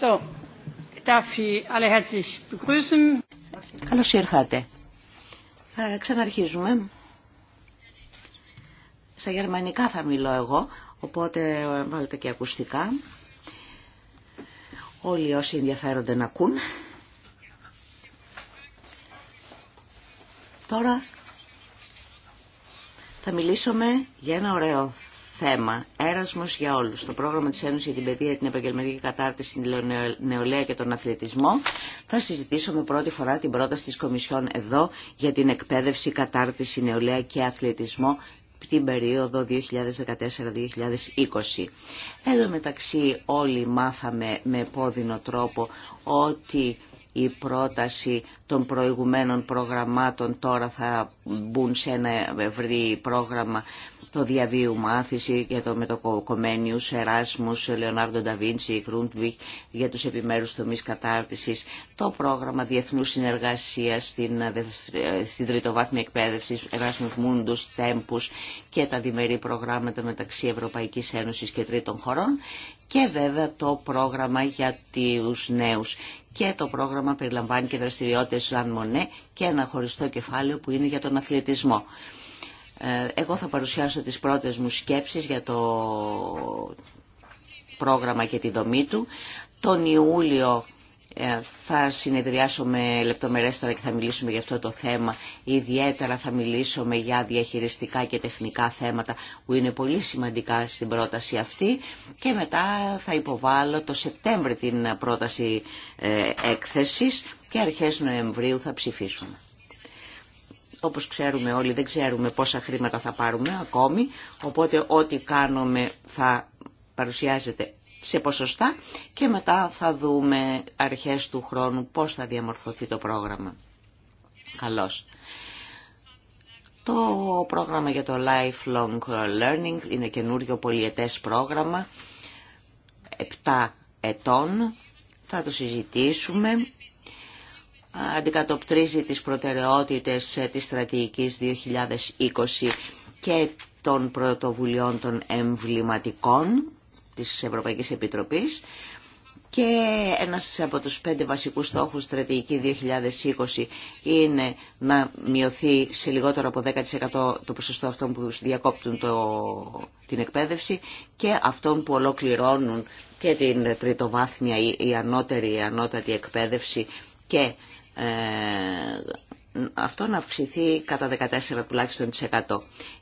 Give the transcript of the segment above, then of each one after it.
Καλώ darf ich ήρθατε. ξαναρχίζουμε. Στα γερμανικά θα μιλώ εγώ, οπότε ε, βάλετε και ακουστικά. Όλοι όσοι ενδιαφέρονται να ακούν. Τώρα θα μιλήσουμε για ένα ωραίο θέμα. Έρασμο για όλου. Το πρόγραμμα τη Ένωση για την Παιδεία, την Επαγγελματική Κατάρτιση, την Νεολαία και τον Αθλητισμό. Θα συζητήσουμε πρώτη φορά την πρόταση τη Κομισιόν εδώ για την εκπαίδευση, κατάρτιση, νεολαία και αθλητισμό την περίοδο 2014-2020. Εδώ μεταξύ όλοι μάθαμε με πόδινο τρόπο ότι η πρόταση των προηγουμένων προγραμμάτων τώρα θα μπουν σε ένα ευρύ πρόγραμμα το διαβίου μάθηση για το μετοκομμένιους, Εράσμους, Λεωνάρντο Νταβίντσι, Κρούντβιχ για τους επιμέρους τομείς κατάρτισης, το πρόγραμμα διεθνούς συνεργασίας στην, ε, ε, στην τριτοβάθμια εκπαίδευση, Εράσμους Μούντους, Τέμπους και τα διμερεί προγράμματα μεταξύ Ευρωπαϊκής Ένωσης και τρίτων χωρών και βέβαια το πρόγραμμα για τους νέους και το πρόγραμμα περιλαμβάνει και δραστηριότητες Ζαν Μονέ και ένα χωριστό κεφάλαιο που είναι για τον αθλητισμό. Ε, εγώ θα παρουσιάσω τις πρώτες μου σκέψεις για το πρόγραμμα και τη δομή του. Τον Ιούλιο ε, θα συνεδριάσουμε λεπτομερέστερα και θα μιλήσουμε για αυτό το θέμα. Ιδιαίτερα θα μιλήσουμε για διαχειριστικά και τεχνικά θέματα που είναι πολύ σημαντικά στην πρόταση αυτή και μετά θα υποβάλω το Σεπτέμβρη την πρόταση ε, έκθεσης και αρχές Νοεμβρίου θα ψηφίσουμε. Όπως ξέρουμε όλοι δεν ξέρουμε πόσα χρήματα θα πάρουμε ακόμη, οπότε ό,τι κάνουμε θα παρουσιάζεται σε ποσοστά και μετά θα δούμε αρχές του χρόνου πώς θα διαμορφωθεί το πρόγραμμα. Καλώς. Το πρόγραμμα για το Lifelong Learning είναι καινούριο πολυετές πρόγραμμα, 7 ετών, θα το συζητήσουμε. Αντικατοπτρίζει τις προτεραιότητες της στρατηγικής 2020 και των πρωτοβουλειών των εμβληματικών της Ευρωπαϊκής Επιτροπής και ένας από τους πέντε βασικούς στόχους στρατηγική 2020 είναι να μειωθεί σε λιγότερο από 10% το ποσοστό αυτών που διακόπτουν το, την εκπαίδευση και αυτών που ολοκληρώνουν και την τριτοβάθμια ή η ανώτερη η ανώτατη εκπαίδευση και ε, αυτό να αυξηθεί κατά 14% τουλάχιστον.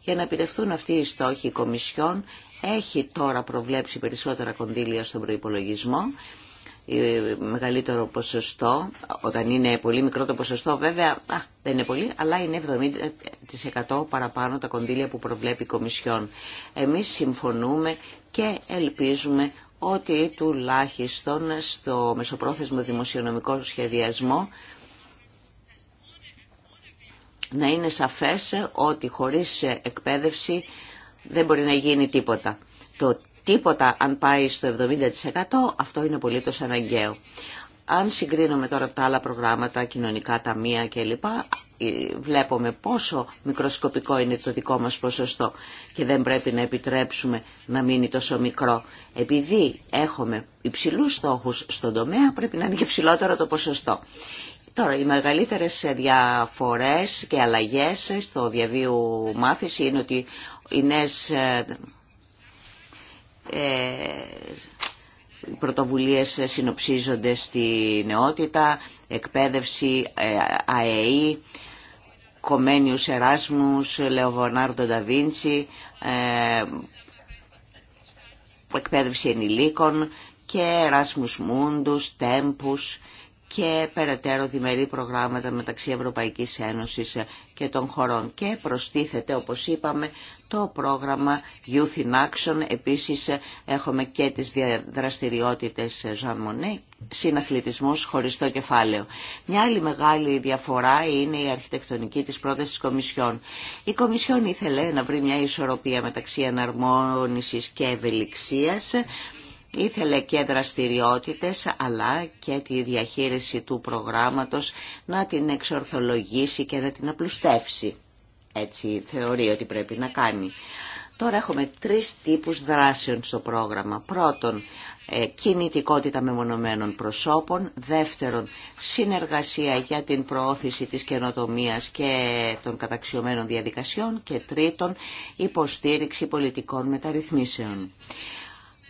Για να επιτευχθούν αυτοί οι στόχοι, η Κομισιόν έχει τώρα προβλέψει περισσότερα κονδύλια στον προϋπολογισμό ε, μεγαλύτερο ποσοστό, όταν είναι πολύ μικρό το ποσοστό βέβαια, α, δεν είναι πολύ, αλλά είναι 70% παραπάνω τα κονδύλια που προβλέπει η Κομισιόν. Εμείς συμφωνούμε και ελπίζουμε ότι τουλάχιστον στο μεσοπρόθεσμο δημοσιονομικό σχεδιασμό να είναι σαφές ότι χωρίς εκπαίδευση δεν μπορεί να γίνει τίποτα. Το τίποτα αν πάει στο 70% αυτό είναι το αναγκαίο. Αν συγκρίνουμε τώρα τα άλλα προγράμματα, κοινωνικά ταμεία κλπ, ε, βλέπουμε πόσο μικροσκοπικό είναι το δικό μας ποσοστό και δεν πρέπει να επιτρέψουμε να μείνει τόσο μικρό. Επειδή έχουμε υψηλούς στόχους στον τομέα, πρέπει να είναι και ψηλότερο το ποσοστό. Τώρα, οι μεγαλύτερες διαφορές και αλλαγές στο διαβίου μάθηση είναι ότι οι νέες ε, ε, πρωτοβουλίες συνοψίζονται στη νεότητα, εκπαίδευση ε, ΑΕΗ, Κομένιους Εράσμους, Λεοβονάρντο Νταβίντσι, εκπαίδευση ενηλίκων και Εράσμους Μούντους, Τέμπους και περαιτέρω διμερεί προγράμματα μεταξύ Ευρωπαϊκής Ένωσης και των χωρών. Και προστίθεται, όπως είπαμε, το πρόγραμμα Youth in Action. Επίσης έχουμε και τις δραστηριότητες Jean Monnet, χωριστό κεφάλαιο. Μια άλλη μεγάλη διαφορά είναι η αρχιτεκτονική της πρότασης Κομισιόν. Η Κομισιόν ήθελε να βρει μια ισορροπία μεταξύ εναρμόνισης και ευελιξίας Ήθελε και δραστηριότητες αλλά και τη διαχείριση του προγράμματος να την εξορθολογήσει και να την απλουστεύσει. Έτσι θεωρεί ότι πρέπει να κάνει. Τώρα έχουμε τρεις τύπους δράσεων στο πρόγραμμα. Πρώτον, ε, κινητικότητα μεμονωμένων προσώπων. Δεύτερον, συνεργασία για την προώθηση της καινοτομίας και των καταξιωμένων διαδικασιών. Και τρίτον, υποστήριξη πολιτικών μεταρρυθμίσεων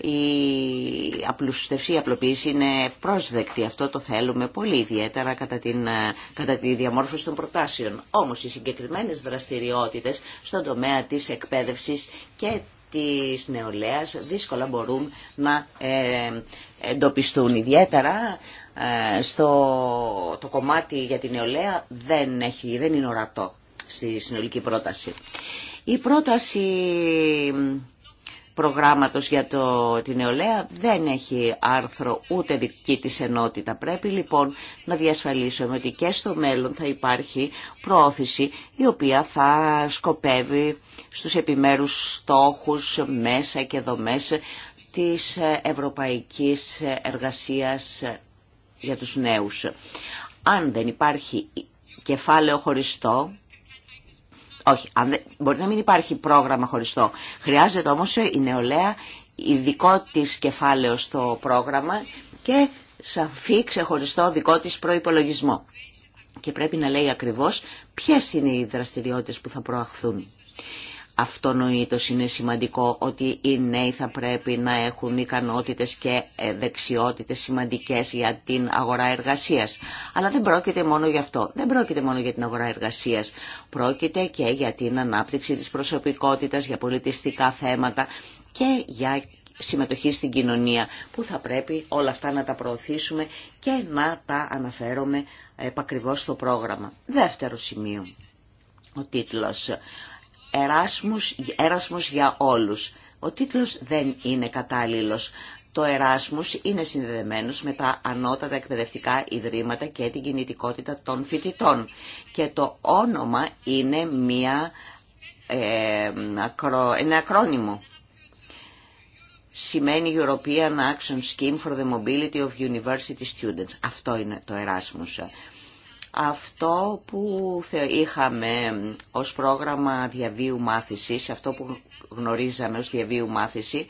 η απλουστευσή, απλοποίηση είναι πρόσδεκτη Αυτό το θέλουμε πολύ ιδιαίτερα κατά, την, ε, κατά τη διαμόρφωση των προτάσεων. Όμως οι συγκεκριμένες δραστηριότητες στον τομέα της εκπαίδευσης και της νεολαίας δύσκολα μπορούν να ε, εντοπιστούν ιδιαίτερα ε, στο το κομμάτι για την νεολαία δεν, έχει, δεν είναι ορατό στη συνολική πρόταση. Η πρόταση προγράμματος για το, την νεολαία δεν έχει άρθρο ούτε δική της ενότητα. Πρέπει λοιπόν να διασφαλίσουμε ότι και στο μέλλον θα υπάρχει προώθηση η οποία θα σκοπεύει στους επιμέρους στόχους, μέσα και δομές της ευρωπαϊκής εργασίας για τους νέους. Αν δεν υπάρχει κεφάλαιο χωριστό όχι, αν μπορεί να μην υπάρχει πρόγραμμα χωριστό. Χρειάζεται όμως η νεολαία δικό της κεφάλαιο στο πρόγραμμα και σαφή ξεχωριστό δικό της προϋπολογισμό. Και πρέπει να λέει ακριβώς ποιες είναι οι δραστηριότητες που θα προαχθούν αυτονοήτως είναι σημαντικό ότι οι νέοι θα πρέπει να έχουν ικανότητες και ε, δεξιότητες σημαντικές για την αγορά εργασίας. Αλλά δεν πρόκειται μόνο για αυτό. Δεν πρόκειται μόνο για την αγορά εργασίας. Πρόκειται και για την ανάπτυξη της προσωπικότητας, για πολιτιστικά θέματα και για συμμετοχή στην κοινωνία που θα πρέπει όλα αυτά να τα προωθήσουμε και να τα αναφέρομαι επακριβώς στο πρόγραμμα. Δεύτερο σημείο, ο τίτλος Εράσμους, Εράσμους για όλους. Ο τίτλος δεν είναι κατάλληλος. Το Εράσμους είναι συνδεδεμένος με τα ανώτατα εκπαιδευτικά ιδρύματα και την κινητικότητα των φοιτητών. Και το όνομα είναι μια, ε, ένα ακρόνιμο. Σημαίνει European Action Scheme for the Mobility of University Students. Αυτό είναι το Εράσμους. Αυτό που είχαμε ως πρόγραμμα διαβίου μάθησης, αυτό που γνωρίζαμε ως διαβίου μάθηση,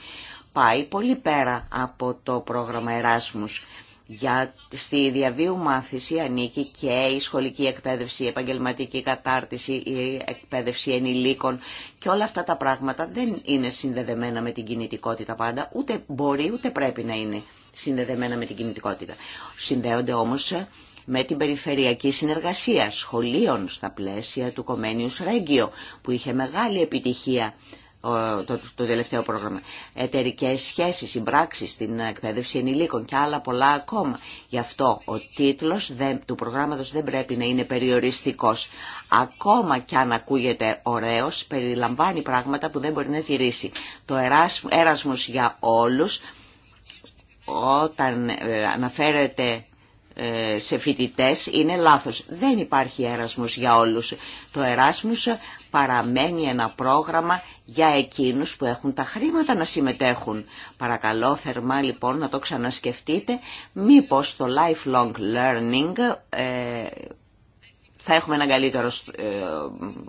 πάει πολύ πέρα από το πρόγραμμα Εράσμους. Για, στη διαβίου μάθηση ανήκει και η σχολική εκπαίδευση, η επαγγελματική κατάρτιση, η εκπαίδευση ενηλίκων και όλα αυτά τα πράγματα δεν είναι συνδεδεμένα με την κινητικότητα πάντα, ούτε μπορεί ούτε πρέπει να είναι συνδεδεμένα με την κινητικότητα. Συνδέονται όμως με την περιφερειακή συνεργασία σχολείων στα πλαίσια του Κομένιου Ρέγγιο που είχε μεγάλη επιτυχία το, το τελευταίο πρόγραμμα. Εταιρικέ σχέσει, συμπράξει στην εκπαίδευση ενηλίκων και άλλα πολλά ακόμα. Γι' αυτό ο τίτλο του προγράμματο δεν πρέπει να είναι περιοριστικό. Ακόμα κι αν ακούγεται ωραίο, περιλαμβάνει πράγματα που δεν μπορεί να τηρήσει. Το έρασμο για όλου, όταν ε, αναφέρεται ε, σε φοιτητέ είναι λάθος. Δεν υπάρχει έρασμος για όλους. Το εράσμος παραμένει ένα πρόγραμμα για εκείνους που έχουν τα χρήματα να συμμετέχουν. Παρακαλώ θερμά λοιπόν να το ξανασκεφτείτε μήπως το lifelong learning ε, θα έχουμε ένα καλύτερο ε,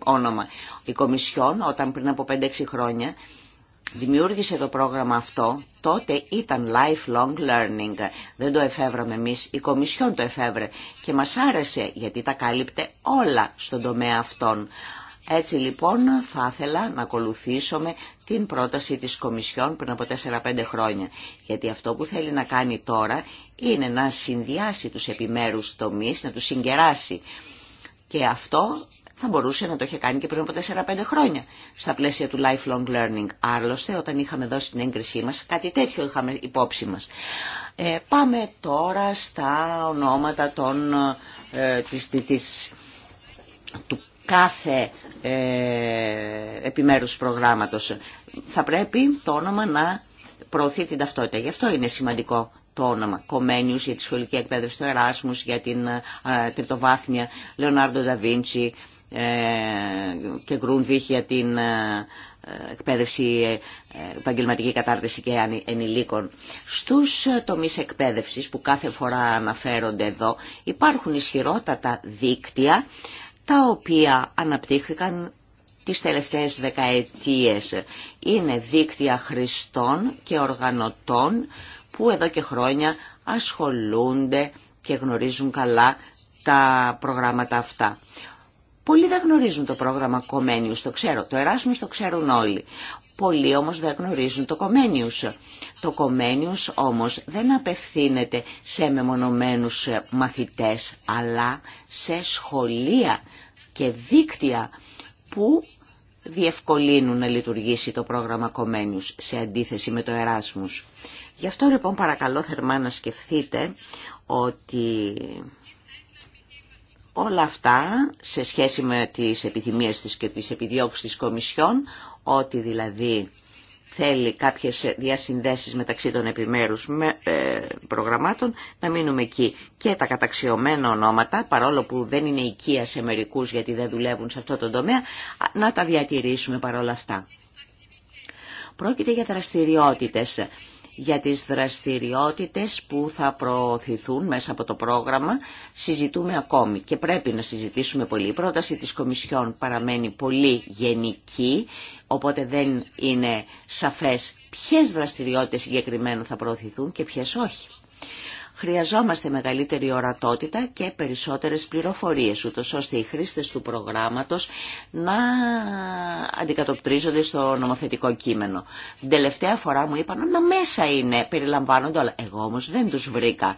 όνομα. Η Κομισιόν όταν πριν από 5-6 χρόνια δημιούργησε το πρόγραμμα αυτό, τότε ήταν lifelong learning. Δεν το εφεύραμε εμείς, η Κομισιόν το εφεύρε και μας άρεσε γιατί τα κάλυπτε όλα στον τομέα αυτών. Έτσι λοιπόν θα ήθελα να ακολουθήσουμε την πρόταση της Κομισιόν πριν από 4-5 χρόνια. Γιατί αυτό που θέλει να κάνει τώρα είναι να συνδυάσει τους επιμέρους τομείς, να τους συγκεράσει. Και αυτό θα μπορούσε να το είχε κάνει και πριν από 4-5 χρόνια στα πλαίσια του lifelong learning. Άλλωστε, όταν είχαμε δώσει την έγκρισή μας, κάτι τέτοιο είχαμε υπόψη μας. Ε, πάμε τώρα στα ονόματα των, ε, της, της, του κάθε ε, επιμέρους προγράμματος. Θα πρέπει το όνομα να προωθεί την ταυτότητα. Γι' αυτό είναι σημαντικό το όνομα. Κομένιους για τη σχολική εκπαίδευση του Εράσμους, για την ε, τριτοβάθμια, Λεωνάρντο Νταβίντσι, ε, και Γκρούνβιχ για την ε, εκπαίδευση, ε, επαγγελματική κατάρτιση και ενηλίκων. Στους τομείς εκπαίδευσης που κάθε φορά αναφέρονται εδώ υπάρχουν ισχυρότατα δίκτυα τα οποία αναπτύχθηκαν τις τελευταίες δεκαετίες. Είναι δίκτυα χρηστών και οργανωτών που εδώ και χρόνια ασχολούνται και γνωρίζουν καλά τα προγράμματα αυτά. Πολλοί δεν γνωρίζουν το πρόγραμμα Κομένιους, το ξέρω, το Εράσμους το ξέρουν όλοι. Πολλοί όμως δεν γνωρίζουν το Κομένιους. Το Κομένιους όμως δεν απευθύνεται σε μεμονωμένους μαθητές, αλλά σε σχολεία και δίκτυα που διευκολύνουν να λειτουργήσει το πρόγραμμα Κομένιους σε αντίθεση με το Εράσμους. Γι' αυτό λοιπόν παρακαλώ θερμά να σκεφτείτε ότι όλα αυτά σε σχέση με τις επιθυμίες της και τις επιδιώξεις της Κομισιόν, ότι δηλαδή θέλει κάποιες διασυνδέσεις μεταξύ των επιμέρους ε, προγραμμάτων, να μείνουμε εκεί. Και τα καταξιωμένα ονόματα, παρόλο που δεν είναι οικία σε μερικούς γιατί δεν δουλεύουν σε αυτό το τομέα, να τα διατηρήσουμε παρόλα αυτά. Πρόκειται για δραστηριότητες για τις δραστηριότητες που θα προωθηθούν μέσα από το πρόγραμμα συζητούμε ακόμη και πρέπει να συζητήσουμε πολύ. Η πρόταση της Κομισιόν παραμένει πολύ γενική, οπότε δεν είναι σαφές ποιες δραστηριότητες συγκεκριμένα θα προωθηθούν και ποιες όχι. Χρειαζόμαστε μεγαλύτερη ορατότητα και περισσότερες πληροφορίες, ούτως ώστε οι χρήστες του προγράμματος να αντικατοπτρίζονται στο νομοθετικό κείμενο. Την τελευταία φορά μου είπαν, να μέσα είναι, περιλαμβάνονται όλα. Εγώ όμως δεν τους βρήκα.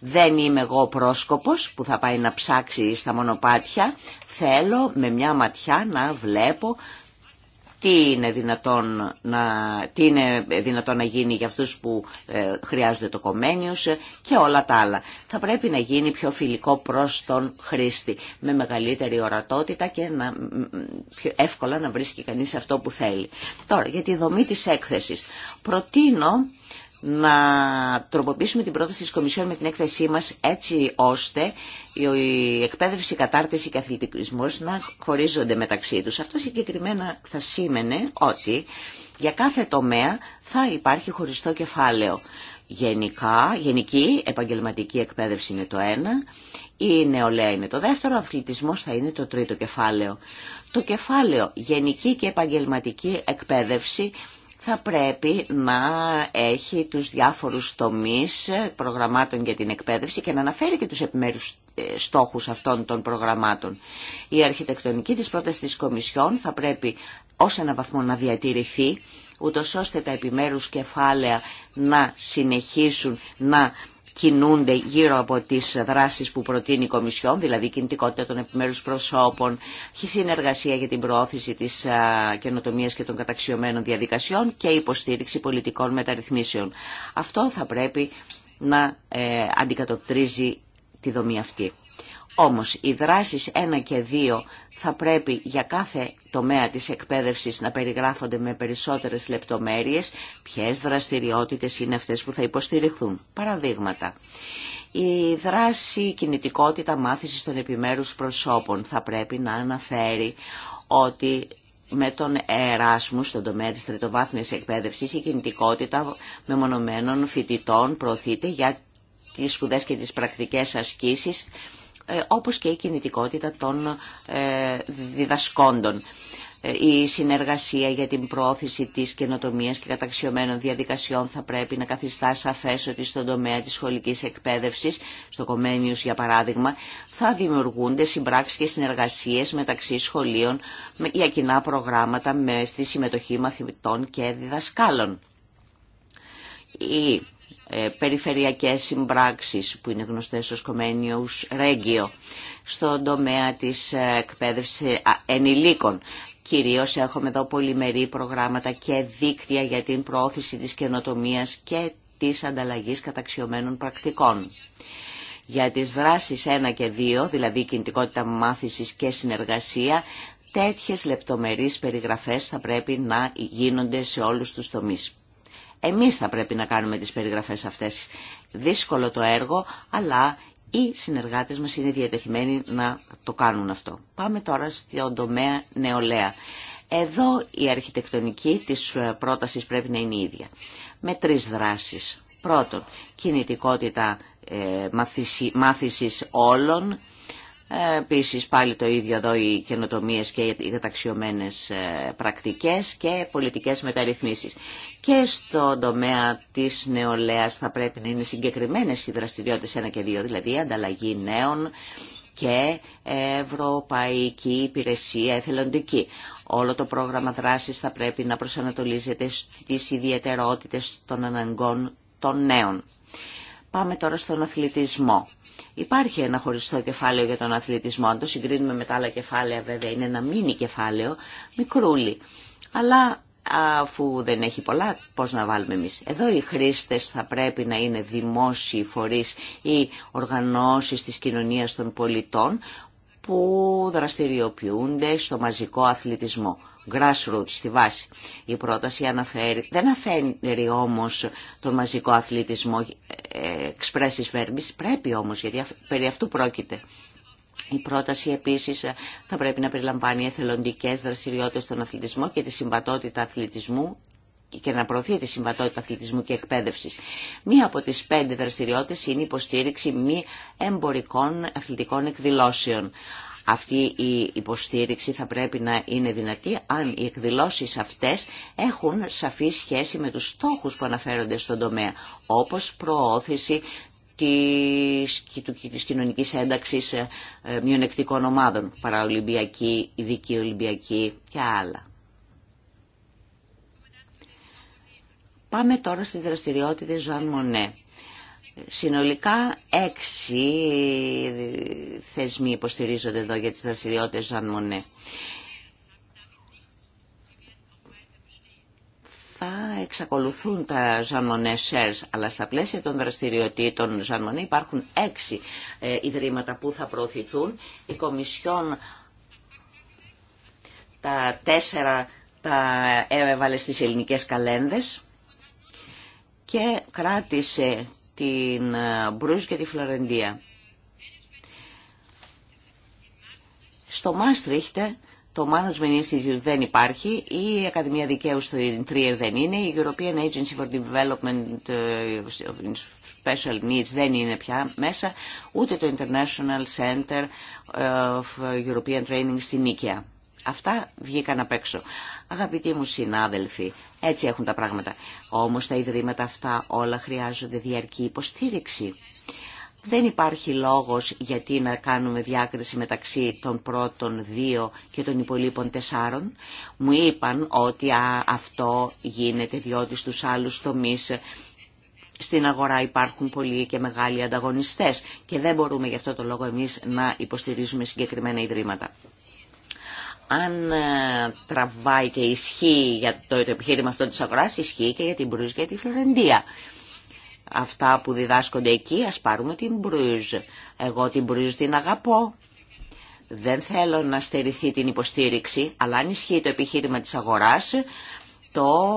Δεν είμαι εγώ πρόσκοπος που θα πάει να ψάξει στα μονοπάτια. Θέλω με μια ματιά να βλέπω τι είναι δυνατόν να, τι είναι δυνατόν να γίνει για αυτούς που ε, χρειάζονται το κομμένιος ε, και όλα τα άλλα. Θα πρέπει να γίνει πιο φιλικό προς τον χρήστη, με μεγαλύτερη ορατότητα και να, πιο εύκολα να βρίσκει κανείς αυτό που θέλει. Τώρα, για τη δομή της έκθεσης. Προτείνω να τροποποιήσουμε την πρόταση της Κομισιόν με την έκθεσή μας έτσι ώστε η εκπαίδευση, η κατάρτιση και αθλητισμός να χωρίζονται μεταξύ τους. Αυτό συγκεκριμένα θα σήμαινε ότι για κάθε τομέα θα υπάρχει χωριστό κεφάλαιο. Γενικά, γενική επαγγελματική εκπαίδευση είναι το ένα, η νεολαία είναι το δεύτερο, ο αθλητισμός θα είναι το τρίτο κεφάλαιο. Το κεφάλαιο γενική και επαγγελματική εκπαίδευση θα πρέπει να έχει τους διάφορους τομείς προγραμμάτων για την εκπαίδευση και να αναφέρει και τους επιμέρους ε, στόχους αυτών των προγραμμάτων. Η αρχιτεκτονική της πρόταση της Κομισιόν θα πρέπει ως ένα βαθμό να διατηρηθεί, ούτως ώστε τα επιμέρους κεφάλαια να συνεχίσουν να κινούνται γύρω από τις δράσεις που προτείνει η Κομισιόν, δηλαδή κινητικότητα των επιμέρους προσώπων, η συνεργασία για την προώθηση της καινοτομίας και των καταξιωμένων διαδικασιών και η υποστήριξη πολιτικών μεταρρυθμίσεων. Αυτό θα πρέπει να ε, αντικατοπτρίζει τη δομή αυτή. Όμως οι δράσεις 1 και 2 θα πρέπει για κάθε τομέα της εκπαίδευσης να περιγράφονται με περισσότερες λεπτομέρειες ποιες δραστηριότητες είναι αυτές που θα υποστηριχθούν. Παραδείγματα. Η δράση κινητικότητα μάθησης των επιμέρους προσώπων θα πρέπει να αναφέρει ότι με τον Εράσμου στον τομέα της τριτοβάθμιας εκπαίδευσης η κινητικότητα μεμονωμένων φοιτητών προωθείται για τις σπουδές και τις πρακτικές ασκήσεις ε, όπως και η κινητικότητα των ε, διδασκόντων ε, η συνεργασία για την πρόθεση της καινοτομίας και καταξιωμένων διαδικασιών θα πρέπει να καθιστά σαφές ότι στον τομέα της σχολικής εκπαίδευσης, στο Κομένιους για παράδειγμα, θα δημιουργούνται συμπράξεις και συνεργασίες μεταξύ σχολείων για κοινά προγράμματα με στη συμμετοχή μαθητών και διδασκάλων. Η ε, περιφερειακές συμπράξεις που είναι γνωστές ως Κομένιους Ρέγγιο στον τομέα της ε, εκπαίδευσης ε, ενηλίκων. Κυρίως έχουμε εδώ πολυμερή προγράμματα και δίκτυα για την προώθηση της καινοτομίας και της ανταλλαγής καταξιωμένων πρακτικών. Για τις δράσεις 1 και 2, δηλαδή κινητικότητα μάθησης και συνεργασία, τέτοιες λεπτομερείς περιγραφές θα πρέπει να γίνονται σε όλους τους τομείς. Εμείς θα πρέπει να κάνουμε τις περιγραφές αυτές. Δύσκολο το έργο, αλλά οι συνεργάτες μας είναι διατεθειμένοι να το κάνουν αυτό. Πάμε τώρα στον τομέα νεολαία. Εδώ η αρχιτεκτονική της πρότασης πρέπει να είναι η ίδια. Με τρεις δράσεις. Πρώτον, κινητικότητα ε, μάθησης όλων. Ε, Επίση πάλι το ίδιο εδώ οι καινοτομίε και οι καταξιωμένε ε, πρακτικές και πολιτικές μεταρρυθμίσεις. Και στον τομέα της νεολαίας θα πρέπει να είναι συγκεκριμένες οι δραστηριότητες 1 και 2, δηλαδή ανταλλαγή νέων και Ευρωπαϊκή Υπηρεσία Εθελοντική. Όλο το πρόγραμμα δράσης θα πρέπει να προσανατολίζεται στις ιδιαιτερότητες των αναγκών των νέων. Πάμε τώρα στον αθλητισμό. Υπάρχει ένα χωριστό κεφάλαιο για τον αθλητισμό. Αν το συγκρίνουμε με τα άλλα κεφάλαια βέβαια είναι ένα μίνι κεφάλαιο, μικρούλι. Αλλά αφού δεν έχει πολλά, πώς να βάλουμε εμείς. Εδώ οι χρήστες θα πρέπει να είναι δημόσιοι φορείς ή οργανώσεις της κοινωνίας των πολιτών που δραστηριοποιούνται στο μαζικό αθλητισμό grassroots, στη βάση. Η πρόταση αναφέρει, δεν αφαίρει όμως τον μαζικό αθλητισμό εξπρέσεις βέρμπης, πρέπει όμως, γιατί περί αυτού πρόκειται. Η πρόταση επίσης ε, θα πρέπει να περιλαμβάνει εθελοντικές δραστηριότητες στον αθλητισμό και τη συμβατότητα αθλητισμού και να προωθεί τη συμβατότητα αθλητισμού και εκπαίδευση. Μία από τι πέντε δραστηριότητε είναι η υποστήριξη μη εμπορικών αθλητικών εκδηλώσεων. Αυτή η υποστήριξη θα πρέπει να είναι δυνατή αν οι εκδηλώσεις αυτές έχουν σαφή σχέση με τους στόχους που αναφέρονται στον τομέα, όπως προώθηση της, της κοινωνικής ένταξης ε, ε, μειονεκτικών ομάδων, παραολυμπιακή, ειδική ολυμπιακή και άλλα. Πάμε τώρα στις δραστηριότητες Ζαν Μονέ. Συνολικά έξι θεσμοί υποστηρίζονται εδώ για τις δραστηριότητες Ζαν ναι. Θα εξακολουθούν τα Jean Monnet αλλά στα πλαίσια των δραστηριοτήτων Jean Monnet υπάρχουν έξι ε, ιδρύματα που θα προωθηθούν. Η Κομισιόν τα τέσσερα τα έβαλε στις ελληνικές καλένδες και κράτησε την ε, Μπρούζ και τη Φλωρεντία. Στο Μάστριχτε το Management Institute δεν υπάρχει, η Ακαδημία Δικαίου στην Trier δεν είναι, η European Agency for Development ε, Special Needs δεν είναι πια μέσα, ούτε το International Center of European Training στην Νίκαια. Αυτά βγήκαν απ' έξω. Αγαπητοί μου συνάδελφοι, έτσι έχουν τα πράγματα. Όμως τα ιδρύματα αυτά όλα χρειάζονται διαρκή υποστήριξη. Δεν υπάρχει λόγος γιατί να κάνουμε διάκριση μεταξύ των πρώτων δύο και των υπολείπων τεσσάρων. Μου είπαν ότι αυτό γίνεται διότι στους άλλους τομείς στην αγορά υπάρχουν πολλοί και μεγάλοι ανταγωνιστές και δεν μπορούμε γι' αυτό το λόγο εμείς να υποστηρίζουμε συγκεκριμένα ιδρύματα αν ε, τραβάει και ισχύει για το, επιχείρημα αυτό της αγοράς, ισχύει και για την Μπρούζ και τη Φλωρεντία. Αυτά που διδάσκονται εκεί, ας πάρουμε την Μπρούζ. Εγώ την Μπρούζ την αγαπώ. Δεν θέλω να στερηθεί την υποστήριξη, αλλά αν ισχύει το επιχείρημα της αγοράς, το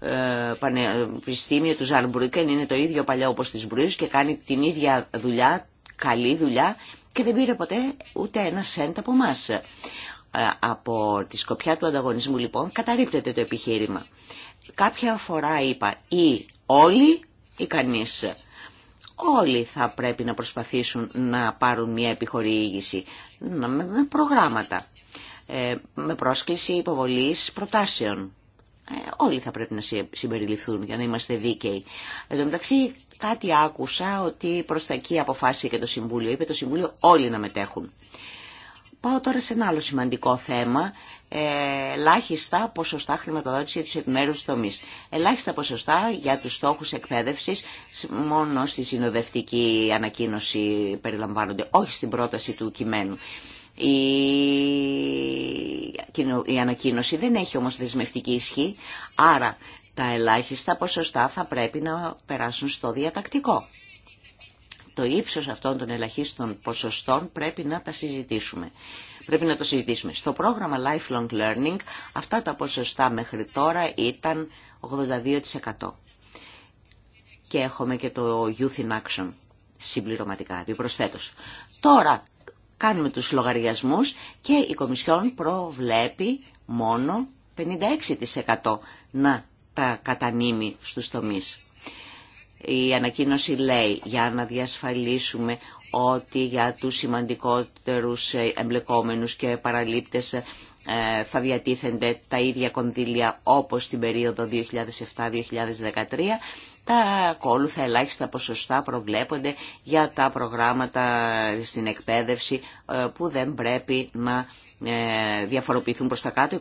ε, Πανεπιστήμιο του Ζαρμπρούκεν είναι το ίδιο παλιό όπως της Μπρούζ και κάνει την ίδια δουλειά, καλή δουλειά και δεν πήρε ποτέ ούτε ένα σέντ από εμά. Ε, από τη σκοπιά του ανταγωνισμού λοιπόν καταρρύπτεται το επιχείρημα. Κάποια φορά είπα ή όλοι ή κανείς. Όλοι θα πρέπει να προσπαθήσουν να πάρουν μια επιχορήγηση με προγράμματα, ε, με πρόσκληση υποβολής προτάσεων. Ε, όλοι θα πρέπει να συμπεριληφθούν για να είμαστε δίκαιοι. Εν τω μεταξύ κάτι άκουσα ότι προς τα εκεί αποφάσισε και το Συμβούλιο. Είπε το Συμβούλιο όλοι να μετέχουν. Πάω τώρα σε ένα άλλο σημαντικό θέμα. Ελάχιστα ποσοστά χρηματοδότηση για του επιμέρους τομεί. Ελάχιστα ποσοστά για τους στόχου εκπαίδευση, μόνο στη συνοδευτική ανακοίνωση περιλαμβάνονται, όχι στην πρόταση του κειμένου. Η... η ανακοίνωση δεν έχει όμως δεσμευτική ισχύ, άρα τα ελάχιστα ποσοστά θα πρέπει να περάσουν στο διατακτικό το ύψος αυτών των ελαχίστων ποσοστών πρέπει να τα συζητήσουμε. Πρέπει να το συζητήσουμε. Στο πρόγραμμα Lifelong Learning αυτά τα ποσοστά μέχρι τώρα ήταν 82%. Και έχουμε και το Youth in Action συμπληρωματικά, επιπροσθέτως. Τώρα κάνουμε τους λογαριασμούς και η Κομισιόν προβλέπει μόνο 56% να τα κατανείμει στους τομείς. Η ανακοίνωση λέει για να διασφαλίσουμε ότι για τους σημαντικότερους ε, εμπλεκόμενους και παραλήπτες ε, θα διατίθενται τα ίδια κονδύλια όπως την περίοδο 2007-2013. Τα ακόλουθα ελάχιστα ποσοστά προβλέπονται για τα προγράμματα στην εκπαίδευση ε, που δεν πρέπει να διαφοροποιηθούν προς τα κάτω,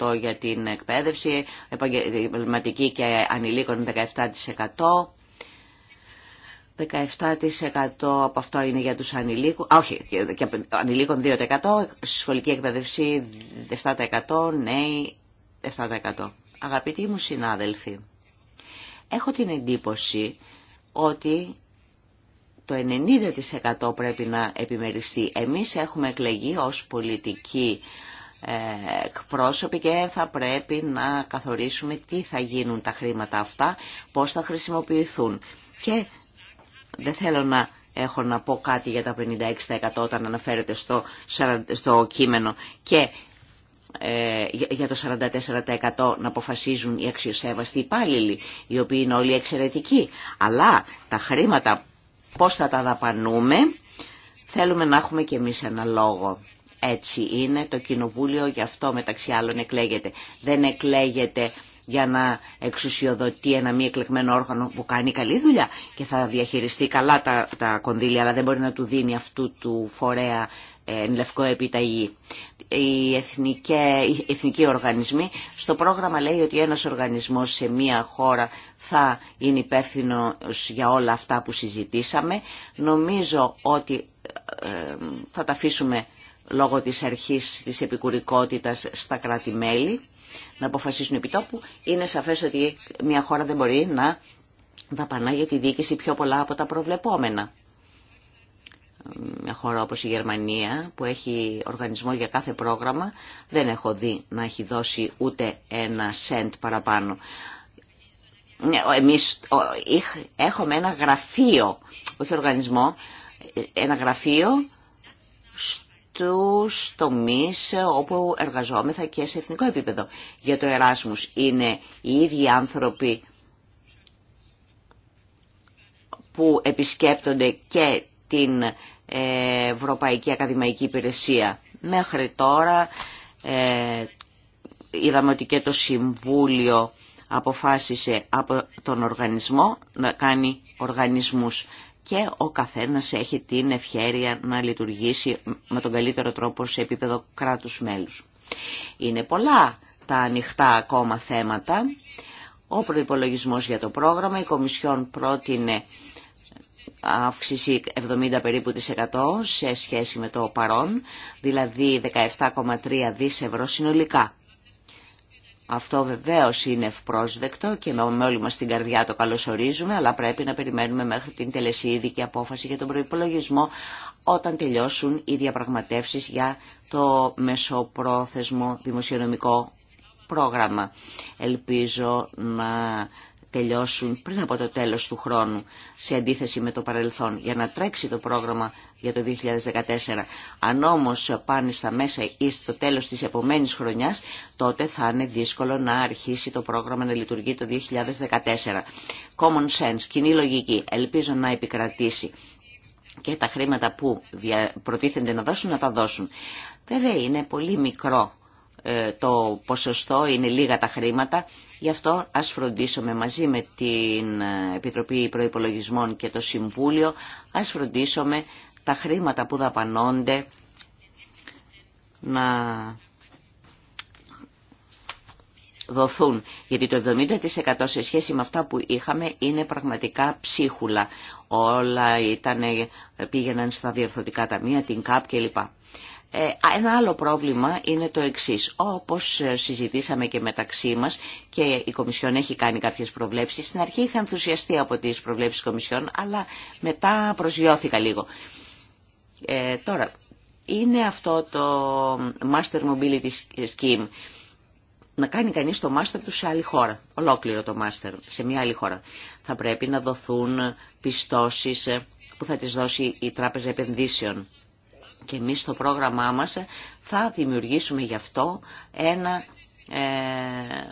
25% για την εκπαίδευση, επαγγελματική και ανηλίκων 17%, 17% από αυτό είναι για τους ανηλίκους, α, όχι, και ανηλίκων 2%, σχολική εκπαίδευση 7%, νέοι 7%. Αγαπητοί μου συνάδελφοι, έχω την εντύπωση ότι το 90% πρέπει να επιμεριστεί. Εμείς έχουμε εκλεγεί ως πολιτικοί ε, εκπρόσωποι και θα πρέπει να καθορίσουμε τι θα γίνουν τα χρήματα αυτά, πώς θα χρησιμοποιηθούν. Και δεν θέλω να έχω να πω κάτι για τα 56% όταν αναφέρεται στο, στο κείμενο και ε, για το 44% να αποφασίζουν οι αξιοσέβαστοι υπάλληλοι, οι οποίοι είναι όλοι εξαιρετικοί. Αλλά τα χρήματα πώς θα τα δαπανούμε, θέλουμε να έχουμε και εμείς ένα λόγο. Έτσι είναι το Κοινοβούλιο, γι' αυτό μεταξύ άλλων εκλέγεται. Δεν εκλέγεται για να εξουσιοδοτεί ένα μη εκλεγμένο όργανο που κάνει καλή δουλειά και θα διαχειριστεί καλά τα, τα κονδύλια, αλλά δεν μπορεί να του δίνει αυτού του φορέα ε, εν λευκό επιταγή. Οι, εθνικές, οι εθνικοί οργανισμοί στο πρόγραμμα λέει ότι ένας οργανισμός σε μία χώρα θα είναι υπεύθυνο για όλα αυτά που συζητήσαμε. Νομίζω ότι ε, θα τα αφήσουμε λόγω της αρχής της επικουρικότητας στα κράτη-μέλη να αποφασίσουν επιτόπου, είναι σαφές ότι μια χώρα δεν μπορεί να δαπανά για τη διοίκηση πιο πολλά από τα προβλεπόμενα. Μια χώρα όπως η Γερμανία που έχει οργανισμό για κάθε πρόγραμμα δεν έχω δει να έχει δώσει ούτε ένα σεντ παραπάνω. Ναι, εμείς έχουμε ένα γραφείο, όχι οργανισμό, ε, ένα γραφείο τους τομείς όπου εργαζόμεθα και σε εθνικό επίπεδο. Για το Εράσμους είναι οι ίδιοι άνθρωποι που επισκέπτονται και την ε, Ευρωπαϊκή Ακαδημαϊκή Υπηρεσία. Μέχρι τώρα ε, είδαμε ότι και το Συμβούλιο αποφάσισε από τον οργανισμό να κάνει οργανισμούς και ο καθένας έχει την ευχέρεια να λειτουργήσει με τον καλύτερο τρόπο σε επίπεδο κράτους μέλους. Είναι πολλά τα ανοιχτά ακόμα θέματα. Ο προϋπολογισμός για το πρόγραμμα, η Κομισιόν πρότεινε αύξηση 70 περίπου της 100 σε σχέση με το παρόν, δηλαδή 17,3 δις ευρώ συνολικά. Αυτό βεβαίω είναι ευπρόσδεκτο και με όλη μας την καρδιά το καλωσορίζουμε, αλλά πρέπει να περιμένουμε μέχρι την τελεσίδικη απόφαση για τον προϋπολογισμό όταν τελειώσουν οι διαπραγματεύσει για το μεσοπρόθεσμο δημοσιονομικό πρόγραμμα. Ελπίζω να τελειώσουν πριν από το τέλος του χρόνου, σε αντίθεση με το παρελθόν, για να τρέξει το πρόγραμμα για το 2014. Αν όμω πάνε στα μέσα ή στο τέλος της επομένης χρονιάς, τότε θα είναι δύσκολο να αρχίσει το πρόγραμμα να λειτουργεί το 2014. Common sense, κοινή λογική, ελπίζω να επικρατήσει και τα χρήματα που προτίθενται να δώσουν να τα δώσουν. Βέβαια είναι πολύ μικρό ε, το ποσοστό, είναι λίγα τα χρήματα, γι' αυτό ας φροντίσουμε μαζί με την ε, Επιτροπή Προϋπολογισμών και το Συμβούλιο, ας φροντίσουμε τα χρήματα που δαπανώνται να δοθούν. Γιατί το 70% σε σχέση με αυτά που είχαμε είναι πραγματικά ψίχουλα. Όλα ήταν, πήγαιναν στα διορθωτικά ταμεία, την ΚΑΠ κλπ. Ε, ένα άλλο πρόβλημα είναι το εξής. Όπως συζητήσαμε και μεταξύ μας και η Κομισιόν έχει κάνει κάποιες προβλέψεις, στην αρχή είχα ενθουσιαστεί από τις προβλέψεις της Κομισιόν, αλλά μετά προσγειώθηκα λίγο. Ε, τώρα, είναι αυτό το Master Mobility Scheme. Να κάνει κανείς το Master του σε άλλη χώρα. Ολόκληρο το Master σε μια άλλη χώρα. Θα πρέπει να δοθούν πιστώσεις που θα τις δώσει η Τράπεζα Επενδύσεων. Και εμεί, στο πρόγραμμά μα θα δημιουργήσουμε γι' αυτό ένα ε,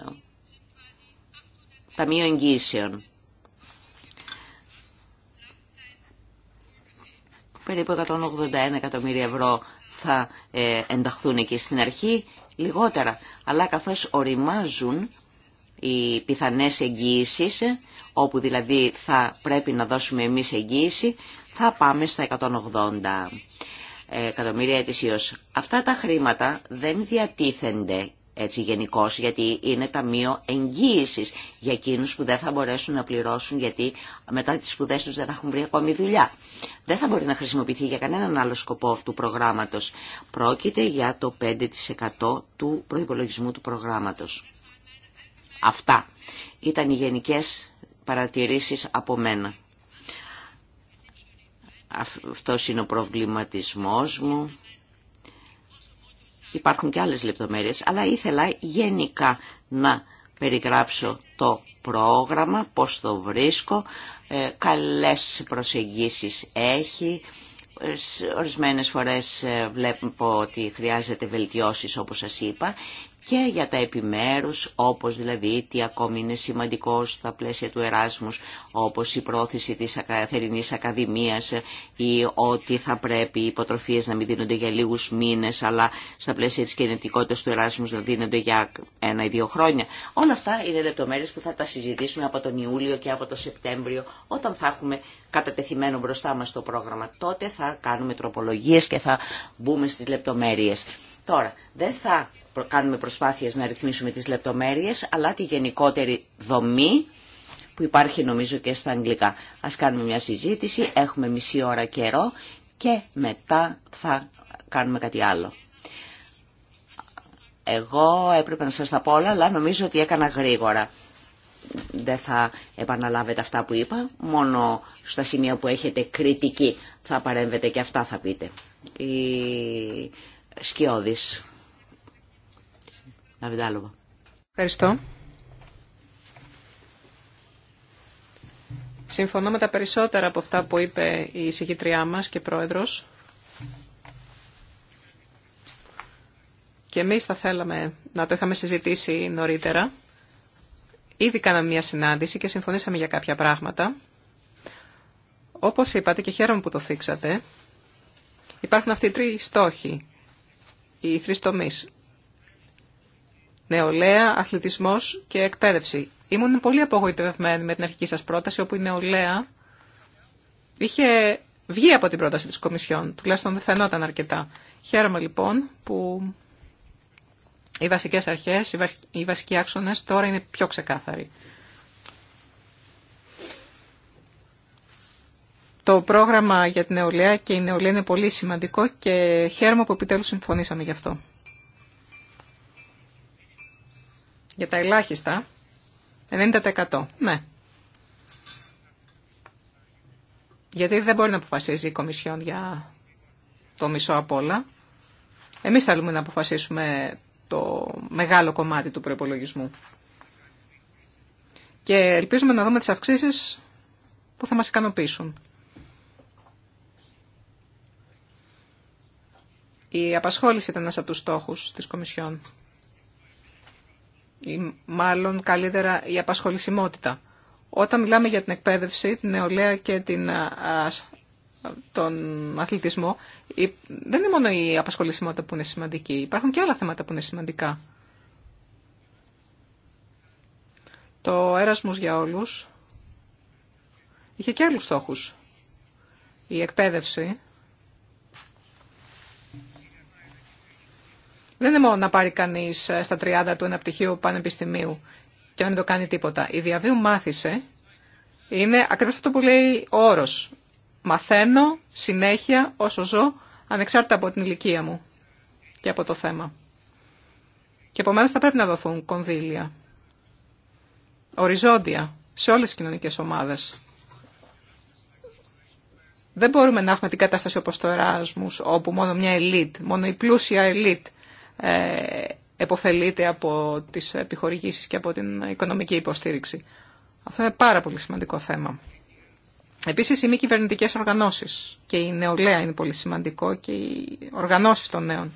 ταμείο εγγύησεων. περίπου 181 εκατομμύρια ευρώ θα ε, ενταχθούν εκεί στην αρχή, λιγότερα. Αλλά καθώς οριμάζουν οι πιθανές εγγύησεις, όπου δηλαδή θα πρέπει να δώσουμε εμείς εγγύηση, θα πάμε στα 180 ε, εκατομμύρια ετησίως. Αυτά τα χρήματα δεν διατίθενται έτσι γενικώ, γιατί είναι ταμείο εγγύηση για εκείνου που δεν θα μπορέσουν να πληρώσουν, γιατί μετά τι σπουδέ του δεν θα έχουν βρει ακόμη δουλειά. Δεν θα μπορεί να χρησιμοποιηθεί για κανέναν άλλο σκοπό του προγράμματο. Πρόκειται για το 5% του προπολογισμού του προγράμματο. Αυτά ήταν οι γενικέ παρατηρήσει από μένα. Αυτό είναι ο προβληματισμός μου Υπάρχουν και άλλες λεπτομέρειες, αλλά ήθελα γενικά να περιγράψω το πρόγραμμα, πώς το βρίσκω, ε, καλές προσεγγίσεις έχει, ε, ορισμένες φορές ε, βλέπω ότι χρειάζεται βελτιώσεις όπως σας είπα και για τα επιμέρους, όπως δηλαδή τι ακόμη είναι σημαντικό στα πλαίσια του Εράσμους, όπως η πρόθεση της Θερινής Ακαδημίας ή ότι θα πρέπει οι υποτροφίες να μην δίνονται για λίγους μήνες, αλλά στα πλαίσια της κινητικότητας του Εράσμους να δίνονται για ένα ή δύο χρόνια. Όλα αυτά είναι λεπτομέρειες που θα τα συζητήσουμε από τον Ιούλιο και από τον Σεπτέμβριο, όταν θα έχουμε κατατεθειμένο μπροστά μας το πρόγραμμα. Τότε θα κάνουμε τροπολογίες και θα μπούμε στις λεπτομέρειες. Τώρα, δεν θα κάνουμε προσπάθειες να ρυθμίσουμε τις λεπτομέρειες, αλλά τη γενικότερη δομή που υπάρχει νομίζω και στα αγγλικά. Ας κάνουμε μια συζήτηση, έχουμε μισή ώρα καιρό και μετά θα κάνουμε κάτι άλλο. Εγώ έπρεπε να σας τα πω όλα, αλλά νομίζω ότι έκανα γρήγορα. Δεν θα επαναλάβετε αυτά που είπα, μόνο στα σημεία που έχετε κριτική θα παρέμβετε και αυτά θα πείτε. Η... Σκιώδης. Ναβιντάλοβα. Ευχαριστώ. Συμφωνώ με τα περισσότερα από αυτά που είπε η συγκητριά μας και πρόεδρος. Και εμείς θα θέλαμε να το είχαμε συζητήσει νωρίτερα. Ήδη κάναμε μια συνάντηση και συμφωνήσαμε για κάποια πράγματα. Όπως είπατε και χαίρομαι που το θίξατε, υπάρχουν αυτοί οι τρεις στόχοι, οι τρεις τομείς νεολαία, αθλητισμός και εκπαίδευση. Ήμουν πολύ απογοητευμένη με την αρχική σας πρόταση, όπου η νεολαία είχε βγει από την πρόταση της Κομισιόν, τουλάχιστον δεν φαινόταν αρκετά. Χαίρομαι λοιπόν που οι βασικές αρχές, οι βασικοί άξονε τώρα είναι πιο ξεκάθαροι. Το πρόγραμμα για την νεολαία και η νεολαία είναι πολύ σημαντικό και χαίρομαι που επιτέλους συμφωνήσαμε γι' αυτό. Για τα ελάχιστα, 90%. Ναι. Γιατί δεν μπορεί να αποφασίζει η Κομισιόν για το μισό απ' όλα. Εμείς θέλουμε να αποφασίσουμε το μεγάλο κομμάτι του προπολογισμού. Και ελπίζουμε να δούμε τις αυξήσεις που θα μας ικανοποιήσουν. Η απασχόληση ήταν ένας από τους στόχους της Κομισιόν ή μάλλον καλύτερα η απασχολησιμότητα. Όταν μιλάμε για την εκπαίδευση, την νεολαία και την, τον αθλητισμό, δεν είναι μόνο η απασχολησιμότητα που είναι σημαντική. Υπάρχουν και άλλα θέματα που είναι σημαντικά. Το έρασμος για όλους είχε και άλλους στόχους. Η εκπαίδευση Δεν είναι μόνο να πάρει κανεί ε, στα 30 του ένα πτυχίο πανεπιστημίου και να μην το κάνει τίποτα. Η διαβίου μάθησε είναι ακριβώ αυτό που λέει ο όρο. Μαθαίνω συνέχεια όσο ζω, ανεξάρτητα από την ηλικία μου και από το θέμα. Και επομένω θα πρέπει να δοθούν κονδύλια. Οριζόντια σε όλε τι κοινωνικέ ομάδε. Δεν μπορούμε να έχουμε την κατάσταση όπω το Εράσμου, όπου μόνο μια ελίτ, μόνο η πλούσια ελίτ ε, εποφελείται από τις επιχορηγήσεις και από την οικονομική υποστήριξη. Αυτό είναι πάρα πολύ σημαντικό θέμα. Επίσης οι μη κυβερνητικές οργανώσεις και η νεολαία είναι πολύ σημαντικό και οι οργανώσεις των νέων.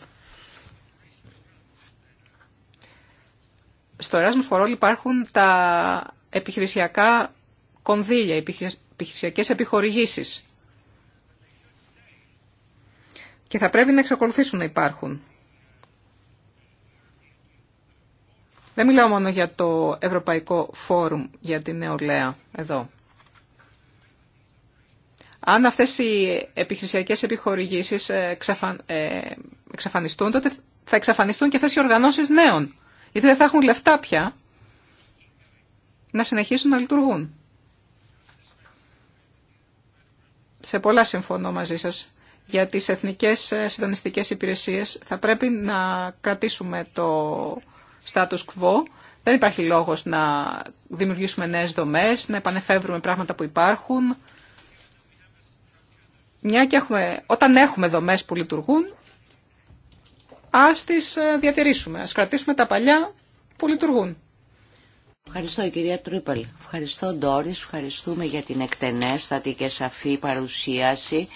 Στο Erasmus for υπάρχουν τα επιχειρησιακά κονδύλια, επιχειρησιακές επιχορηγήσεις. Και θα πρέπει να εξακολουθήσουν να υπάρχουν. Δεν μιλάω μόνο για το Ευρωπαϊκό Φόρουμ για την νεολαία εδώ. Αν αυτές οι επιχρησιακές επιχορηγήσεις ε, ε, εξαφανιστούν, τότε θα εξαφανιστούν και οι οργανώσεις νέων. Γιατί δεν θα έχουν λεφτά πια να συνεχίσουν να λειτουργούν. Σε πολλά συμφωνώ μαζί σας. Για τις εθνικές ε, συντονιστικές υπηρεσίες θα πρέπει να κρατήσουμε το status quo. Δεν υπάρχει λόγος να δημιουργήσουμε νέες δομές, να επανεφεύρουμε πράγματα που υπάρχουν. Μια και έχουμε, όταν έχουμε δομές που λειτουργούν, ας τις ε, διατηρήσουμε, ας κρατήσουμε τα παλιά που λειτουργούν. Ευχαριστώ κυρία Τρούπελ. Ευχαριστώ Ντόρις, ευχαριστούμε για την εκτενέστατη και σαφή παρουσίαση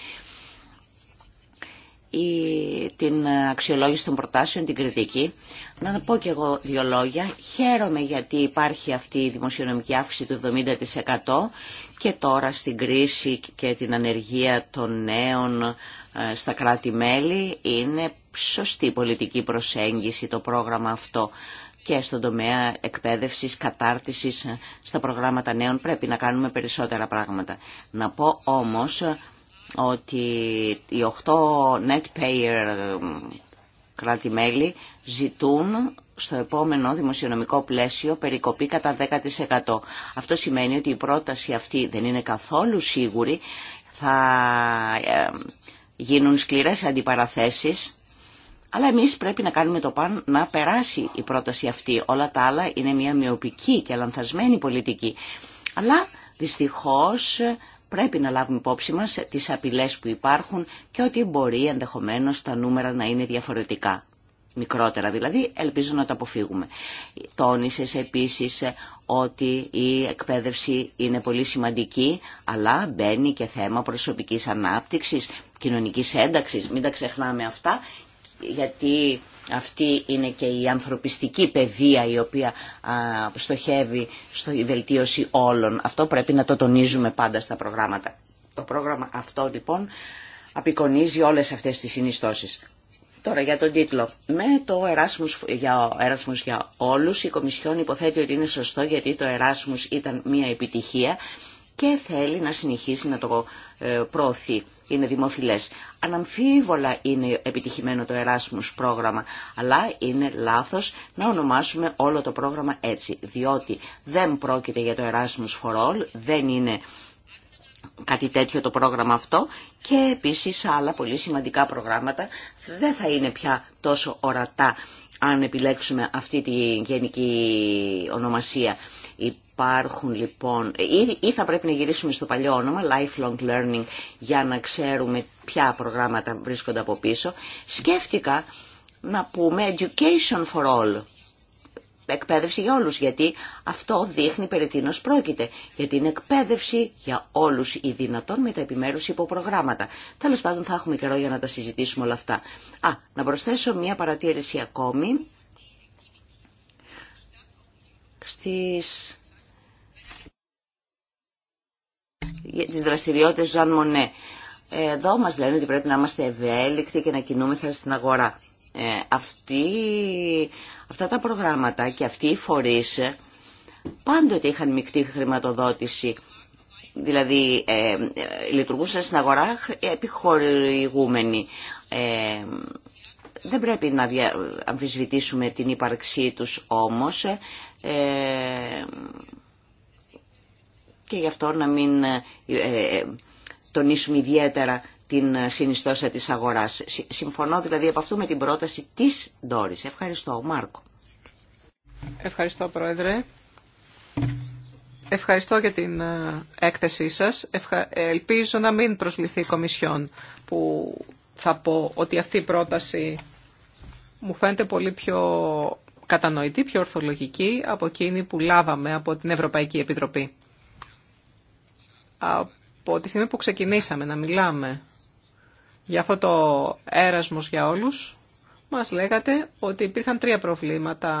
την αξιολόγηση των προτάσεων, την κριτική. Να πω και εγώ δύο λόγια. Χαίρομαι γιατί υπάρχει αυτή η δημοσιονομική αύξηση του 70% και τώρα στην κρίση και την ανεργία των νέων ε, στα κράτη-μέλη είναι σωστή πολιτική προσέγγιση το πρόγραμμα αυτό και στον τομέα εκπαίδευσης, κατάρτισης ε, στα προγράμματα νέων πρέπει να κάνουμε περισσότερα πράγματα. Να πω όμως ότι οι 8 payer ε, κράτη-μέλη ζητούν στο επόμενο δημοσιονομικό πλαίσιο περικοπή κατά 10%. Αυτό σημαίνει ότι η πρόταση αυτή δεν είναι καθόλου σίγουρη. Θα ε, γίνουν σκληρές αντιπαραθέσεις. Αλλά εμείς πρέπει να κάνουμε το παν να περάσει η πρόταση αυτή. Όλα τα άλλα είναι μια μειοπική και λανθασμένη πολιτική. Αλλά δυστυχώς πρέπει να λάβουμε υπόψη μας τις απειλές που υπάρχουν και ότι μπορεί ενδεχομένως τα νούμερα να είναι διαφορετικά. Μικρότερα δηλαδή, ελπίζω να τα αποφύγουμε. Τόνισες επίσης ότι η εκπαίδευση είναι πολύ σημαντική, αλλά μπαίνει και θέμα προσωπικής ανάπτυξης, κοινωνικής ένταξης, μην τα ξεχνάμε αυτά, γιατί αυτή είναι και η ανθρωπιστική παιδεία η οποία στοχεύει στη βελτίωση όλων. Αυτό πρέπει να το τονίζουμε πάντα στα προγράμματα. Το πρόγραμμα αυτό λοιπόν απεικονίζει όλες αυτές τις συνιστώσεις. Τώρα για τον τίτλο. Με το Εράσμους για, Εράσμους για όλους η Κομισιόν υποθέτει ότι είναι σωστό γιατί το Εράσμους ήταν μια επιτυχία και θέλει να συνεχίσει να το ε, προωθεί. Είναι δημοφιλές. Αναμφίβολα είναι επιτυχημένο το Erasmus πρόγραμμα, αλλά είναι λάθος να ονομάσουμε όλο το πρόγραμμα έτσι, διότι δεν πρόκειται για το Erasmus for All, δεν είναι κάτι τέτοιο το πρόγραμμα αυτό και επίσης άλλα πολύ σημαντικά προγράμματα δεν θα είναι πια τόσο ορατά αν επιλέξουμε αυτή τη γενική ονομασία υπάρχουν λοιπόν, ή, θα πρέπει να γυρίσουμε στο παλιό όνομα, lifelong learning, για να ξέρουμε ποια προγράμματα βρίσκονται από πίσω. Σκέφτηκα να πούμε education for all, εκπαίδευση για όλους, γιατί αυτό δείχνει περί τίνος πρόκειται, γιατί είναι εκπαίδευση για όλους οι δυνατόν με τα επιμέρους υποπρογράμματα. Τέλος πάντων θα έχουμε καιρό για να τα συζητήσουμε όλα αυτά. Α, να προσθέσω μία παρατήρηση ακόμη. Στις τις δραστηριότητες Ζαν Μονέ. Ε, εδώ μας λένε ότι πρέπει να είμαστε ευέλικτοι και να κινούμεθα στην αγορά. Ε, αυτοί, αυτά τα προγράμματα και αυτοί οι φορείς πάντοτε είχαν μεικτή χρηματοδότηση. Δηλαδή ε, λειτουργούσαν στην αγορά επιχορηγούμενοι. Ε, δεν πρέπει να αμφισβητήσουμε την ύπαρξή τους όμως. Ε, και γι' αυτό να μην ε, ε, ε, τονίσουμε ιδιαίτερα την συνιστόσα της αγοράς. Συμφωνώ δηλαδή από αυτού με την πρόταση της Ντόρης. Ευχαριστώ. Μάρκο. Ευχαριστώ Πρόεδρε. Ευχαριστώ για την έκθεσή σας. Ελπίζω να μην προσληθεί η Κομισιόν που θα πω ότι αυτή η πρόταση μου φαίνεται πολύ πιο κατανοητή, πιο ορθολογική από εκείνη που λάβαμε από την Ευρωπαϊκή Επιτροπή από τη στιγμή που ξεκινήσαμε να μιλάμε για αυτό το έρασμος για όλους, μας λέγατε ότι υπήρχαν τρία προβλήματα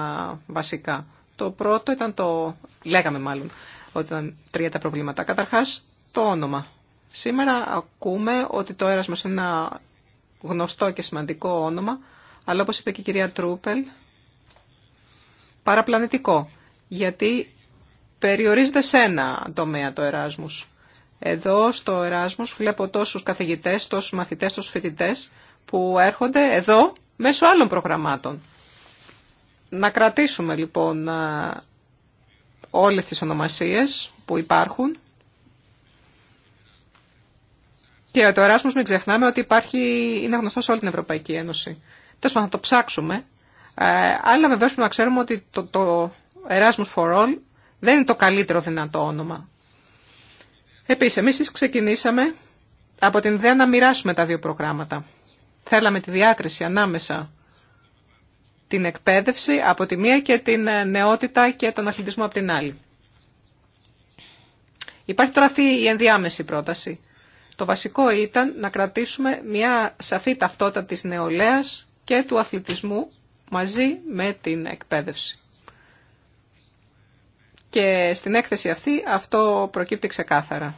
βασικά. Το πρώτο ήταν το, λέγαμε μάλλον, ότι ήταν τρία τα προβλήματα. Καταρχάς το όνομα. Σήμερα ακούμε ότι το έρασμος είναι ένα γνωστό και σημαντικό όνομα, αλλά όπως είπε και η κυρία Τρούπελ, παραπλανητικό, γιατί περιορίζεται σε ένα τομέα το Εράσμους. Εδώ στο Εράσμος βλέπω τόσους καθηγητές, τόσους μαθητές, τόσους φοιτητές που έρχονται εδώ μέσω άλλων προγραμμάτων. Να κρατήσουμε λοιπόν όλες τις ονομασίες που υπάρχουν. Και το Εράσμος μην ξεχνάμε ότι υπάρχει, είναι γνωστό σε όλη την Ευρωπαϊκή Ένωση. Τέλος πάντων, το ψάξουμε. Ε, αλλά βεβαίως πρέπει να ξέρουμε ότι το, το Erasmus for All δεν είναι το καλύτερο δυνατό όνομα. Επίσης, εμείς ξεκινήσαμε από την ιδέα να μοιράσουμε τα δύο προγράμματα. Θέλαμε τη διάκριση ανάμεσα την εκπαίδευση από τη μία και την ε, νεότητα και τον αθλητισμό από την άλλη. Υπάρχει τώρα αυτή η ενδιάμεση πρόταση. Το βασικό ήταν να κρατήσουμε μια σαφή ταυτότητα της νεολαίας και του αθλητισμού μαζί με την εκπαίδευση και στην έκθεση αυτή αυτό προκύπτει ξεκάθαρα.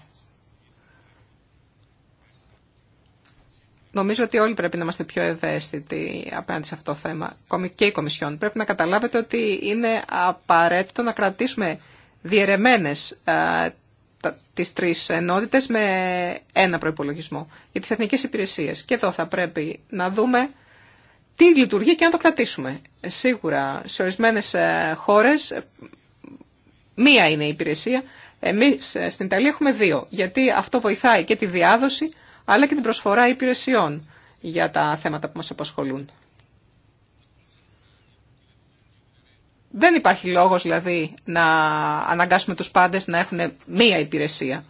Νομίζω ότι όλοι πρέπει να είμαστε πιο ευαίσθητοι απέναντι σε αυτό το θέμα και η Κομισιόν. Πρέπει να καταλάβετε ότι είναι απαραίτητο να κρατήσουμε διαιρεμένες τις τρεις ενότητες με ένα προϋπολογισμό για τις εθνικές υπηρεσίες. Και εδώ θα πρέπει να δούμε τι λειτουργεί και να το κρατήσουμε. Σίγουρα σε ορισμένες ε, χώρες Μία είναι η υπηρεσία. Εμείς ε, στην Ιταλία έχουμε δύο, γιατί αυτό βοηθάει και τη διάδοση, αλλά και την προσφορά υπηρεσιών για τα θέματα που μας απασχολούν. Δεν υπάρχει λόγος δηλαδή να αναγκάσουμε τους πάντες να έχουν μία υπηρεσία.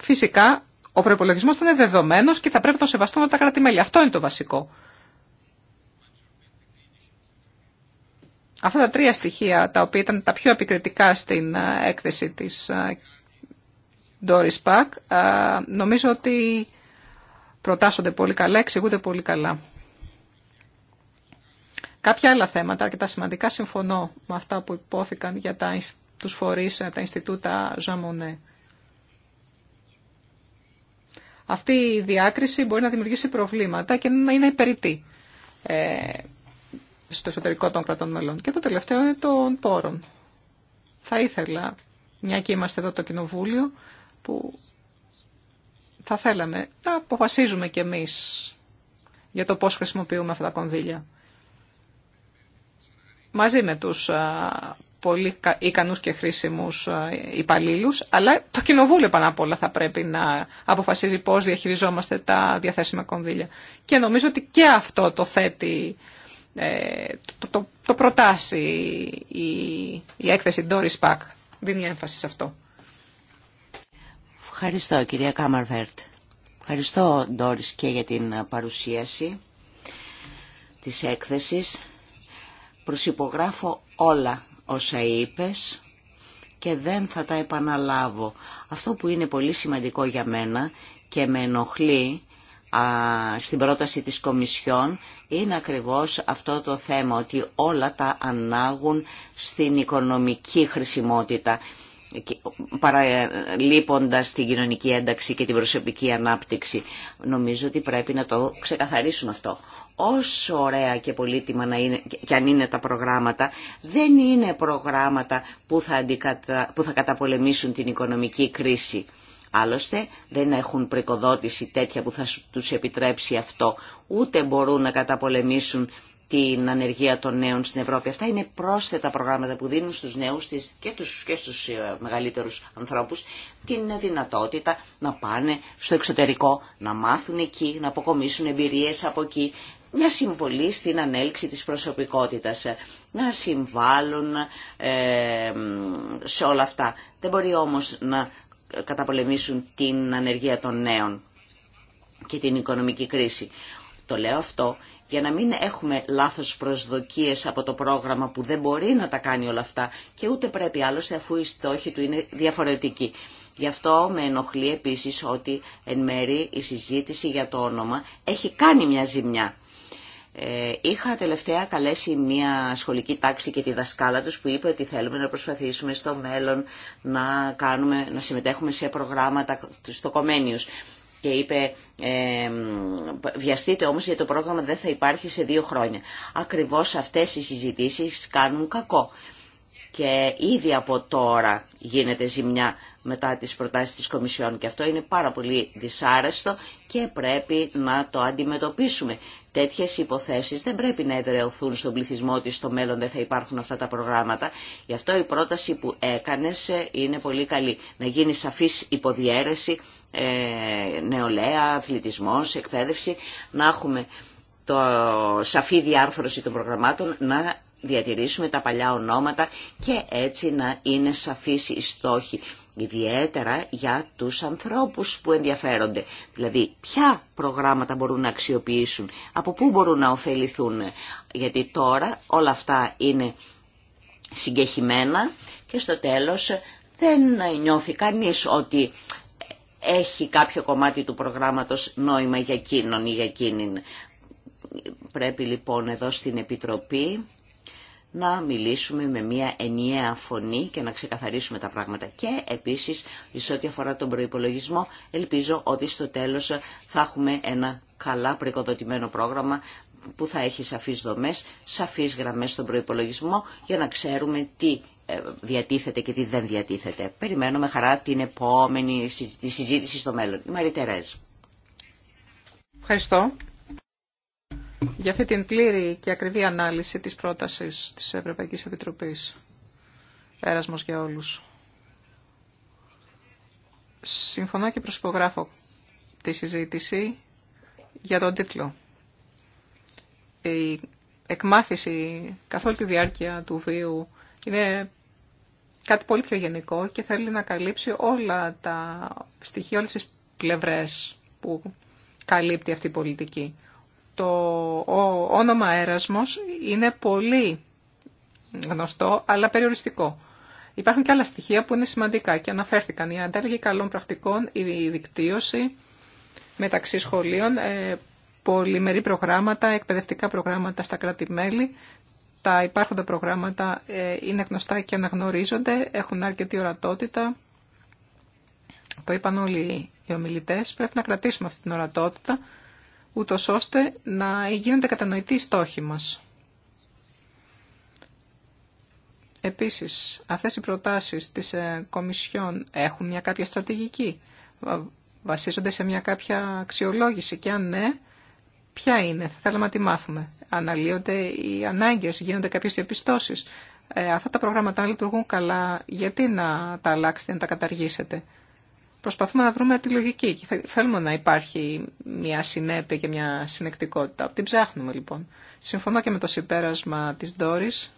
Φυσικά ο προπολογισμό θα είναι δεδομένος και θα πρέπει να το σεβαστούμε τα κράτη-μέλη. Αυτό είναι το βασικό. Αυτά τα τρία στοιχεία τα οποία ήταν τα πιο επικριτικά στην ε, έκθεση της ε, Doris Pack ε, νομίζω ότι προτάσσονται πολύ καλά, εξηγούνται πολύ καλά. Κάποια άλλα θέματα, αρκετά σημαντικά, συμφωνώ με αυτά που υπόθηκαν για τα, τους φορείς, τα Ινστιτούτα Ζαμονέ. Αυτή η διάκριση μπορεί να δημιουργήσει προβλήματα και να είναι υπερητή. Ε, στο εσωτερικό των κρατών μελών. Και το τελευταίο είναι των πόρων. Θα ήθελα, μια και είμαστε εδώ το Κοινοβούλιο, που θα θέλαμε να αποφασίζουμε κι εμείς για το πώς χρησιμοποιούμε αυτά τα κονδύλια. Μαζί με τους πολύ ικανούς και χρήσιμους υπαλλήλους, αλλά το κοινοβούλιο πάνω απ' όλα θα πρέπει να αποφασίζει πώς διαχειριζόμαστε τα διαθέσιμα κονδύλια. Και νομίζω ότι και αυτό το θέτει ε, το, το, προτάσει η, η έκθεση Doris Pack. Δίνει έμφαση σε αυτό. Ευχαριστώ κυρία Κάμαρβερτ. Ευχαριστώ Ντόρις και για την παρουσίαση της έκθεσης. Προσυπογράφω όλα όσα είπες και δεν θα τα επαναλάβω. Αυτό που είναι πολύ σημαντικό για μένα και με ενοχλεί στην πρόταση της Κομισιόν είναι ακριβώς αυτό το θέμα ότι όλα τα ανάγουν στην οικονομική χρησιμότητα παραλείποντας την κοινωνική ένταξη και την προσωπική ανάπτυξη. Νομίζω ότι πρέπει να το ξεκαθαρίσουν αυτό. Όσο ωραία και πολύτιμα να είναι, και αν είναι τα προγράμματα, δεν είναι προγράμματα που θα, που θα καταπολεμήσουν την οικονομική κρίση. Άλλωστε δεν έχουν πρικοδότηση τέτοια που θα τους επιτρέψει αυτό, ούτε μπορούν να καταπολεμήσουν την ανεργία των νέων στην Ευρώπη. Αυτά είναι πρόσθετα προγράμματα που δίνουν στους νέους και, τους, και στους ε, μεγαλύτερους ανθρώπους την δυνατότητα να πάνε στο εξωτερικό, να μάθουν εκεί, να αποκομίσουν εμπειρίες από εκεί, μια συμβολή στην ανέλξη της προσωπικότητας, ε, να συμβάλλουν ε, σε όλα αυτά. Δεν μπορεί όμως να καταπολεμήσουν την ανεργία των νέων και την οικονομική κρίση. Το λέω αυτό για να μην έχουμε λάθος προσδοκίες από το πρόγραμμα που δεν μπορεί να τα κάνει όλα αυτά και ούτε πρέπει άλλωστε αφού η στόχη του είναι διαφορετικοί. Γι' αυτό με ενοχλεί επίσης ότι εν μέρη η συζήτηση για το όνομα έχει κάνει μια ζημιά. Ε, είχα τελευταία καλέσει μια σχολική τάξη και τη δασκάλα τους που είπε ότι θέλουμε να προσπαθήσουμε στο μέλλον να, κάνουμε, να συμμετέχουμε σε προγράμματα στο Κομένιους. Και είπε, ε, βιαστείτε όμως γιατί το πρόγραμμα δεν θα υπάρχει σε δύο χρόνια. Ακριβώς αυτές οι συζητήσεις κάνουν κακό. Και ήδη από τώρα γίνεται ζημιά μετά τις προτάσεις της Κομισιόν και αυτό είναι πάρα πολύ δυσάρεστο και πρέπει να το αντιμετωπίσουμε. Τέτοιε υποθέσεις δεν πρέπει να εδρεωθούν στον πληθυσμό ότι στο μέλλον δεν θα υπάρχουν αυτά τα προγράμματα. Γι' αυτό η πρόταση που έκανε ε, είναι πολύ καλή. Να γίνει σαφής υποδιέρεση, ε, νεολαία, αθλητισμός, εκπαίδευση, να έχουμε το σαφή διάρθρωση των προγραμμάτων, να διατηρήσουμε τα παλιά ονόματα και έτσι να είναι σαφής η στόχη. ιδιαίτερα για τους ανθρώπους που ενδιαφέρονται. Δηλαδή, ποια προγράμματα μπορούν να αξιοποιήσουν, από πού μπορούν να ωφεληθούν, γιατί τώρα όλα αυτά είναι συγκεχημένα και στο τέλος δεν νιώθει κανείς ότι έχει κάποιο κομμάτι του προγράμματος νόημα για εκείνον ή για εκείνην. Πρέπει λοιπόν εδώ στην Επιτροπή να μιλήσουμε με μια ενιαία φωνή και να ξεκαθαρίσουμε τα πράγματα. Και επίσης, σε ό,τι αφορά τον προϋπολογισμό, ελπίζω ότι στο τέλος θα έχουμε ένα καλά προοικοδοτημένο πρόγραμμα που θα έχει σαφείς δομές, σαφείς γραμμές στον προϋπολογισμό για να ξέρουμε τι ε, διατίθεται και τι δεν διατίθεται. Περιμένω με χαρά την επόμενη συζήτηση στο μέλλον. Η Μαρή Τερέζ. Ευχαριστώ για αυτή την πλήρη και ακριβή ανάλυση της πρότασης της Ευρωπαϊκής Επιτροπής. Έρασμος για όλους. Συμφωνώ και προσυπογράφω τη συζήτηση για τον τίτλο. Η εκμάθηση καθ' όλη τη διάρκεια του βίου είναι κάτι πολύ πιο γενικό και θέλει να καλύψει όλα τα στοιχεία, όλες τις πλευρές που καλύπτει αυτή η πολιτική το όνομα έρασμος είναι πολύ γνωστό, αλλά περιοριστικό. Υπάρχουν και άλλα στοιχεία που είναι σημαντικά και αναφέρθηκαν. Η αντάλλαγη καλών πρακτικών, η δικτύωση μεταξύ σχολείων, ε, πολυμερή προγράμματα, εκπαιδευτικά προγράμματα στα κράτη-μέλη. Τα υπάρχοντα προγράμματα ε, είναι γνωστά και αναγνωρίζονται, έχουν αρκετή ορατότητα. Το είπαν όλοι οι ομιλητές. Πρέπει να κρατήσουμε αυτή την ορατότητα ούτω ώστε να γίνονται κατανοητοί οι στόχοι μας. Επίσης, αυτές οι προτάσεις της ε, Κομισιόν έχουν μια κάποια στρατηγική, βασίζονται σε μια κάποια αξιολόγηση και αν ναι, ποια είναι, θα θέλαμε να τη μάθουμε. Αναλύονται οι ανάγκες, γίνονται κάποιες διαπιστώσεις. Ε, αυτά τα προγράμματα λειτουργούν καλά, γιατί να τα αλλάξετε, να τα καταργήσετε προσπαθούμε να βρούμε τη λογική και θέλουμε να υπάρχει μια συνέπεια και μια συνεκτικότητα. Την ψάχνουμε λοιπόν. Συμφωνώ και με το συμπέρασμα της Ντόρης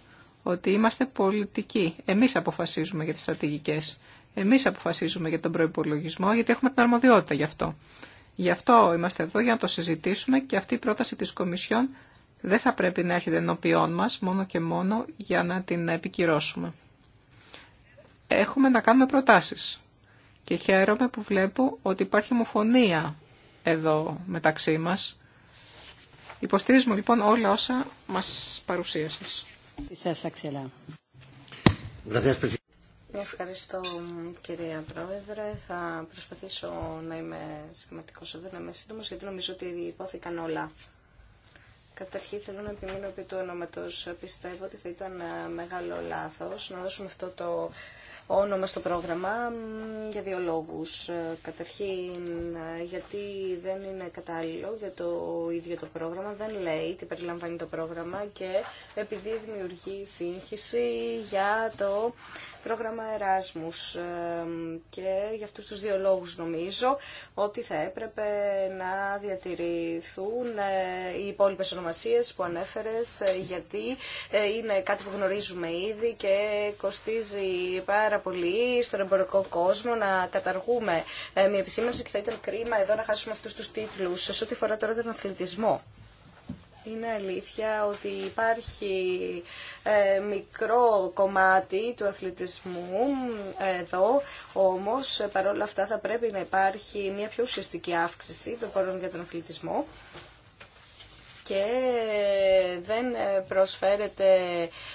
ότι είμαστε πολιτικοί. Εμείς αποφασίζουμε για τις στρατηγικές. Εμείς αποφασίζουμε για τον προϋπολογισμό γιατί έχουμε την αρμοδιότητα γι' αυτό. Γι' αυτό είμαστε εδώ για να το συζητήσουμε και αυτή η πρόταση της Κομισιόν δεν θα πρέπει να έρχεται ενώπιόν μας μόνο και μόνο για να την επικυρώσουμε. Έχουμε να κάνουμε προτάσεις και χαίρομαι που βλέπω ότι υπάρχει ομοφωνία εδώ μεταξύ μας. Υποστηρίζουμε λοιπόν όλα όσα μας παρουσίασες. Ευχαριστώ κυρία Πρόεδρε. Θα προσπαθήσω να είμαι σχηματικό εδώ, να είμαι σύντομο, γιατί νομίζω ότι υπόθηκαν όλα. Καταρχήν θέλω να επιμείνω επί του ονόματο. Πιστεύω ότι θα ήταν μεγάλο λάθο να δώσουμε αυτό το όνομα στο πρόγραμμα για δύο λόγους. Ε, καταρχήν ε, γιατί δεν είναι κατάλληλο για το ίδιο το πρόγραμμα, δεν λέει τι περιλαμβάνει το πρόγραμμα και επειδή δημιουργεί σύγχυση για το πρόγραμμα Εράσμους ε, και για αυτούς τους δύο λόγους νομίζω ότι θα έπρεπε να διατηρηθούν ε, οι υπόλοιπε ονομασίες που ανέφερες ε, γιατί είναι κάτι που γνωρίζουμε ήδη και κοστίζει πάρα πολύ στον εμπορικό κόσμο να καταργούμε μια επισήμανση και θα ήταν κρίμα εδώ να χάσουμε αυτούς τους τίτλους σε ό,τι φορά τώρα τον αθλητισμό. Είναι αλήθεια ότι υπάρχει ε, μικρό κομμάτι του αθλητισμού ε, εδώ, όμως ε, παρόλα αυτά θα πρέπει να υπάρχει μια πιο ουσιαστική αύξηση των πόρων για τον αθλητισμό και δεν προσφέρεται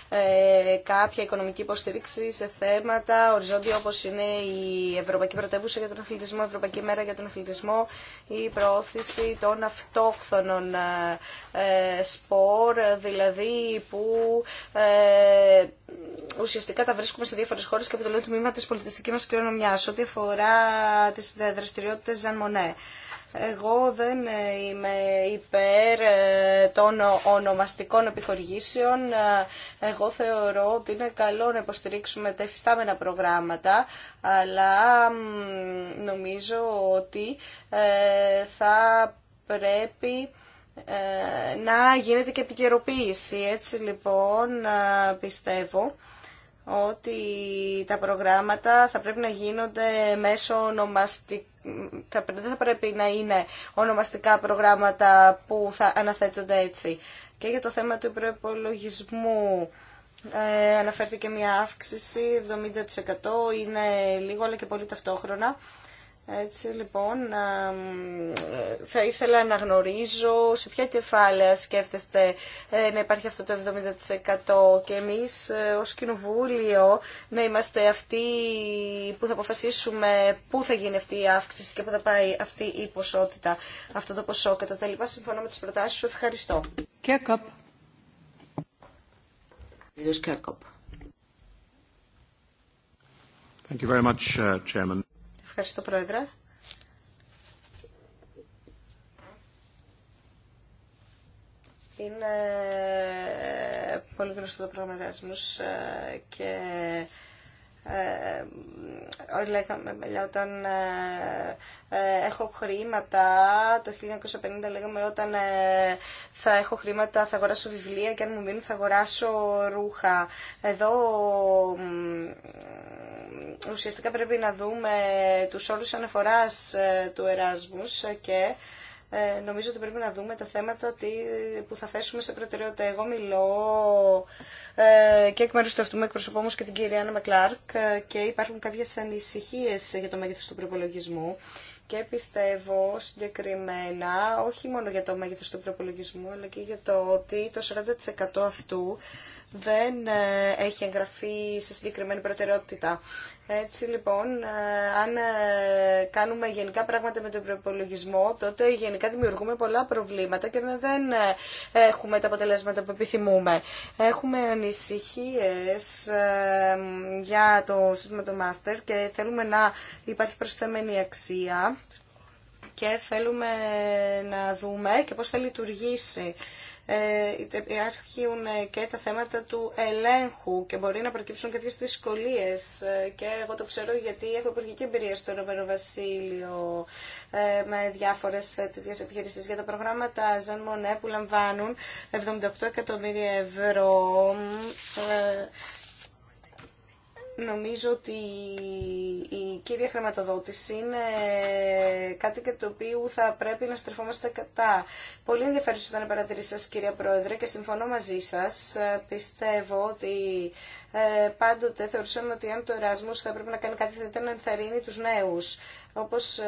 ε, κάποια οικονομική υποστήριξη σε θέματα οριζόντια όπως είναι η Ευρωπαϊκή Πρωτεύουσα για τον Αθλητισμό, η Ευρωπαϊκή Μέρα για τον Αθλητισμό, η προώθηση των αυτόχθονων ε, σπορ, δηλαδή που ε, ουσιαστικά τα βρίσκουμε σε διάφορες χώρες και αποτελούν τμήμα της πολιτιστικής μας κληρονομιάς, ό,τι αφορά τις δραστηριότητες Ζαν Μονέ. Εγώ δεν ε, είμαι υπέρ ε, των ονομαστικών επιχορηγήσεων. Ε, εγώ θεωρώ ότι είναι καλό να υποστηρίξουμε τα εφιστάμενα προγράμματα, αλλά νομίζω ότι θα πρέπει να γίνεται και επικαιροποίηση. Έτσι λοιπόν πιστεύω ότι τα προγράμματα θα πρέπει να γίνονται μέσω ονομαστικών δεν θα πρέπει να είναι ονομαστικά προγράμματα που θα αναθέτονται έτσι. Και για το θέμα του προπολογισμού ε, αναφέρθηκε μια αύξηση 70% είναι λίγο αλλά και πολύ ταυτόχρονα έτσι λοιπόν θα ήθελα να γνωρίζω σε ποια κεφάλαια σκέφτεστε ε, να υπάρχει αυτό το 70% και εμείς ε, ως Κοινοβούλιο να είμαστε αυτοί που θα αποφασίσουμε πού θα γίνει αυτή η αύξηση και πού θα πάει αυτή η ποσότητα, αυτό το ποσό κατά τα λοιπά. Συμφωνώ με τις προτάσεις σου. Ευχαριστώ. Κέκοπ. Thank you very much, uh, Chairman. Ευχαριστώ, Πρόεδρε. Είναι πολύ γνωστό το πρόγραμμα Erasmus ε, και ε, λέγαμε όταν ε, ε, έχω χρήματα το 1950 λέγαμε όταν θα έχω χρήματα θα αγοράσω βιβλία και αν μου μείνουν θα αγοράσω ρούχα εδώ ουσιαστικά πρέπει να δούμε τους όρους αναφοράς ε, του Εράσμους και ε, νομίζω ότι πρέπει να δούμε τα θέματα που θα θέσουμε σε προτεραιότητα. Εγώ μιλώ ε, και εκ μέρους του αυτού μου εκπροσωπώ και την κυρία Άννα Μακλάρκ και υπάρχουν κάποιες ανησυχίες για το μέγεθος του προπολογισμού και πιστεύω συγκεκριμένα όχι μόνο για το μέγεθος του προπολογισμού αλλά και για το ότι το 40% αυτού δεν ε, έχει εγγραφεί σε συγκεκριμένη προτεραιότητα. Έτσι λοιπόν, ε, αν ε, κάνουμε γενικά πράγματα με τον προπολογισμό, τότε γενικά δημιουργούμε πολλά προβλήματα και δεν έχουμε τα αποτελέσματα που επιθυμούμε. Έχουμε ανησυχίες για το σύστημα του Μάστερ και θέλουμε να υπάρχει προσθεμένη αξία και θέλουμε να δούμε και πώς θα λειτουργήσει ε, υπάρχουν ε, και τα θέματα του ελέγχου και μπορεί να προκύψουν κάποιε δυσκολίε. Ε, και εγώ το ξέρω γιατί έχω υπουργική εμπειρία στο Ρωμένο Βασίλειο με διάφορε τέτοιε επιχειρήσει για τα προγράμματα Ζαν Μονέ που λαμβάνουν 78 εκατομμύρια ευρώ Νομίζω ότι η κύρια χρηματοδότηση είναι κάτι και το οποίο θα πρέπει να στρεφόμαστε κατά. Πολύ ενδιαφέρουσα ήταν η παρατηρήση σας κυρία Πρόεδρε και συμφωνώ μαζί σας. Πιστεύω ότι ε, πάντοτε θεωρούσαμε ότι αν το Εράσμος θα πρέπει να κάνει κάτι θα ήταν να ενθαρρύνει τους νέους. Όπως ε,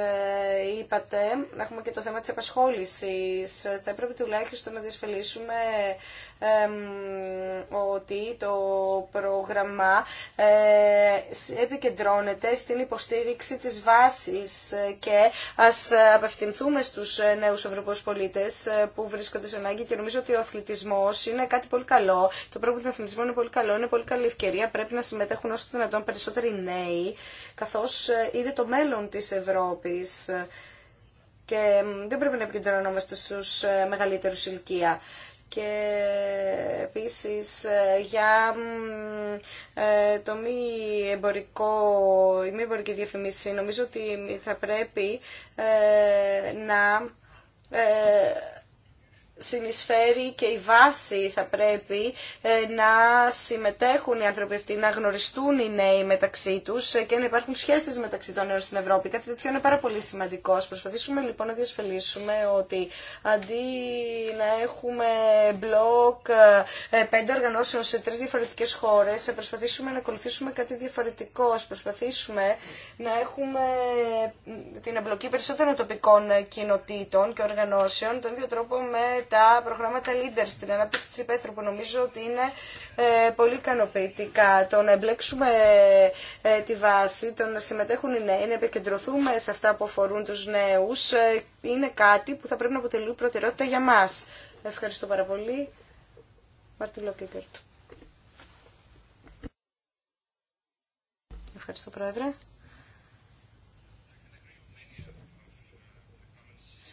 είπατε, έχουμε και το θέμα της απασχόλησης. Θα έπρεπε τουλάχιστον να διασφαλίσουμε ότι το πρόγραμμα ε, επικεντρώνεται στην υποστήριξη της βάσης και ας απευθυνθούμε στους νέους Ευρωπαίους πολίτες ε, που βρίσκονται σε ανάγκη και νομίζω ότι ο αθλητισμός είναι κάτι πολύ καλό. Το πρόγραμμα του αθλητισμού είναι πολύ καλό, είναι πολύ καλή ευκαιρία. Πρέπει να συμμετέχουν όσο δυνατόν περισσότεροι νέοι καθώς ε, είναι το μέλλον της Ευρώπης ε, και δεν πρέπει να επικεντρωνόμαστε στους ε, μεγαλύτερους ηλικία και επίσης για το μη εμπορικό, η μη εμπορική διαφημίση νομίζω ότι θα πρέπει να συνεισφέρει και η βάση θα πρέπει ε, να συμμετέχουν οι άνθρωποι αυτοί, να γνωριστούν οι νέοι μεταξύ τους ε, και να υπάρχουν σχέσεις μεταξύ των νέων στην Ευρώπη. Κάτι τέτοιο είναι πάρα πολύ σημαντικό. Ας προσπαθήσουμε λοιπόν να διασφαλίσουμε ότι αντί να έχουμε μπλοκ ε, πέντε οργανώσεων σε τρεις διαφορετικές χώρες, θα προσπαθήσουμε να ακολουθήσουμε κάτι διαφορετικό. Ας προσπαθήσουμε να έχουμε την εμπλοκή περισσότερων τοπικών κοινοτήτων και οργανώσεων, τον ίδιο τρόπο με τα προγράμματα leaders στην ανάπτυξη της υπαίθρου που νομίζω ότι είναι ε, πολύ ικανοποιητικά. Το να εμπλέξουμε ε, τη βάση, το να συμμετέχουν οι νέοι, να επικεντρωθούμε σε αυτά που αφορούν τους νέους ε, είναι κάτι που θα πρέπει να αποτελεί προτεραιότητα για μας. Ευχαριστώ πάρα πολύ. Μάρτιν Ευχαριστώ, Πρόεδρε.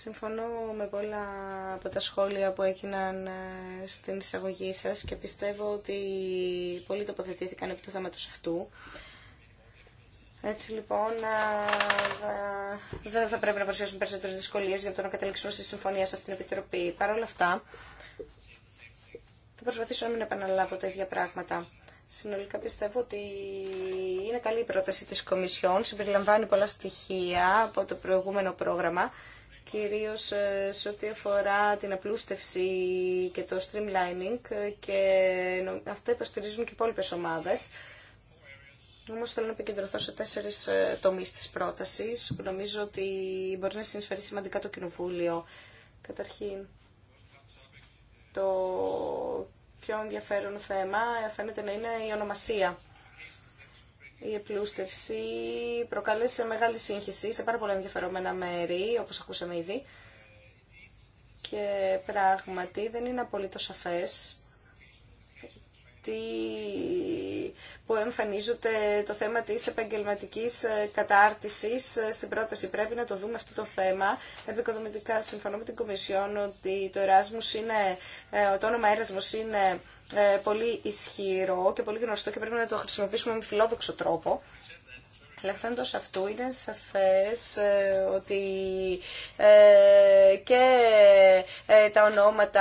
Συμφωνώ με πολλά από τα σχόλια που έγιναν ε, στην εισαγωγή σας και πιστεύω ότι πολλοί τοποθετήθηκαν επί του θέματος αυτού. Έτσι λοιπόν δεν θα πρέπει να παρουσιάσουν περισσότερες δυσκολίες για το να καταλήξουμε σε συμφωνία σε αυτήν την Επιτροπή. Παρ' όλα αυτά θα προσπαθήσω να μην επαναλάβω τα ίδια πράγματα. Συνολικά πιστεύω ότι είναι καλή η πρόταση της Κομισιόν, συμπεριλαμβάνει πολλά στοιχεία από το προηγούμενο πρόγραμμα κυρίως ε, σε ό,τι αφορά την απλούστευση και το streamlining ε, και αυτά υποστηρίζουν και υπόλοιπε ομάδες. Όμως θέλω να επικεντρωθώ σε τέσσερις ε, τομείς της πρότασης που νομίζω ότι μπορεί να συνεισφέρει σημαντικά το Κοινοβούλιο. Καταρχήν, το πιο ενδιαφέρον θέμα φαίνεται να είναι η ονομασία η επλούστευση προκάλεσε μεγάλη σύγχυση σε πάρα πολλά ενδιαφερόμενα μέρη, όπως ακούσαμε ήδη. Και πράγματι δεν είναι απολύτως σαφές που εμφανίζονται το θέμα της επαγγελματικής ε, κατάρτισης ε, στην πρόταση. Πρέπει να το δούμε αυτό το θέμα. Επικοδομητικά συμφωνώ με την Κομισιόν ότι το, είναι, ε, το όνομα Εράσμος είναι πολύ ισχυρό και πολύ γνωστό και πρέπει να το χρησιμοποιήσουμε με φιλόδοξο τρόπο. Λεχθέντος αυτού είναι σαφές ε, ότι ε, και ε, τα ονόματα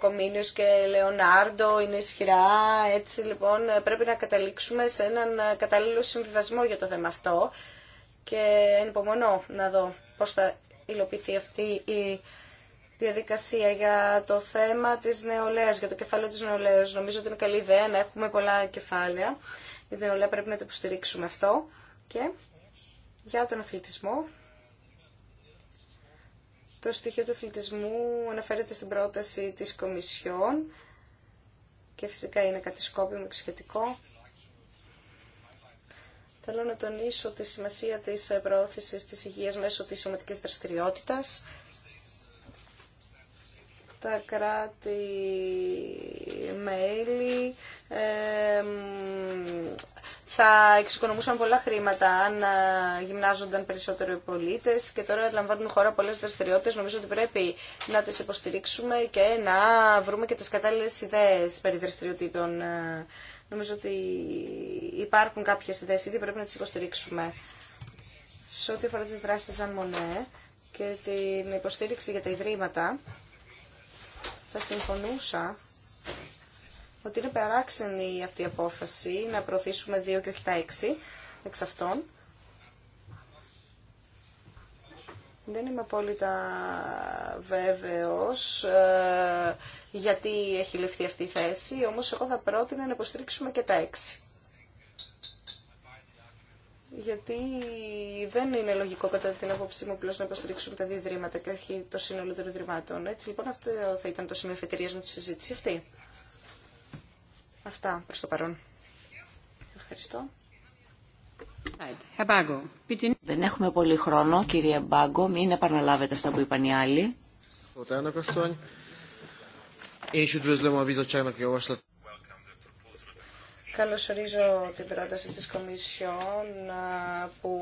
Κομίνιος και Λεωνάρντο είναι ισχυρά. Έτσι λοιπόν πρέπει να καταλήξουμε σε έναν κατάλληλο συμβιβασμό για το θέμα αυτό και ενυπομονώ να δω πώς θα υλοποιηθεί αυτή η διαδικασία για το θέμα της νεολαίας, για το κεφάλαιο της νεολαίας. Νομίζω ότι είναι καλή ιδέα να έχουμε πολλά κεφάλαια. Η νεολαία πρέπει να το υποστηρίξουμε αυτό. Και για τον αθλητισμό, το στοιχείο του αθλητισμού αναφέρεται στην πρόταση της Κομισιόν και φυσικά είναι κάτι σκόπιμο και σχετικό. Θέλω να τονίσω τη σημασία της προώθησης της υγείας μέσω της σωματικής δραστηριότητας. Τα κράτη-μέλη θα εξοικονομούσαν πολλά χρήματα αν ε, γυμνάζονταν περισσότερο οι πολίτε και τώρα λαμβάνουν χώρα πολλέ δραστηριότητε. Νομίζω ότι πρέπει να τι υποστηρίξουμε και να βρούμε και τι κατάλληλε ιδέε περί δραστηριοτήτων. Ε, νομίζω ότι υπάρχουν κάποιε ιδέε ήδη, πρέπει να τι υποστηρίξουμε. Σε ό,τι αφορά τι δράσει Ζαν Μονέ ε, και την υποστήριξη για τα ιδρύματα, θα συμφωνούσα ότι είναι παράξενη αυτή η απόφαση να προωθήσουμε δύο και όχι τα έξι εξ αυτών. Δεν είμαι απόλυτα βέβαιος ε, γιατί έχει ληφθεί αυτή η θέση, όμως εγώ θα πρότεινα να υποστηρίξουμε και τα έξι. Γιατί δεν είναι λογικό κατά την άποψή μου πλέον να υποστηρίξουμε τα δύο ιδρύματα και όχι το σύνολο των ιδρυμάτων. Έτσι λοιπόν αυτό θα ήταν το σημείο εφετηρίας μου τη συζήτηση αυτή. Αυτά προς το παρόν. Ευχαριστώ. Δεν έχουμε πολύ χρόνο, κύριε Μπάγκο. Μην επαναλάβετε αυτά που είπαν οι άλλοι. Καλωσορίζω την πρόταση της Κομισιόν που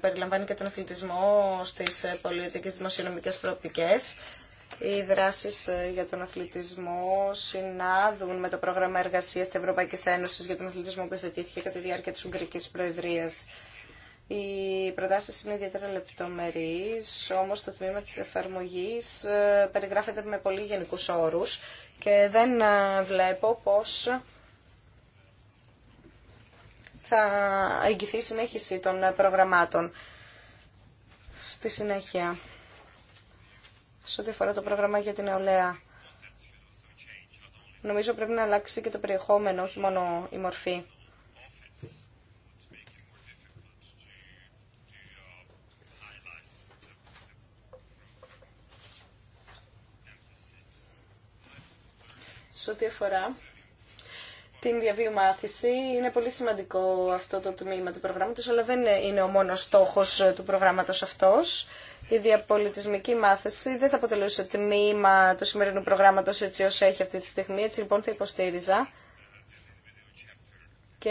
περιλαμβάνει και τον αθλητισμό στις πολιτικές δημοσιονομικές προοπτικές οι δράσεις ε, για τον αθλητισμό συνάδουν με το πρόγραμμα εργασίας της Ευρωπαϊκής Ένωσης για τον αθλητισμό που υιοθετήθηκε κατά τη διάρκεια της Ουγγρικής Προεδρίας. Οι προτάσεις είναι ιδιαίτερα λεπτομερείς, όμως το τμήμα της εφαρμογής ε, περιγράφεται με πολύ γενικούς όρους και δεν ε, βλέπω πώς θα εγγυθεί η συνέχιση των προγραμμάτων στη συνέχεια σε ό,τι αφορά το πρόγραμμα για την νεολαία. Νομίζω πρέπει να αλλάξει και το περιεχόμενο, όχι μόνο η μορφή. Σε ό,τι αφορά την διαβίωμαθησή Είναι πολύ σημαντικό αυτό το τμήμα του προγράμματος, αλλά δεν είναι ο μόνος στόχος του προγράμματος αυτός η διαπολιτισμική μάθηση δεν θα αποτελούσε τμήμα του σημερινού προγράμματος έτσι όσο έχει αυτή τη στιγμή. Έτσι λοιπόν θα υποστήριζα και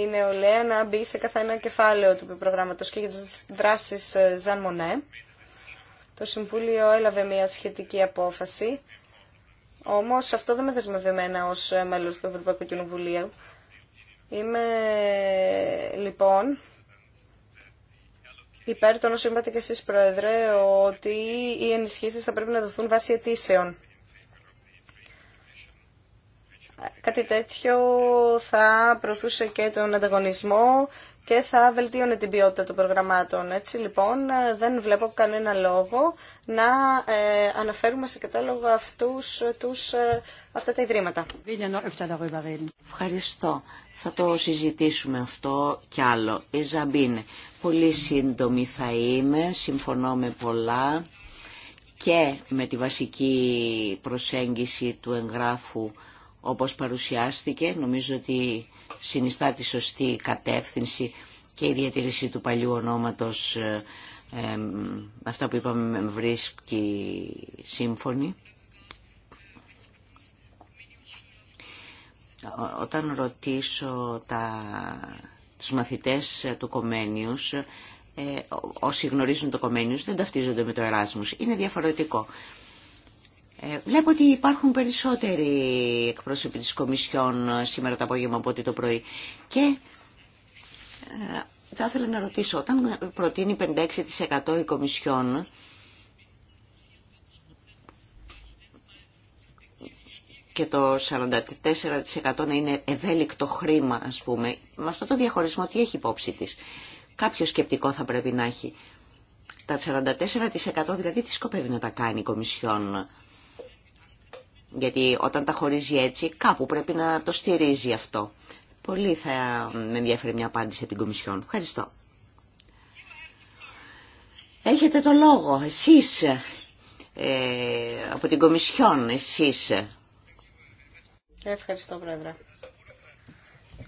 η νεολαία να μπει σε καθένα κεφάλαιο του προγράμματος και για τις δράσεις Ζαν ε, Μονέ. Το Συμβούλιο έλαβε μια σχετική απόφαση, όμως αυτό δεν με δεσμεύει ως ε, μέλος του Ευρωπαϊκού Κοινοβουλίου. Είμαι λοιπόν υπέρ των όσων είπατε και εσείς Πρόεδρε ότι οι ενισχύσεις θα πρέπει να δοθούν βάσει αιτήσεων. Κάτι τέτοιο θα προωθούσε και τον ανταγωνισμό και θα βελτίωνε την ποιότητα των προγραμμάτων. Έτσι λοιπόν δεν βλέπω κανένα λόγο να ε, αναφέρουμε σε κατάλογο αυτούς, τους, ε, αυτά τα ιδρύματα. Ευχαριστώ. Θα το συζητήσουμε αυτό κι άλλο. Η Ζαμπίνε, πολύ σύντομη θα είμαι, συμφωνώ με πολλά και με τη βασική προσέγγιση του εγγράφου όπως παρουσιάστηκε. Νομίζω ότι συνιστά τη σωστή κατεύθυνση και η διατήρηση του παλιού ονόματος ε, αυτά που είπαμε με βρίσκει σύμφωνη. Όταν ρωτήσω τα, τους μαθητές του Κομένιους, ε, όσοι γνωρίζουν το Κομένιους δεν ταυτίζονται με το Εράσμους. Είναι διαφορετικό. Ε, βλέπω ότι υπάρχουν περισσότεροι εκπρόσωποι της Κομισιόν ε, σήμερα το απόγευμα από ό,τι το πρωί. Και ε, θα ήθελα να ρωτήσω, όταν προτείνει 56% η Κομισιόν, και το 44% να είναι ευέλικτο χρήμα, ας πούμε, με αυτό το διαχωρισμό τι έχει υπόψη της. Κάποιο σκεπτικό θα πρέπει να έχει. Τα 44% δηλαδή τι σκοπεύει να τα κάνει η Κομισιόν. Γιατί όταν τα χωρίζει έτσι, κάπου πρέπει να το στηρίζει αυτό. Πολύ θα με ενδιαφέρει μια απάντηση από την Κομισιόν. Ευχαριστώ. Έχετε το λόγο, εσείς, ε, από την Κομισιόν, εσείς. Ευχαριστώ, Πρόεδρε.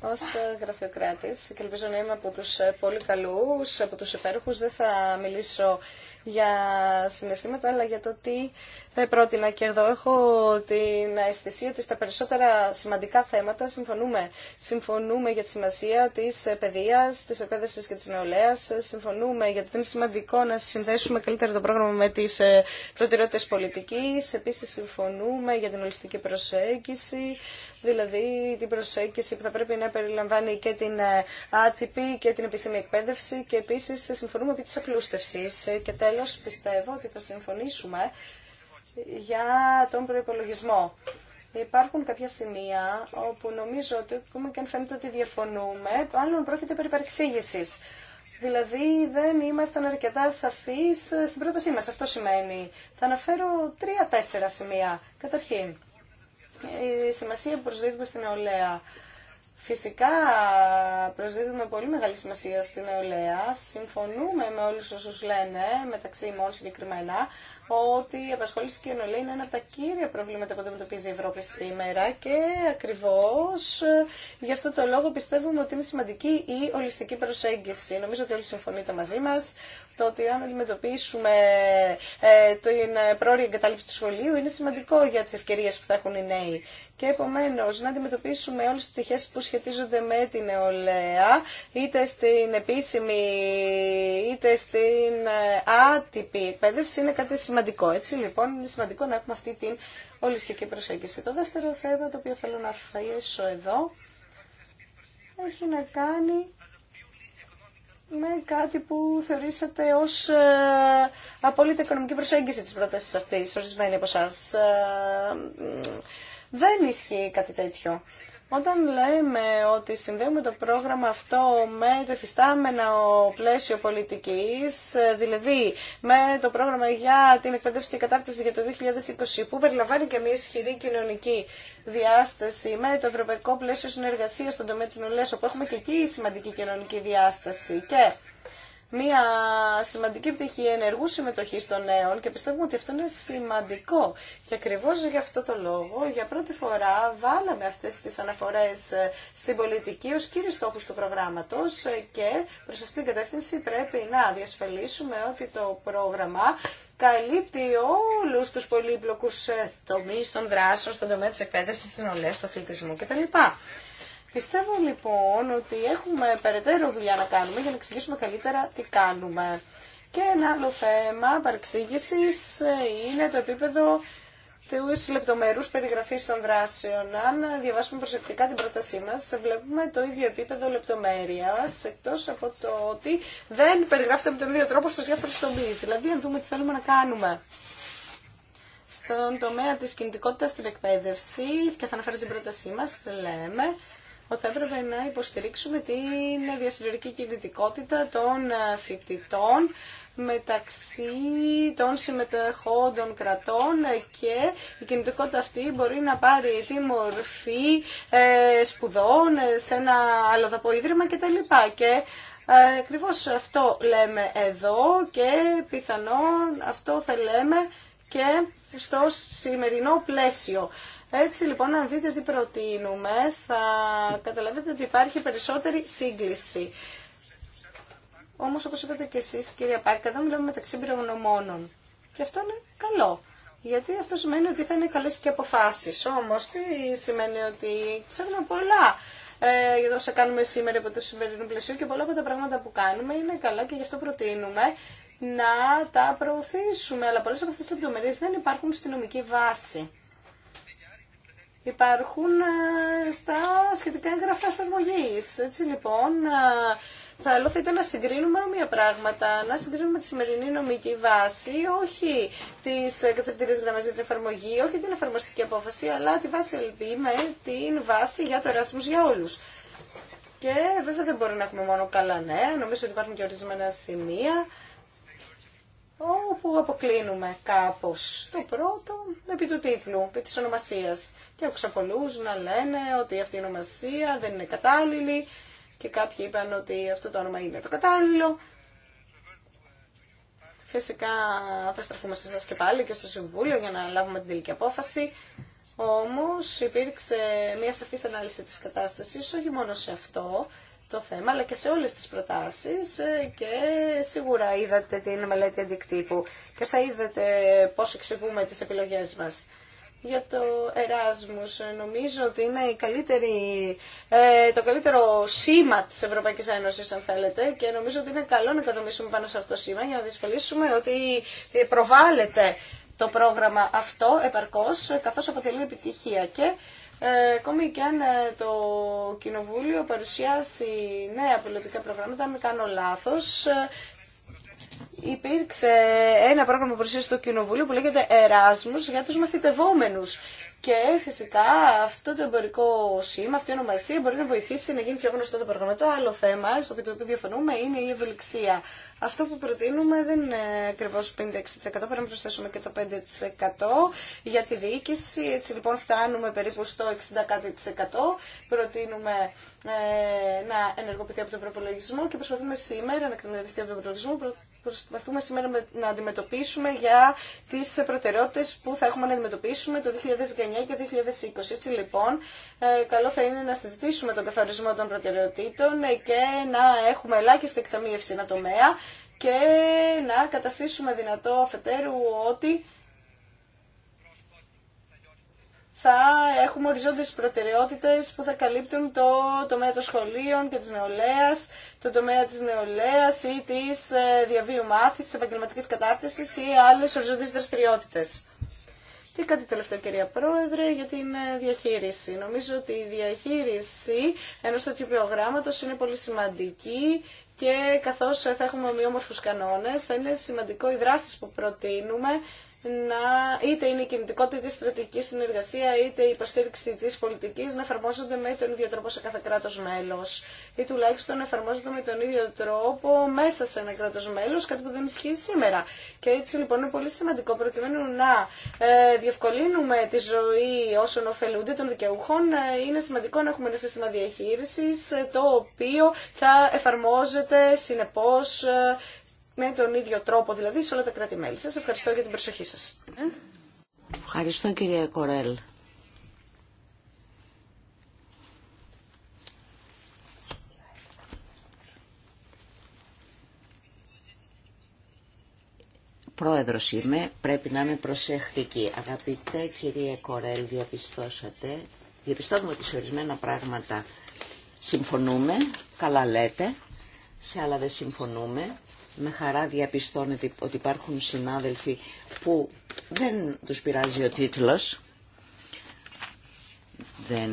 Ως ε, γραφειοκράτης, και ελπίζω να είμαι από τους ε, πολύ καλούς, από τους υπέροχους, δεν θα μιλήσω για συναισθήματα, αλλά για το τι θα πρότεινα και εδώ έχω την αισθησία ότι στα περισσότερα σημαντικά θέματα συμφωνούμε. Συμφωνούμε για τη σημασία τη παιδεία, τη εκπαίδευση και τη νεολαία. Συμφωνούμε γιατί είναι σημαντικό να συνδέσουμε καλύτερα το πρόγραμμα με τι ε, προτεραιότητε πολιτική. Επίση συμφωνούμε για την ολιστική προσέγγιση, δηλαδή την προσέγγιση που θα πρέπει να περιλαμβάνει και την ε, άτυπη και την επίσημη εκπαίδευση και επίσης συμφωνούμε επί της απλούστευσης. Και τέλο πιστεύω ότι θα συμφωνήσουμε για τον προϋπολογισμό. Υπάρχουν κάποια σημεία όπου νομίζω ότι ακόμα και αν φαίνεται ότι διαφωνούμε, μάλλον πρόκειται περί παρεξήγησης. Δηλαδή δεν ήμασταν αρκετά σαφείς στην πρότασή μας. Αυτό σημαίνει. Θα αναφέρω τρία-τέσσερα σημεία. Καταρχήν, η σημασία που προσδίδουμε στην νεολαία. Φυσικά προσδίδουμε πολύ μεγάλη σημασία στην νεολαία. Συμφωνούμε με όλους όσους λένε, μεταξύ μόνο συγκεκριμένα, ότι η απασχόληση και η είναι ένα από τα κύρια προβλήματα που αντιμετωπίζει η Ευρώπη σήμερα και ακριβώς ε, γι' αυτό το λόγο πιστεύουμε ότι είναι σημαντική η ολιστική προσέγγιση. Νομίζω ότι όλοι συμφωνείτε μαζί μας το ότι αν αντιμετωπίσουμε ε, την πρόορια εγκατάλειψη του σχολείου είναι σημαντικό για τις ευκαιρίες που θα έχουν οι νέοι. Και επομένω να αντιμετωπίσουμε όλε τι πτυχέ που σχετίζονται με την νεολαία, είτε στην επίσημη είτε στην ε, άτυπη εκπαίδευση, είναι κάτι σημαντικό. Έτσι λοιπόν είναι σημαντικό να έχουμε αυτή την ολιστική προσέγγιση. Το δεύτερο θέμα το οποίο θέλω να αφήσω εδώ έχει να κάνει με κάτι που θεωρήσατε ως ε, οικονομική προσέγγιση της πρότασης αυτής, ορισμένη από εσάς. Ε, δεν ισχύει κάτι τέτοιο. Όταν λέμε ότι συνδέουμε το πρόγραμμα αυτό με το εφιστάμενο πλαίσιο πολιτικής, δηλαδή με το πρόγραμμα για την εκπαίδευση και κατάρτιση για το 2020, που περιλαμβάνει και μια ισχυρή κοινωνική διάσταση, με το ευρωπαϊκό πλαίσιο συνεργασίας στον τομέα της νεολαίας, όπου έχουμε και εκεί σημαντική κοινωνική διάσταση και μια σημαντική πτυχή ενεργού συμμετοχή των νέων και πιστεύουμε ότι αυτό είναι σημαντικό. Και ακριβώ για αυτό το λόγο, για πρώτη φορά βάλαμε αυτέ τι αναφορέ ε, στην πολιτική ω κύριου στόχου του προγράμματο ε, και προ αυτήν την κατεύθυνση πρέπει να διασφαλίσουμε ότι το πρόγραμμα καλύπτει όλου του πολύπλοκου ε, τομεί των δράσεων στον τομέα τη εκπαίδευση, τη νολέα, του αθλητισμού κτλ. Πιστεύω λοιπόν ότι έχουμε περαιτέρω δουλειά να κάνουμε για να εξηγήσουμε καλύτερα τι κάνουμε. Και ένα άλλο θέμα παρεξήγηση ε, είναι το επίπεδο τη λεπτομερού περιγραφή των δράσεων. Αν διαβάσουμε προσεκτικά την πρότασή μα, βλέπουμε το ίδιο επίπεδο λεπτομέρεια, εκτό από το ότι δεν περιγράφεται με τον ίδιο τρόπο στου διάφορου τομεί. Δηλαδή, αν δούμε τι θέλουμε να κάνουμε. Στον τομέα της κινητικότητας στην εκπαίδευση, και θα αναφέρω την πρότασή μας, λέμε ότι θα έπρεπε να υποστηρίξουμε την διασυνορική κινητικότητα των ε, φοιτητών μεταξύ των συμμετεχόντων κρατών ε, και η κινητικότητα αυτή μπορεί να πάρει τη μορφή ε, σπουδών σε ένα άλλο ίδρυμα κτλ. Και ακριβώ αυτό λέμε εδώ και πιθανόν αυτό θα λέμε και στο σημερινό πλαίσιο έτσι λοιπόν, αν δείτε τι προτείνουμε, θα καταλαβαίνετε ότι υπάρχει περισσότερη σύγκληση. Όμως, όπως είπατε και εσείς, κυρία Πάρκα, εδώ μιλάμε μεταξύ πυρογνωμόνων. Και αυτό είναι καλό. Γιατί αυτό σημαίνει ότι θα είναι καλέ και αποφάσει. Όμω τι σημαίνει ότι ξέρουμε πολλά ε, για όσα κάνουμε σήμερα από το σημερινό πλαισίο και πολλά από τα πράγματα που κάνουμε είναι καλά και γι' αυτό προτείνουμε να τα προωθήσουμε. Αλλά πολλέ από αυτέ τι λεπτομέρειε δεν υπάρχουν στη νομική βάση υπάρχουν ε, στα σχετικά εγγραφά εφαρμογή. Έτσι λοιπόν, ε, θα ήταν να συγκρίνουμε όμοια πράγματα, να συγκρίνουμε τη σημερινή νομική βάση, όχι τι καθευτηρίε γραμμέ για την εφαρμογή, όχι την εφαρμοστική απόφαση, αλλά τη βάση LB με την βάση για το Erasmus για όλου. Και βέβαια δεν μπορεί να έχουμε μόνο καλά νέα, νομίζω ότι υπάρχουν και ορισμένα σημεία όπου αποκλίνουμε κάπως το πρώτο επί του τίτλου, επί της ονομασίας. Και άκουσα πολλούς να λένε ότι αυτή η ονομασία δεν είναι κατάλληλη και κάποιοι είπαν ότι αυτό το όνομα είναι το κατάλληλο. Φυσικά θα στραφούμε σε εσάς και πάλι και στο Συμβούλιο για να λάβουμε την τελική απόφαση. Όμως υπήρξε μια σαφής ανάλυση της κατάστασης, όχι μόνο σε αυτό, το θέμα, αλλά και σε όλες τις προτάσεις ε, και σίγουρα είδατε την μελέτη αντικτύπου και θα είδατε πώς εξηγούμε τις επιλογές μας. Για το Εράσμους, νομίζω ότι είναι η καλύτερη, ε, το καλύτερο σήμα της Ευρωπαϊκής Ένωσης, αν θέλετε, και νομίζω ότι είναι καλό να κατομίσουμε πάνω σε αυτό το σήμα για να δυσφαλίσουμε ότι προβάλλεται το πρόγραμμα αυτό επαρκώς, καθώς αποτελεί επιτυχία. Και ε, ακόμη και αν ε, το Κοινοβούλιο παρουσιάσει νέα πιλωτικά προγράμματα, αν κάνω λάθος, ε, υπήρξε ένα πρόγραμμα που παρουσίαση το Κοινοβούλιο που λέγεται Εράσμους για τους μαθητευόμενους. Και φυσικά αυτό το εμπορικό σήμα, αυτή η ονομασία μπορεί να βοηθήσει να γίνει πιο γνωστό το πρόγραμμα. Το άλλο θέμα, στο οποίο διαφωνούμε, είναι η ευελιξία. Αυτό που προτείνουμε δεν είναι ακριβώ 56%, πρέπει να προσθέσουμε και το 5% για τη διοίκηση. Έτσι λοιπόν φτάνουμε περίπου στο 60%. Προτείνουμε ε, να ενεργοποιηθεί από τον προπολογισμό και προσπαθούμε σήμερα να εκτελεστεί από τον προπολογισμό προσπαθούμε σήμερα να αντιμετωπίσουμε για τις προτεραιότητες που θα έχουμε να αντιμετωπίσουμε το 2019 και το 2020. Έτσι λοιπόν, ε, καλό θα είναι να συζητήσουμε τον καθαρισμό των προτεραιοτήτων ε, και να έχουμε ελάχιστη εκταμείευση ένα τομέα και να καταστήσουμε δυνατό αφετέρου ότι θα έχουμε οριζόντιες προτεραιότητες που θα καλύπτουν το τομέα των σχολείων και της νεολαίας, το τομέα της νεολαίας ή της ε, διαβίου μάθησης, επαγγελματικής κατάρτισης ή άλλες οριζόντιες δραστηριότητες. Και κάτι τελευταίο, κυρία Πρόεδρε, για την ε, διαχείριση. Νομίζω ότι η διαχείριση ενός τέτοιου προγράμματος είναι πολύ σημαντική και καθώς θα έχουμε ομοιόμορφους κανόνες, θα είναι σημαντικό οι δράσεις που προτείνουμε να είτε είναι η κινητικότητα, η στρατηγική συνεργασία, είτε η υποστήριξη τη πολιτική να εφαρμόζονται με τον ίδιο τρόπο σε κάθε κράτο μέλο. Ή τουλάχιστον να εφαρμόζονται με τον ίδιο τρόπο μέσα σε ένα κράτο μέλο, κάτι που δεν ισχύει σήμερα. Και έτσι λοιπόν είναι πολύ σημαντικό προκειμένου να ε, διευκολύνουμε τη ζωή όσων ωφελούνται των δικαιούχων, ε, είναι σημαντικό να έχουμε ένα σύστημα διαχείριση ε, το οποίο θα εφαρμόζεται συνεπώ με τον ίδιο τρόπο, δηλαδή σε όλα τα κράτη-μέλη. Σας ευχαριστώ για την προσοχή σας. Ευχαριστώ κυρία Κορέλ. Πρόεδρος είμαι, πρέπει να είμαι προσεκτική. Αγαπητέ κυρία Κορέλ, διαπιστώσατε, διαπιστώνουμε ότι σε ορισμένα πράγματα συμφωνούμε, καλά λέτε, σε άλλα δεν συμφωνούμε με χαρά διαπιστώνεται ότι υπάρχουν συνάδελφοι που δεν τους πειράζει ο τίτλος. Δεν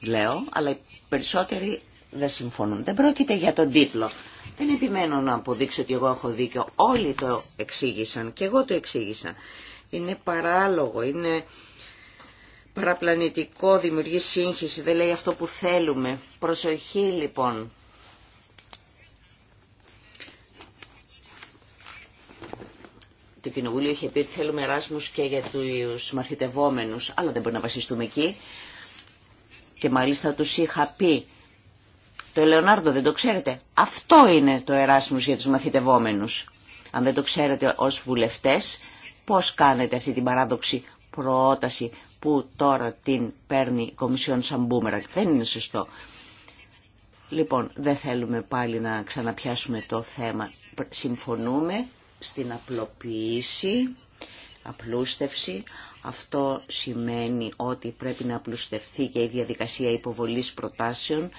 λέω, αλλά οι περισσότεροι δεν συμφωνούν. Δεν πρόκειται για τον τίτλο. Δεν επιμένω να αποδείξω ότι εγώ έχω δίκιο. Όλοι το εξήγησαν και εγώ το εξήγησα. Είναι παράλογο, είναι παραπλανητικό, δημιουργεί σύγχυση, δεν λέει αυτό που θέλουμε. Προσοχή λοιπόν. το Κοινοβούλιο είχε πει ότι θέλουμε εράσμου και για του μαθητευόμενους, αλλά δεν μπορεί να βασιστούμε εκεί. Και μάλιστα τους είχα πει, το Λεωνάρδο δεν το ξέρετε, αυτό είναι το εράσμους για τους μαθητευόμενους. Αν δεν το ξέρετε ω βουλευτέ, πώς κάνετε αυτή την παράδοξη πρόταση που τώρα την παίρνει η Κομισιόν σαν μπούμερα. Δεν είναι σωστό. Λοιπόν, δεν θέλουμε πάλι να ξαναπιάσουμε το θέμα. Συμφωνούμε στην απλοποίηση, απλούστευση. Αυτό σημαίνει ότι πρέπει να απλουστευτεί και η διαδικασία υποβολής προτάσεων.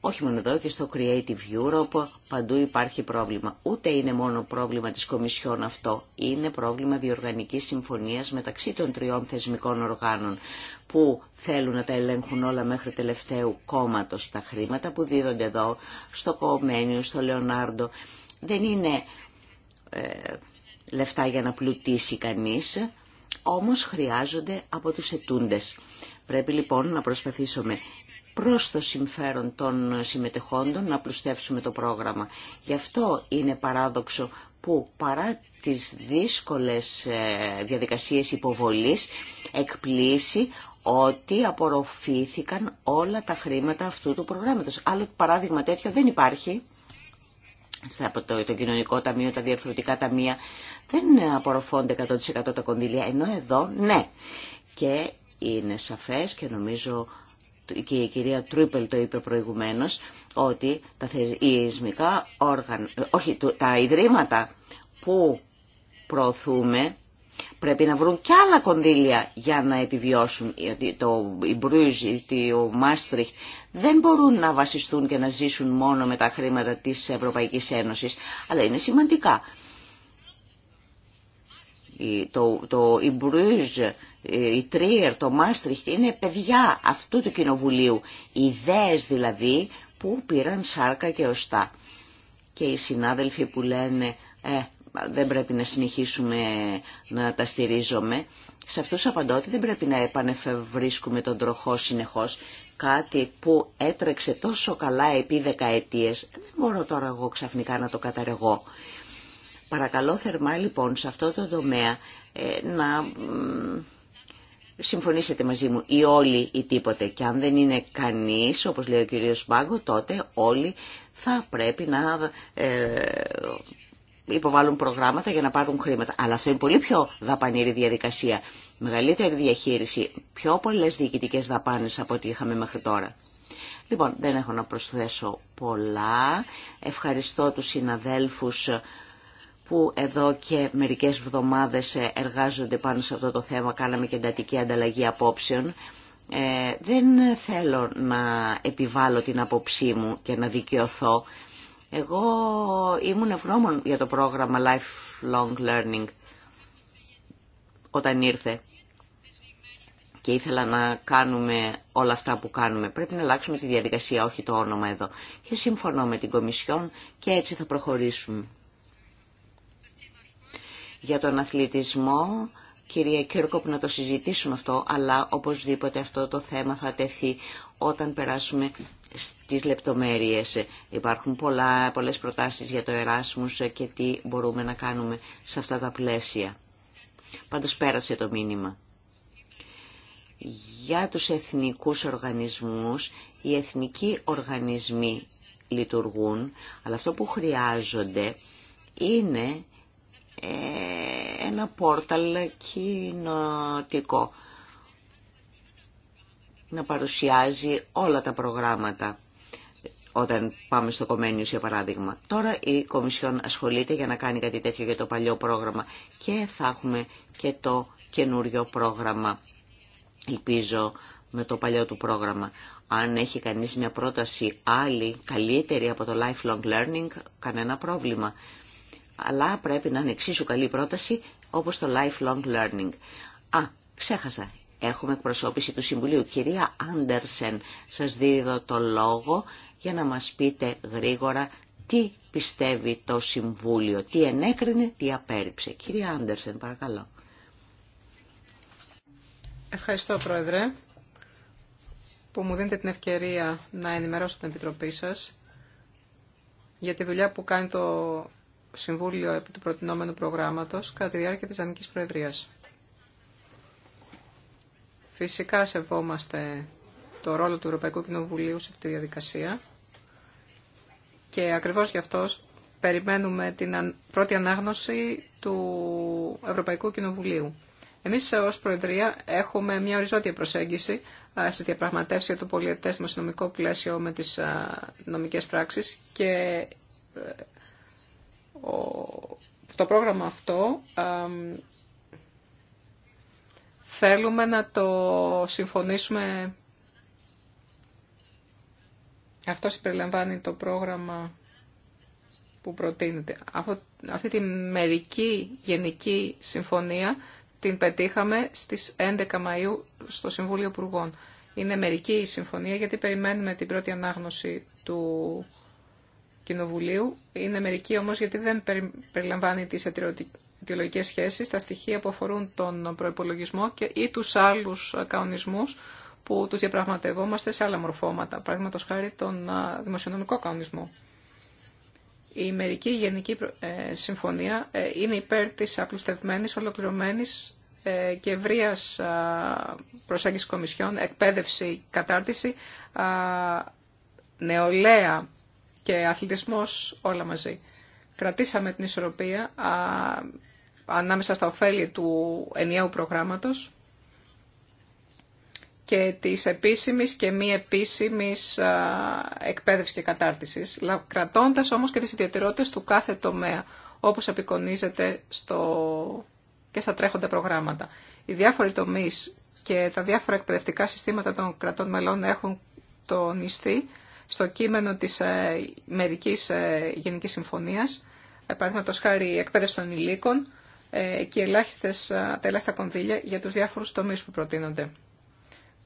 Όχι μόνο εδώ και στο Creative Europe παντού υπάρχει πρόβλημα. Ούτε είναι μόνο πρόβλημα της Κομισιόν αυτό. Είναι πρόβλημα διοργανικής συμφωνίας μεταξύ των τριών θεσμικών οργάνων που θέλουν να τα ελέγχουν όλα μέχρι τελευταίου κόμματος. Τα χρήματα που δίδονται εδώ στο Κομμένιο, στο Λεωνάρντο δεν είναι ε, λεφτά για να πλουτίσει κανείς, όμως χρειάζονται από τους ετούντες. Πρέπει λοιπόν να προσπαθήσουμε προς το συμφέρον των συμμετεχόντων να πλουστεύσουμε το πρόγραμμα. Γι' αυτό είναι παράδοξο που παρά τις δύσκολες ε, διαδικασίες υποβολής εκπλήσει ότι απορροφήθηκαν όλα τα χρήματα αυτού του προγράμματος. Άλλο παράδειγμα τέτοιο δεν υπάρχει από το, το κοινωνικό ταμείο, τα διαφορετικά ταμεία, δεν απορροφώνται 100% τα κονδύλια, ενώ εδώ ναι. Και είναι σαφές και νομίζω και η κυρία Τρούπελ το είπε προηγουμένως, ότι τα θεσμικά όργανα, όχι, τα ιδρύματα που προωθούμε Πρέπει να βρουν και άλλα κονδύλια για να επιβιώσουν. Το, η Μπρούζ, το Μάστριχτ δεν μπορούν να βασιστούν και να ζήσουν μόνο με τα χρήματα της Ευρωπαϊκής Ένωσης, αλλά είναι σημαντικά. Το, το, η η Τρίερ, το Μάστριχτ είναι παιδιά αυτού του κοινοβουλίου. Ιδέες δηλαδή που πήραν σάρκα και οστά. Και οι συνάδελφοι που λένε «Ε, δεν πρέπει να συνεχίσουμε να τα στηρίζομαι. Σε αυτούς απαντώ ότι δεν πρέπει να επανεφευρίσκουμε τον τροχό συνεχώς. Κάτι που έτρεξε τόσο καλά επί δεκαετίες, δεν μπορώ τώρα εγώ ξαφνικά να το καταργώ. Παρακαλώ θερμά λοιπόν σε αυτό το τομέα ε, να συμφωνήσετε μαζί μου ή όλοι ή τίποτε. Και αν δεν είναι κανείς, όπως λέει ο κύριος Μπάγκο, τότε όλοι θα πρέπει να ε, υποβάλουν προγράμματα για να πάρουν χρήματα. Αλλά αυτό είναι πολύ πιο δαπανήρη διαδικασία. Μεγαλύτερη διαχείριση, πιο πολλέ διοικητικέ δαπάνε από ό,τι είχαμε μέχρι τώρα. Λοιπόν, δεν έχω να προσθέσω πολλά. Ευχαριστώ τους συναδέλφους που εδώ και μερικές βδομάδες ε, εργάζονται πάνω σε αυτό το θέμα. Κάναμε και εντατική ανταλλαγή απόψεων. Ε, δεν θέλω να επιβάλλω την απόψή μου και να δικαιωθώ. Εγώ ήμουν ευγνώμων για το πρόγραμμα Lifelong Learning όταν ήρθε και ήθελα να κάνουμε όλα αυτά που κάνουμε. Πρέπει να αλλάξουμε τη διαδικασία, όχι το όνομα εδώ. Και συμφωνώ με την Κομισιόν και έτσι θα προχωρήσουμε. Για τον αθλητισμό, κυρία Κύρκοπ, να το συζητήσουμε αυτό, αλλά οπωσδήποτε αυτό το θέμα θα τεθεί όταν περάσουμε στις λεπτομέρειες. Υπάρχουν πολλά, πολλές προτάσεις για το Εράσμους και τι μπορούμε να κάνουμε σε αυτά τα πλαίσια. Πάντως πέρασε το μήνυμα. Για τους εθνικούς οργανισμούς, οι εθνικοί οργανισμοί λειτουργούν, αλλά αυτό που χρειάζονται είναι ε, ένα πόρταλ κοινοτικό να παρουσιάζει όλα τα προγράμματα όταν πάμε στο Κομένιους για παράδειγμα. Τώρα η Κομισιόν ασχολείται για να κάνει κάτι τέτοιο για το παλιό πρόγραμμα και θα έχουμε και το καινούριο πρόγραμμα, ελπίζω, με το παλιό του πρόγραμμα. Αν έχει κανείς μια πρόταση άλλη, καλύτερη από το lifelong learning, κανένα πρόβλημα. Αλλά πρέπει να είναι εξίσου καλή πρόταση όπως το lifelong learning. Α, ξέχασα, Έχουμε εκπροσώπηση του Συμβουλίου. Κυρία Άντερσεν, σας δίδω το λόγο για να μας πείτε γρήγορα τι πιστεύει το Συμβούλιο, τι ενέκρινε, τι απέρριψε. Κυρία Άντερσεν, παρακαλώ. Ευχαριστώ, Πρόεδρε, που μου δίνετε την ευκαιρία να ενημερώσω την Επιτροπή σας για τη δουλειά που κάνει το Συμβούλιο επί του προτινόμενου προγράμματος κατά τη διάρκεια της Ανικής Προεδρίας. Φυσικά σεβόμαστε το ρόλο του Ευρωπαϊκού Κοινοβουλίου σε αυτή τη διαδικασία και ακριβώς γι' αυτό περιμένουμε την πρώτη ανάγνωση του Ευρωπαϊκού Κοινοβουλίου. Εμείς ως Προεδρία έχουμε μια οριζόντια προσέγγιση ε, στη διαπραγματεύση για το πολιετές δημοσιονομικό πλαίσιο με τις ε, νομικές πράξεις και ε, το πρόγραμμα αυτό Θέλουμε να το συμφωνήσουμε. Αυτό συμπεριλαμβάνει το πρόγραμμα που προτείνεται. Αυτή τη μερική γενική συμφωνία την πετύχαμε στις 11 Μαΐου στο Συμβούλιο Υπουργών. Είναι μερική η συμφωνία γιατί περιμένουμε την πρώτη ανάγνωση του Κοινοβουλίου. Είναι μερική όμως γιατί δεν περιλαμβάνει τις σχέσεις, τα στοιχεία που αφορούν τον προϋπολογισμό και, ή τους άλλους κανονισμούς που τους διαπραγματευόμαστε σε άλλα μορφώματα, παραδείγματο χάρη τον δημοσιονομικό κανονισμό. Η μερική γενική ε, συμφωνία ε, είναι υπέρ της απλουστευμένης, ολοκληρωμένης ε, και ευρεία προσέγγιση κομισιών, εκπαίδευση, κατάρτιση, νεολαία και αθλητισμός όλα μαζί. Κρατήσαμε την ισορροπία ανάμεσα στα ωφέλη του ενιαίου προγράμματος και της επίσημης και μη επίσημης εκπαίδευσης και κατάρτισης, κρατώντας όμως και τις ιδιαιτερότητες του κάθε τομέα, όπως απεικονίζεται στο... και στα τρέχοντα προγράμματα. Οι διάφοροι τομείς και τα διάφορα εκπαιδευτικά συστήματα των κρατών μελών έχουν τονιστεί στο κείμενο της ε, Μερικής ε, Γενικής Συμφωνίας, ε, παραδείγματος χάρη εκπαίδευση των υλίκων, ε, και ελάχιστες, ε, τα ελάχιστα κονδύλια για τους διάφορους τομείς που προτείνονται.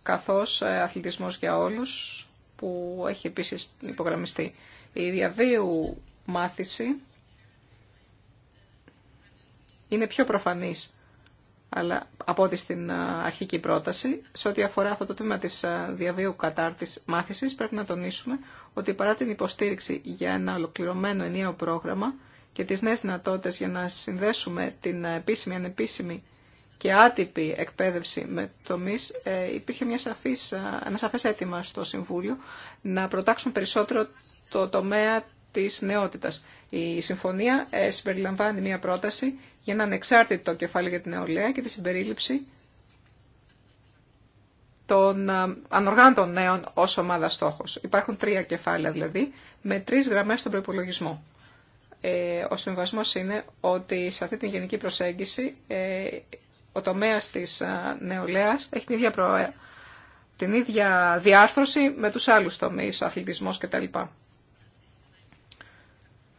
Καθώς ε, αθλητισμός για όλους που έχει επίσης υπογραμμιστεί. Η διαβίου μάθηση είναι πιο προφανής αλλά από ό,τι στην αρχική πρόταση. Σε ό,τι αφορά αυτό το τμήμα της διαβίου κατάρτισης μάθησης πρέπει να τονίσουμε ότι παρά την υποστήριξη για ένα ολοκληρωμένο ενιαίο πρόγραμμα και τις νέες δυνατότητες για να συνδέσουμε την επίσημη, ανεπίσημη και άτυπη εκπαίδευση με τομή, ε, υπήρχε μια σαφής, ε, ένα σαφές αίτημα στο Συμβούλιο να προτάξουν περισσότερο το τομέα της νεότητας. Η συμφωνία ε, συμπεριλαμβάνει μια πρόταση για ένα ανεξάρτητο κεφάλαιο για την νεολαία και τη συμπερίληψη των ανοργάντων νέων ως ομάδα στόχος. Υπάρχουν τρία κεφάλαια δηλαδή, με τρεις γραμμές στον προπολογισμό. Ε, ο συμβασμός είναι ότι σε αυτή την γενική προσέγγιση ε, ο τομέας της νεολαίας έχει την ίδια, την ίδια διάρθρωση με τους άλλους τομείς, αθλητισμός κτλ.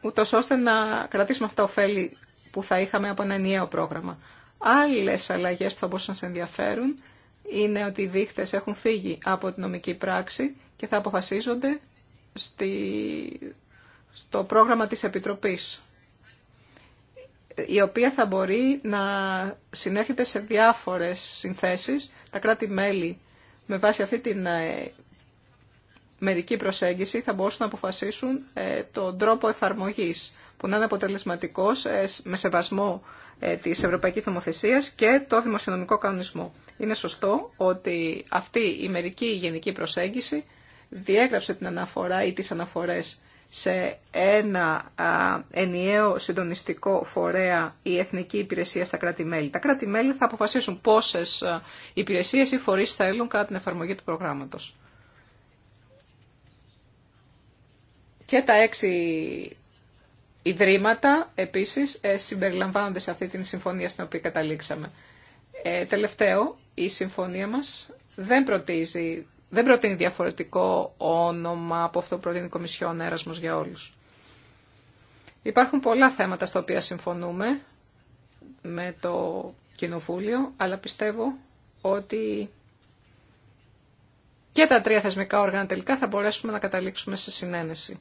Ούτως ώστε να κρατήσουμε αυτά ωφέλη που θα είχαμε από ένα ενιαίο πρόγραμμα. Άλλες αλλαγές που θα μπορούσαν να σε ενδιαφέρουν είναι ότι οι δείχτες έχουν φύγει από την νομική πράξη και θα αποφασίζονται στη στο πρόγραμμα της Επιτροπής, η οποία θα μπορεί να συνέρχεται σε διάφορες συνθέσεις. Τα κράτη-μέλη με βάση αυτή την ε, μερική προσέγγιση θα μπορούσαν να αποφασίσουν ε, τον τρόπο εφαρμογής που να είναι αποτελεσματικός ε, με σεβασμό της Ευρωπαϊκής Θεμοθεσίας και το Δημοσιονομικό Κανονισμό. Είναι σωστό ότι αυτή η μερική γενική προσέγγιση διέγραψε την αναφορά ή τις αναφορές σε ένα ενιαίο συντονιστικό φορέα η Εθνική Υπηρεσία στα κράτη-μέλη. Τα κράτη-μέλη θα αποφασίσουν πόσες υπηρεσίες ή φορείς θέλουν κατά την εφαρμογή του προγράμματος. Και τα έξι ιδρύματα επίσης ε, συμπεριλαμβάνονται σε αυτή την συμφωνία στην οποία καταλήξαμε. Ε, τελευταίο, η συμφωνία μας δεν προτίζει δεν προτείνει διαφορετικό όνομα από αυτό που προτείνει η Κομισιόν Έρασμος για όλους. Υπάρχουν πολλά θέματα στα οποία συμφωνούμε με το Κοινοβούλιο, αλλά πιστεύω ότι και τα τρία θεσμικά όργανα τελικά θα μπορέσουμε να καταλήξουμε σε συνένεση.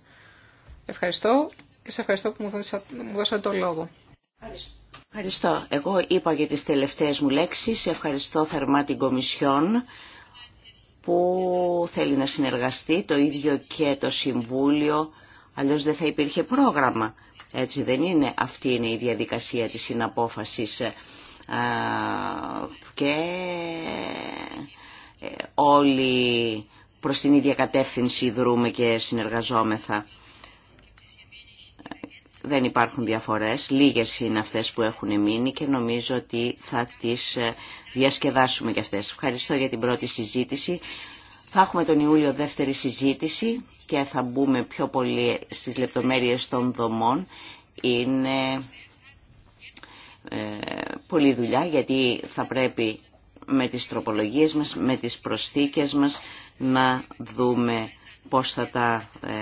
Ευχαριστώ και σε ευχαριστώ που μου δώσατε το λόγο. Ευχαριστώ. Εγώ είπα για τις τελευταίες μου λέξεις. Ευχαριστώ θερμά την Κομισιόν που θέλει να συνεργαστεί, το ίδιο και το Συμβούλιο, αλλιώς δεν θα υπήρχε πρόγραμμα. Έτσι δεν είναι. Αυτή είναι η διαδικασία της συναπόφασης ε, και ε, όλοι προς την ίδια κατεύθυνση δρούμε και συνεργαζόμεθα δεν υπάρχουν διαφορές, λίγες είναι αυτές που έχουν μείνει και νομίζω ότι θα τις ε, διασκεδάσουμε και αυτές. Ευχαριστώ για την πρώτη συζήτηση. Θα έχουμε τον Ιούλιο δεύτερη συζήτηση και θα μπούμε πιο πολύ στις λεπτομέρειες των δομών. Είναι ε, πολλή δουλειά γιατί θα πρέπει με τις τροπολογίες μας, με τις προσθήκες μας να δούμε πώς θα τα ε,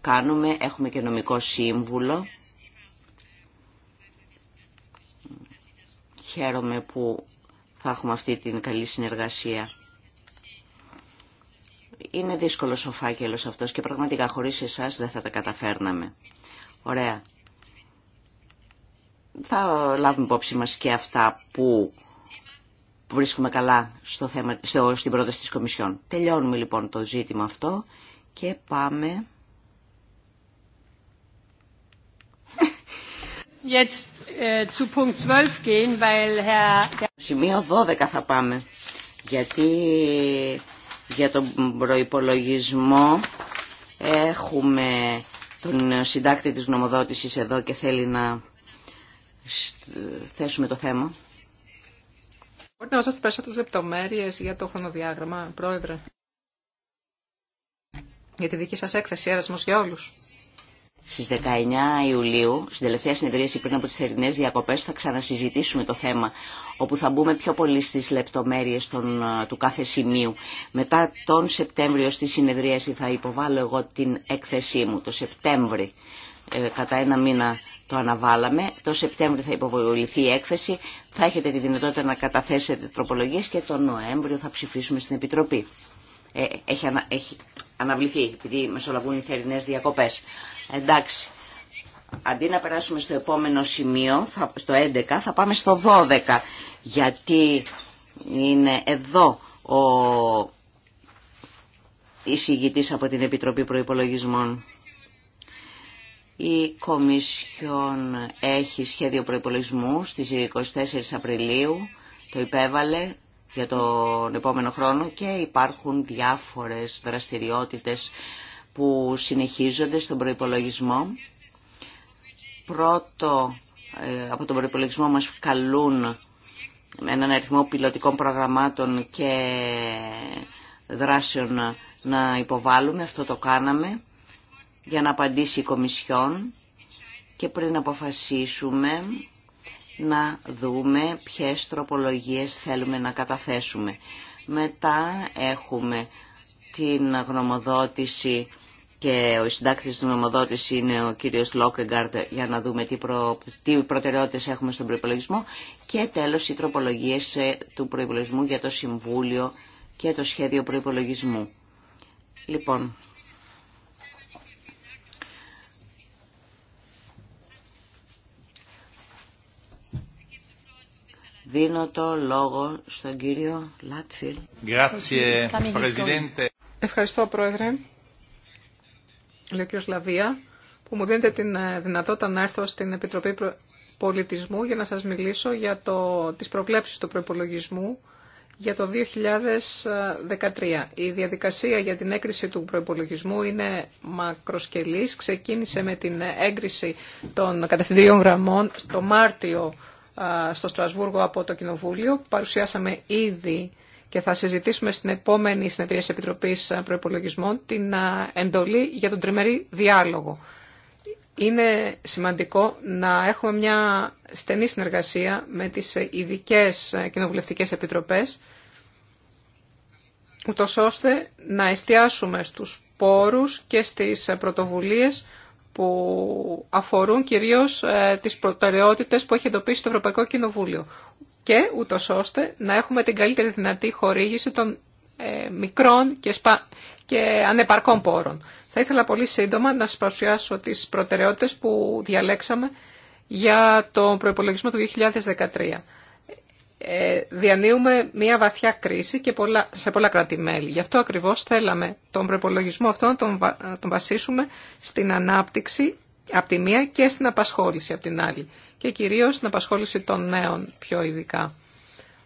κάνουμε. Έχουμε και νομικό σύμβουλο. Χαίρομαι που θα έχουμε αυτή την καλή συνεργασία. Είναι δύσκολος ο φάκελος αυτός και πραγματικά χωρίς εσάς δεν θα τα καταφέρναμε. Ωραία. Θα λάβουμε υπόψη μας και αυτά που βρίσκουμε καλά στο θέμα, στο, στην πρόταση της Κομισιόν. Τελειώνουμε λοιπόν το ζήτημα αυτό και πάμε. Äh, Σημείο 12 θα πάμε, γιατί για τον προϋπολογισμό έχουμε τον συντάκτη της γνωμοδότησης εδώ και θέλει να θέσουμε το θέμα. Μπορείτε να μας δώσετε περισσότερες λεπτομέρειες για το χρονοδιάγραμμα, Πρόεδρε για τη δική σας έκθεση «Έρασμος για όλους». Στις 19 Ιουλίου, στην τελευταία συνεδρίαση πριν από τις θερινές διακοπές, θα ξανασυζητήσουμε το θέμα, όπου θα μπούμε πιο πολύ στις λεπτομέρειες του κάθε σημείου. Μετά τον Σεπτέμβριο στη συνεδρίαση θα υποβάλω εγώ την έκθεσή μου, το Σεπτέμβριο ε, κατά ένα μήνα το αναβάλαμε. Το Σεπτέμβριο θα υποβοληθεί η έκθεση. Θα έχετε τη δυνατότητα να καταθέσετε τροπολογίες και τον Νοέμβριο θα ψηφίσουμε στην Επιτροπή. Ε, έχει, έχει αναβληθεί, επειδή μεσολαβούν οι θερινές διακοπές. Εντάξει. Αντί να περάσουμε στο επόμενο σημείο, στο 11, θα πάμε στο 12, γιατί είναι εδώ ο εισηγητής από την Επιτροπή Προϋπολογισμών. Η Κομισιόν έχει σχέδιο προϋπολογισμού στις 24 Απριλίου, το υπέβαλε, για τον επόμενο χρόνο και υπάρχουν διάφορες δραστηριότητες που συνεχίζονται στον προϋπολογισμό. Πρώτο, ε, από τον προϋπολογισμό μας καλούν έναν αριθμό πιλωτικών προγραμμάτων και δράσεων να υποβάλουμε. Αυτό το κάναμε για να απαντήσει η Κομισιόν και πριν αποφασίσουμε να δούμε ποιες τροπολογίες θέλουμε να καταθέσουμε. Μετά έχουμε την γνωμοδότηση και ο συντάκτη της γνωμοδότησης είναι ο κύριος Λόκεγκαρτ για να δούμε τι, προ... έχουμε στον προϋπολογισμό Και τέλος οι τροπολογίες ε, του προϋπολογισμού για το Συμβούλιο και το σχέδιο Προϋπολογισμού. Λοιπόν, Δίνω το λόγο στον κύριο Λάτφιλ. Ευχαριστώ, Πρόεδρε. Λέω κύριο Λαβία, που μου δίνετε την ε, δυνατότητα να έρθω στην Επιτροπή Πολιτισμού για να σας μιλήσω για το, τις προβλέψεις του προϋπολογισμού για το 2013. Η διαδικασία για την έκριση του προϋπολογισμού είναι μακροσκελής. Ξεκίνησε με την έγκριση των κατευθυντήριων γραμμών το Μάρτιο στο Στρασβούργο από το Κοινοβούλιο. Παρουσιάσαμε ήδη και θα συζητήσουμε στην επόμενη συνεδρία της Επιτροπής Προϋπολογισμών την εντολή για τον τριμερή διάλογο. Είναι σημαντικό να έχουμε μια στενή συνεργασία με τις ειδικέ κοινοβουλευτικές επιτροπές, ούτως ώστε να εστιάσουμε στους πόρους και στις πρωτοβουλίες που αφορούν κυρίως ε, τις προτεραιότητες που έχει εντοπίσει το Ευρωπαϊκό Κοινοβούλιο και ούτω ώστε να έχουμε την καλύτερη δυνατή χορήγηση των ε, μικρών και, και ανεπαρκών πόρων. Θα ήθελα πολύ σύντομα να σας παρουσιάσω τις προτεραιότητες που διαλέξαμε για τον προϋπολογισμό του 2013. Ε, διανύουμε μια βαθιά κρίση και σε πολλά κράτη-μέλη. Γι' αυτό ακριβώς θέλαμε τον προπολογισμό αυτό να τον, τον βασίσουμε στην ανάπτυξη από τη μία και στην απασχόληση από την άλλη και κυρίως στην απασχόληση των νέων πιο ειδικά.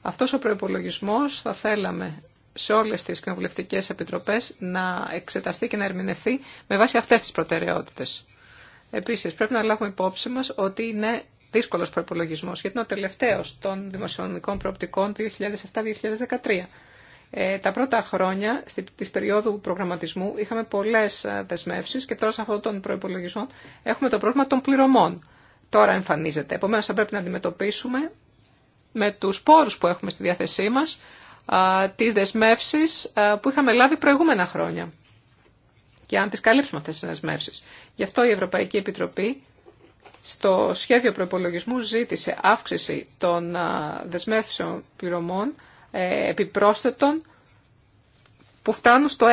Αυτός ο προπολογισμό θα θέλαμε σε όλες τις κοινοβουλευτικές επιτροπές να εξεταστεί και να ερμηνευθεί με βάση αυτές τις προτεραιότητες. Επίσης, πρέπει να λάβουμε υπόψη μας ότι είναι δύσκολο προπολογισμό, γιατί είναι ο τελευταίο των δημοσιονομικών προοπτικών 2007-2013. Ε, τα πρώτα χρόνια τη περίοδου προγραμματισμού είχαμε πολλέ ε, δεσμεύσει και τώρα σε αυτόν τον προπολογισμό έχουμε το πρόβλημα των πληρωμών. Τώρα εμφανίζεται. Επομένω, θα πρέπει να αντιμετωπίσουμε με του πόρου που έχουμε στη διάθεσή μα τι δεσμεύσει που είχαμε λάβει προηγούμενα χρόνια και αν τι καλύψουμε αυτέ τι δεσμεύσει. Γι' αυτό η Ευρωπαϊκή Επιτροπή στο σχέδιο προπολογισμού ζήτησε αύξηση των δεσμεύσεων πληρωμών ε, επιπρόσθετων που φτάνουν στο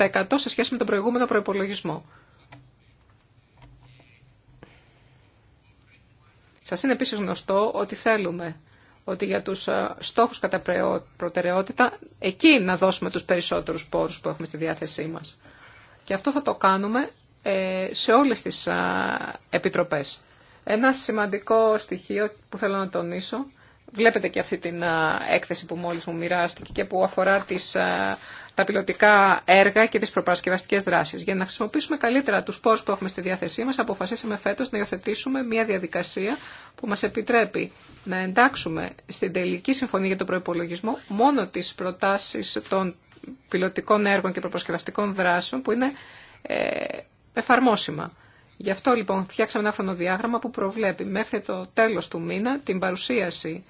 6,8% σε σχέση με τον προηγούμενο προπολογισμό. Σας είναι επίσης γνωστό ότι θέλουμε ότι για τους στόχους κατά προτεραιότητα εκεί να δώσουμε τους περισσότερους πόρους που έχουμε στη διάθεσή μας. Και αυτό θα το κάνουμε ε, σε όλες τις επιτροπές. Ένα σημαντικό στοιχείο που θέλω να τονίσω, βλέπετε και αυτή την έκθεση που μόλις μου μοιράστηκε και που αφορά τις, τα πιλωτικά έργα και τις προπαρασκευαστικές δράσεις. Για να χρησιμοποιήσουμε καλύτερα τους πόρους που έχουμε στη διάθεσή μας, αποφασίσαμε φέτος να υιοθετήσουμε μια διαδικασία που μας επιτρέπει να εντάξουμε στην τελική συμφωνία για τον προϋπολογισμό μόνο τις προτάσεις των πιλωτικών έργων και προπαρασκευαστικών δράσεων που είναι ε, εφαρμόσιμα. Γι' αυτό λοιπόν φτιάξαμε ένα χρονοδιάγραμμα που προβλέπει μέχρι το τέλος του μήνα την παρουσίαση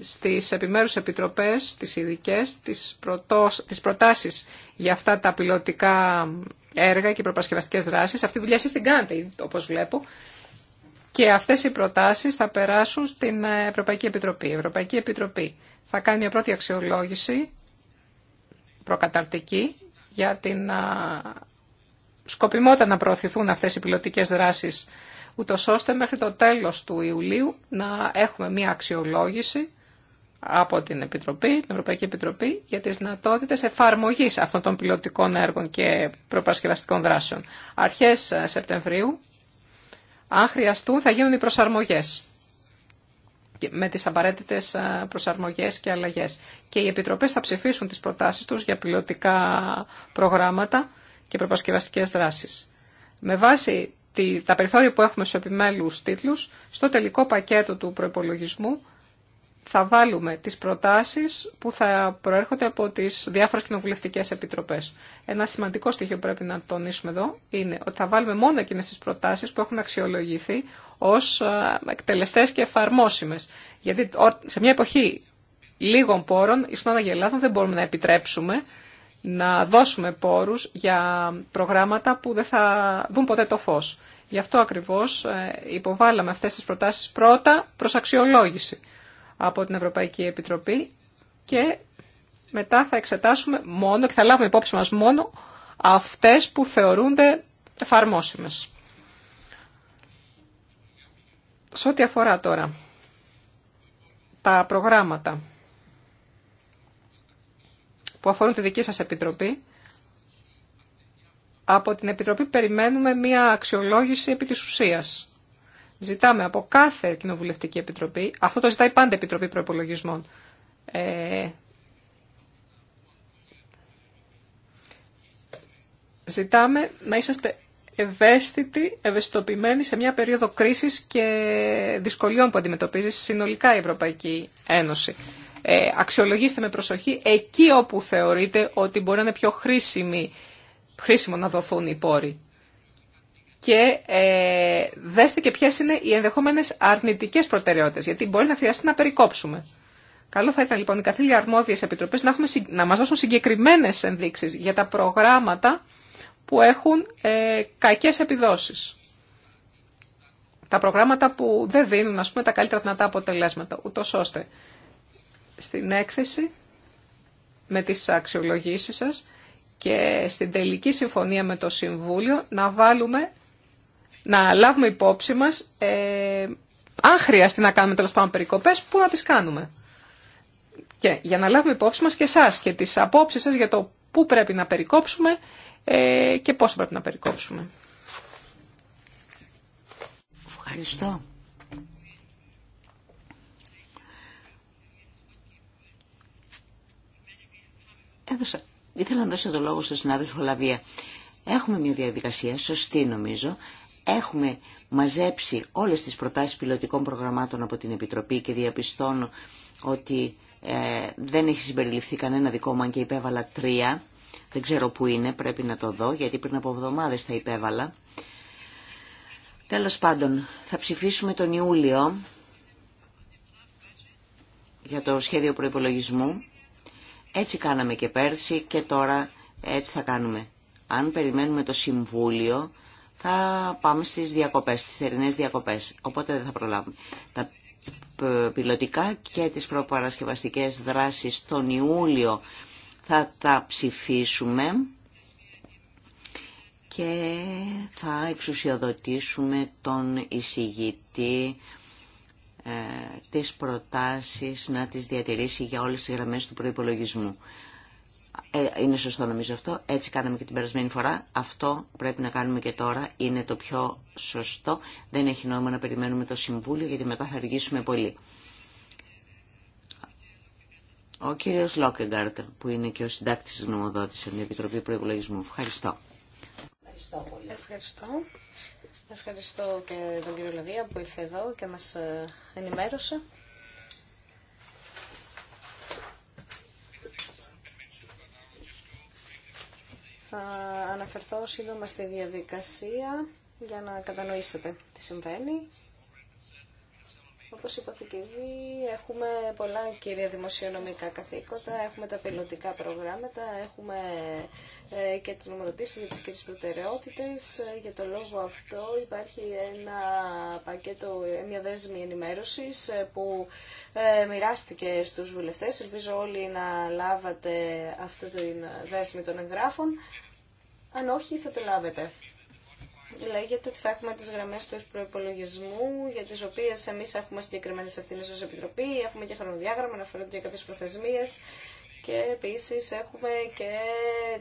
στις επιμέρους επιτροπές, τις ειδικέ, τις, προτάσει προτάσεις για αυτά τα πιλωτικά έργα και προπασκευαστικές δράσεις. Αυτή η δουλειά εσείς την κάνετε, όπως βλέπω. Και αυτές οι προτάσεις θα περάσουν στην Ευρωπαϊκή Επιτροπή. Η Ευρωπαϊκή Επιτροπή θα κάνει μια πρώτη αξιολόγηση προκαταρτική για την σκοπιμόταν να προωθηθούν αυτές οι πιλωτικές δράσεις, ούτω ώστε μέχρι το τέλος του Ιουλίου να έχουμε μια αξιολόγηση από την Επιτροπή, την Ευρωπαϊκή Επιτροπή, για τις δυνατότητες εφαρμογής αυτών των πιλωτικών έργων και προπαρασκευαστικών δράσεων. Αρχές ε, Σεπτεμβρίου, αν χρειαστούν, θα γίνουν οι προσαρμογές με τις απαραίτητες ε, προσαρμογές και αλλαγές. Και οι επιτροπές θα ψηφίσουν τις προτάσεις τους για πιλωτικά προγράμματα και προπασκευαστικές δράσεις. Με βάση τα περιθώρια που έχουμε στους επιμέλους τίτλους, στο τελικό πακέτο του προϋπολογισμού θα βάλουμε τις προτάσεις που θα προέρχονται από τις διάφορες κοινοβουλευτικές επιτροπές. Ένα σημαντικό στοιχείο που πρέπει να τονίσουμε εδώ είναι ότι θα βάλουμε μόνο εκείνες τις προτάσεις που έχουν αξιολογηθεί ως εκτελεστές και εφαρμόσιμες. Γιατί σε μια εποχή λίγων πόρων, η να γελάδων, δεν μπορούμε να επιτρέψουμε να δώσουμε πόρους για προγράμματα που δεν θα δουν ποτέ το φως. Γι' αυτό ακριβώς ε, υποβάλαμε αυτές τις προτάσεις πρώτα προς αξιολόγηση από την Ευρωπαϊκή Επιτροπή και μετά θα εξετάσουμε μόνο και θα λάβουμε υπόψη μας μόνο αυτές που θεωρούνται εφαρμόσιμες. Σε ό,τι αφορά τώρα τα προγράμματα που αφορούν τη δική σας Επιτροπή. Από την Επιτροπή περιμένουμε μία αξιολόγηση επί της ουσίας. Ζητάμε από κάθε Κοινοβουλευτική Επιτροπή, αυτό το ζητάει πάντα Επιτροπή Προεπολογισμών. ε, ζητάμε να είσαστε ευαίσθητοι, ευαισθητοποιημένοι σε μια περίοδο κρίσης και δυσκολιών που αντιμετωπίζει συνολικά η Ευρωπαϊκή Ένωση. Ε, αξιολογήστε με προσοχή εκεί όπου θεωρείτε ότι μπορεί να είναι πιο χρήσιμη, χρήσιμο να δοθούν οι πόροι. Και ε, δέστε και ποιες είναι οι ενδεχόμενες αρνητικές προτεραιότητες, γιατί μπορεί να χρειαστεί να περικόψουμε. Καλό θα ήταν λοιπόν οι καθήλια αρμόδιε επιτροπέ να, έχουμε, να μας δώσουν συγκεκριμένες ενδείξεις για τα προγράμματα που έχουν ε, κακές επιδόσεις. Τα προγράμματα που δεν δίνουν, ας πούμε, τα καλύτερα δυνατά αποτελέσματα, ούτως ώστε στην έκθεση με τις αξιολογήσεις σας και στην τελική συμφωνία με το Συμβούλιο να βάλουμε, να λάβουμε υπόψη μας ε, αν χρειαστεί να κάνουμε τέλο πάντων περικοπές, πού να τις κάνουμε. Και για να λάβουμε υπόψη μας και εσά και τις απόψεις σας για το πού πρέπει να περικόψουμε ε, και πώς πρέπει να περικόψουμε. Ευχαριστώ. έδωσα, ήθελα να δώσω το λόγο στον συνάδελφο Λαβία. Έχουμε μια διαδικασία, σωστή νομίζω. Έχουμε μαζέψει όλε τις προτάσεις πιλωτικών προγραμμάτων από την Επιτροπή και διαπιστώνω ότι ε, δεν έχει συμπεριληφθεί κανένα δικό μου, αν και υπέβαλα τρία. Δεν ξέρω πού είναι, πρέπει να το δω, γιατί πριν από εβδομάδε τα υπέβαλα. Τέλο πάντων, θα ψηφίσουμε τον Ιούλιο για το σχέδιο προπολογισμού. Έτσι κάναμε και πέρσι και τώρα έτσι θα κάνουμε. Αν περιμένουμε το Συμβούλιο θα πάμε στις διακοπές, στις ερηνές διακοπές, οπότε δεν θα προλάβουμε. Τα πιλωτικά και τις προπαρασκευαστικές δράσεις τον Ιούλιο θα τα ψηφίσουμε και θα εξουσιοδοτήσουμε τον εισηγητή ε, τις προτάσεις να τις διατηρήσει για όλες τις γραμμές του προϋπολογισμού. Ε, είναι σωστό νομίζω αυτό. Έτσι κάναμε και την περασμένη φορά. Αυτό πρέπει να κάνουμε και τώρα. Είναι το πιο σωστό. Δεν έχει νόημα να περιμένουμε το Συμβούλιο γιατί μετά θα αργήσουμε πολύ. Ο κύριος Λόκεγκαρτ που είναι και ο συντάκτης της νομοδότησης Επιτροπή Προϋπολογισμού. Ευχαριστώ. Ευχαριστώ πολύ. Ευχαριστώ. Ευχαριστώ και τον κύριο Λαβία που ήρθε εδώ και μας ε, ενημέρωσε. Θα αναφερθώ σύντομα στη διαδικασία για να κατανοήσετε τι συμβαίνει όπως και εσύ, έχουμε πολλά κυρία δημοσιονομικά καθήκοντα, έχουμε τα πιλωτικά προγράμματα, έχουμε ε, και τις νομοδοτήσεις για τις κυρίες προτεραιότητες. Ε, για το λόγο αυτό υπάρχει ένα πακέτο, ε, μια δέσμη ενημέρωσης που μοιράστηκε στους βουλευτές. Ελπίζω όλοι να λάβατε αυτή τη δέσμη των εγγράφων. Αν όχι, θα το λάβετε λέγεται ότι θα έχουμε τι γραμμές του προπολογισμού για τι οποίε εμεί έχουμε συγκεκριμένε ευθύνε ω Επιτροπή, έχουμε και χρονοδιάγραμμα, αναφέρονται για κάποιε προθεσμίε. και επίση έχουμε και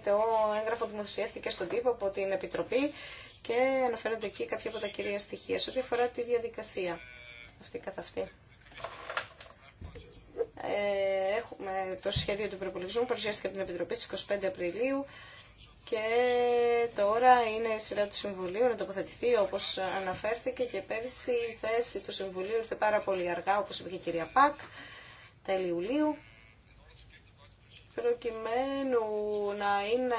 το έγγραφο που δημοσιεύθηκε στον τύπο από την Επιτροπή και αναφέρονται εκεί κάποια από τα κυρία στοιχεία σε ό,τι αφορά τη διαδικασία αυτή καθ' αυτή. Ε, έχουμε το σχέδιο του προπολογισμού, παρουσιάστηκε από την Επιτροπή στις 25 Απριλίου. Και τώρα είναι η σειρά του Συμβουλίου να τοποθετηθεί όπως αναφέρθηκε και πέρσι η θέση του Συμβουλίου ήρθε πάρα πολύ αργά όπως είπε και η κυρία Πακ τέλη Ιουλίου προκειμένου να είναι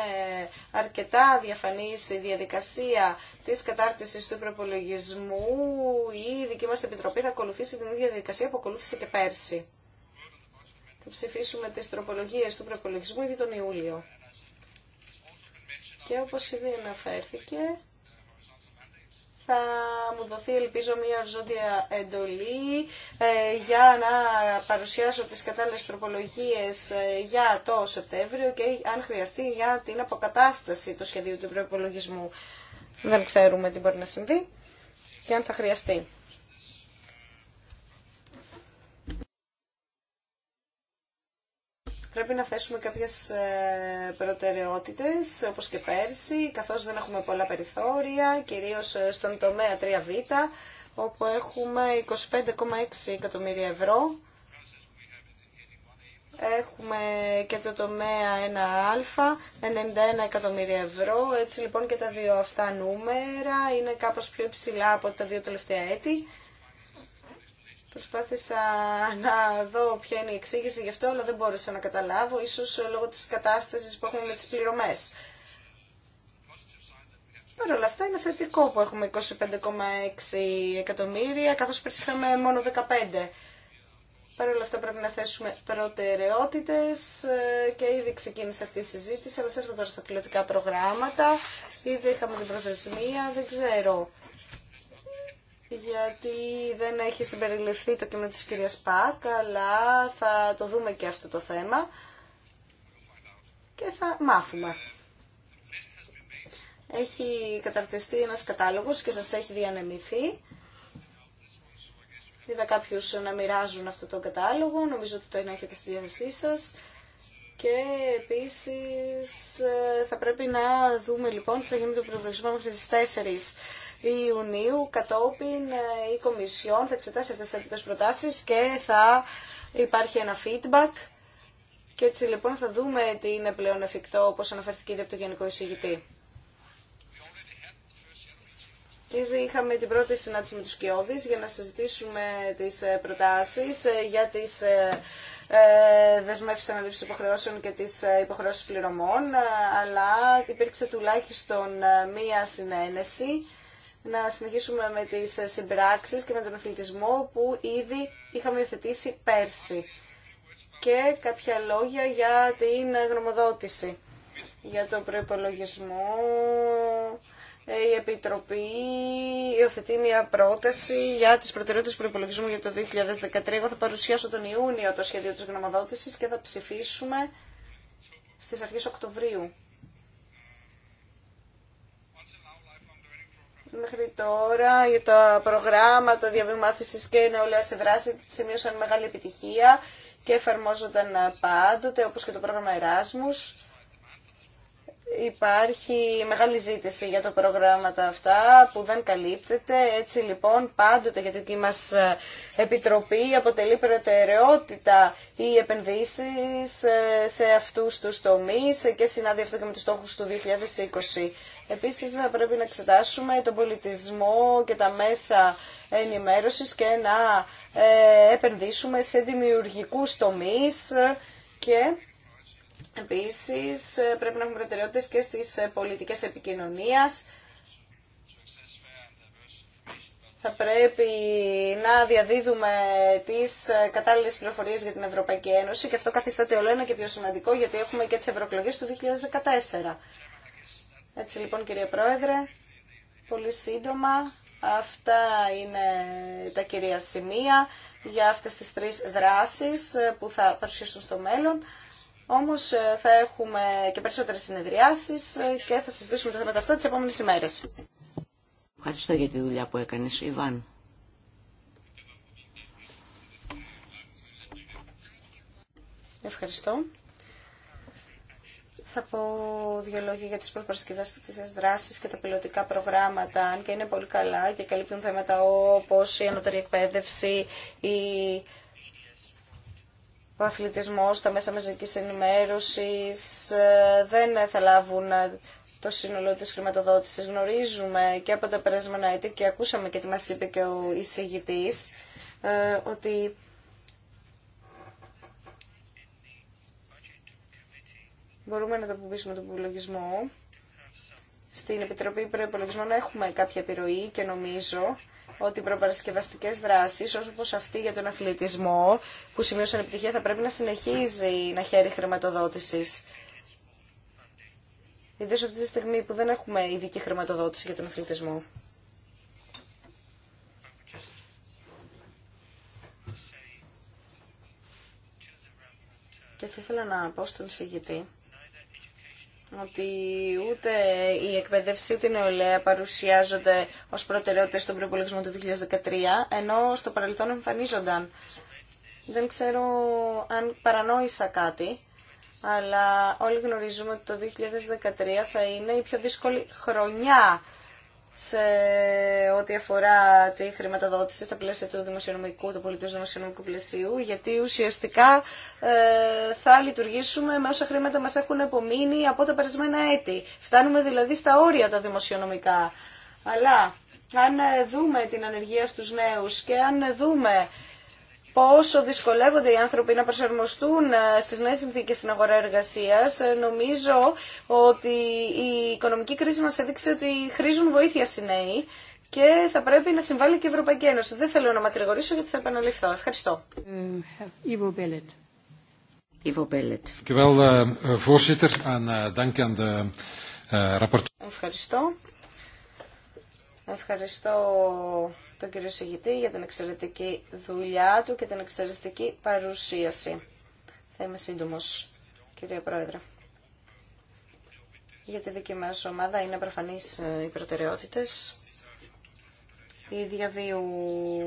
αρκετά διαφανής η διαδικασία της κατάρτισης του προπολογισμού η δική μας Επιτροπή θα ακολουθήσει την ίδια διαδικασία που ακολούθησε και πέρσι. Θα ψηφίσουμε τις τροπολογίες του προπολογισμού ήδη τον Ιούλιο και όπως ήδη αναφέρθηκε θα μου δοθεί ελπίζω μια ζώδια εντολή ε, για να παρουσιάσω τις κατάλληλες τροπολογίες ε, για το Σεπτέμβριο και αν χρειαστεί για την αποκατάσταση του σχεδίου του προπολογισμού. Δεν ξέρουμε τι μπορεί να συμβεί και αν θα χρειαστεί. Πρέπει να θέσουμε κάποιες ε, προτεραιότητες, όπως και πέρσι, καθώς δεν έχουμε πολλά περιθώρια, κυρίως ε, στον τομέα 3β, όπου έχουμε 25,6 εκατομμύρια ευρώ. Έχουμε και το τομέα 1α, 91 εκατομμύρια ευρώ. Έτσι λοιπόν και τα δύο αυτά νούμερα είναι κάπως πιο υψηλά από τα δύο τελευταία έτη. Προσπάθησα να δω ποια είναι η εξήγηση γι' αυτό, αλλά δεν μπόρεσα να καταλάβω, ίσως λόγω της κατάστασης που έχουμε με τις πληρωμές. Παρ' όλα αυτά είναι θετικό που έχουμε 25,6 εκατομμύρια, καθώς πριν είχαμε μόνο 15. Παρ' όλα αυτά πρέπει να θέσουμε προτεραιότητες ε, και ήδη ξεκίνησε αυτή η συζήτηση, αλλά σε έρθω τώρα στα πιλωτικά προγράμματα. Ήδη είχαμε την προθεσμία, δεν ξέρω γιατί δεν έχει συμπεριληφθεί το κείμενο της κυρίας Πακ, αλλά θα το δούμε και αυτό το θέμα και θα μάθουμε. Έχει καταρτιστεί ένας κατάλογος και σας έχει διανεμηθεί. Είδα κάποιους να μοιράζουν αυτό το κατάλογο, νομίζω ότι το έχετε στη διάθεσή σας. Και επίσης ε, θα πρέπει να δούμε λοιπόν τι θα γίνει με το μέχρι τις Ιουνίου. Κατόπιν ε, η Κομισιόν θα εξετάσει αυτές τις προτάσεις και θα υπάρχει ένα feedback. Και έτσι λοιπόν θα δούμε τι είναι πλέον εφικτό όπως αναφερθήκε ήδη από το Γενικό Εισηγητή. Ήδη είχαμε την πρώτη συνάντηση με τους Κιώδης για να συζητήσουμε τις ε, προτάσεις ε, για τις δεσμεύσεις αναλήψης υποχρεώσεων και τις υποχρεώσεις πληρωμών, αλλά υπήρξε τουλάχιστον μία συνένεση να συνεχίσουμε με τις ε, συμπράξεις και με τον αθλητισμό που ήδη είχαμε υιοθετήσει πέρσι. Και κάποια λόγια για την γνωμοδότηση, για το προϋπολογισμό. Ε, η Επιτροπή υιοθετεί μια πρόταση για τις προτεραιότητες προϋπολογισμού για το 2013. Εγώ θα παρουσιάσω τον Ιούνιο το σχέδιο της γνωμοδότησης και θα ψηφίσουμε στις αρχές Οκτωβρίου. Μέχρι τώρα για τα προγράμματα διαβημάθηση και νεολαία σε δράση σημείωσαν μεγάλη επιτυχία και εφαρμόζονταν πάντοτε, όπως και το πρόγραμμα Εράσμους. Υπάρχει μεγάλη ζήτηση για τα προγράμματα αυτά που δεν καλύπτεται. Έτσι λοιπόν πάντοτε για την μας ε, επιτροπή αποτελεί προτεραιότητα οι επενδύσεις ε, σε αυτούς τους τομείς και συνάδει αυτό και με τους στόχους του 2020. Επίσης θα πρέπει να εξετάσουμε τον πολιτισμό και τα μέσα ενημέρωσης και να ε, επενδύσουμε σε δημιουργικούς τομείς και επίσης ε, πρέπει να έχουμε προτεραιότητες και στις ε, πολιτικές επικοινωνίας. Θα πρέπει να διαδίδουμε τις κατάλληλες πληροφορίες για την Ευρωπαϊκή Ένωση και αυτό καθίσταται όλο ένα και πιο σημαντικό γιατί έχουμε και τις ευρωεκλογές του 2014. Έτσι λοιπόν κύριε Πρόεδρε, πολύ σύντομα αυτά είναι τα κυρία σημεία για αυτές τις τρεις δράσεις που θα παρουσιάσουν στο μέλλον. Όμως ε, θα έχουμε και περισσότερες συνεδριάσεις ε, και θα συζητήσουμε τα θέματα αυτά τις επόμενες ημέρες. Ευχαριστώ για τη δουλειά που έκανες, Ιβάν. Ευχαριστώ. Θα πω δύο λόγια για τις προπαρασκευαστικές δράσεις και τα πιλωτικά προγράμματα, αν και είναι πολύ καλά και καλύπτουν θέματα όπως η ανώτερη εκπαίδευση, η... ο αθλητισμός, τα μέσα μαζικής ενημέρωσης, ε, δεν θα λάβουν ε, το σύνολο της χρηματοδότησης. Γνωρίζουμε και από τα περασμένα έτη και ακούσαμε και τι μας είπε και ο εισηγητής, ε, ότι μπορούμε να τοποποιήσουμε τον υπολογισμό. Στην Επιτροπή Προπολογισμών έχουμε κάποια επιρροή και νομίζω ότι οι προπαρασκευαστικέ δράσει, όσο αυτή για τον αθλητισμό, που σημείωσαν επιτυχία, θα πρέπει να συνεχίζει να χαίρει χρηματοδότηση. Ιδίω αυτή τη στιγμή που δεν έχουμε ειδική χρηματοδότηση για τον αθλητισμό. Και θα ήθελα να πω στον συγγητή ότι ούτε η εκπαίδευση ούτε η νεολαία παρουσιάζονται ως προτεραιότητε στον προπολογισμό του 2013, ενώ στο παρελθόν εμφανίζονταν. Δεν ξέρω αν παρανόησα κάτι, αλλά όλοι γνωρίζουμε ότι το 2013 θα είναι η πιο δύσκολη χρονιά σε ό,τι αφορά τη χρηματοδότηση στα πλαίσια του δημοσιονομικού, του πολιτικού δημοσιονομικού πλαισίου, γιατί ουσιαστικά ε, θα λειτουργήσουμε με όσα χρήματα μας έχουν απομείνει από τα περασμένα έτη. Φτάνουμε δηλαδή στα όρια τα δημοσιονομικά. Αλλά αν δούμε την ανεργία στους νέους και αν δούμε πόσο δυσκολεύονται οι άνθρωποι να προσαρμοστούν ε, στις νέες συνθήκες στην αγορά εργασίας. Ε, νομίζω ότι η οικονομική κρίση μας έδειξε ότι χρήζουν βοήθεια οι νέοι και θα πρέπει να συμβάλλει και η Ευρωπαϊκή Ένωση. Δεν θέλω να μακρηγορήσω γιατί θα επαναληφθώ. Ευχαριστώ. Ευχαριστώ. Ευχαριστώ τον κύριο Σιγητή για την εξαιρετική δουλειά του και την εξαιρετική παρουσίαση. Θα είμαι σύντομο, κύριε Πρόεδρε. Για τη δική μας ομάδα είναι προφανεί ε, οι προτεραιότητε. Η διαβίου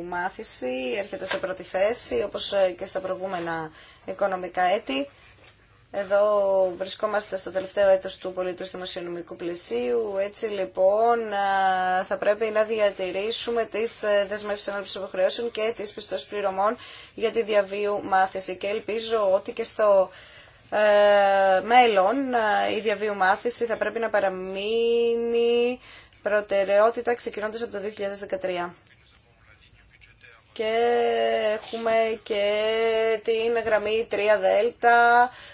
μάθηση έρχεται σε πρώτη θέση, όπως ε, και στα προηγούμενα οικονομικά έτη. Εδώ βρισκόμαστε στο τελευταίο έτος του πολίτου δημοσιονομικού πλαισίου. Έτσι λοιπόν θα πρέπει να διατηρήσουμε τις ε, δεσμεύσεις ανάπτυξης υποχρεώσεων και τις πιστός πληρωμών για τη διαβίου μάθηση. Και ελπίζω ότι και στο ε, μέλλον η διαβίου μάθηση θα πρέπει να παραμείνει προτεραιότητα ξεκινώντας από το 2013 και έχουμε και την γραμμή 3 3Δ,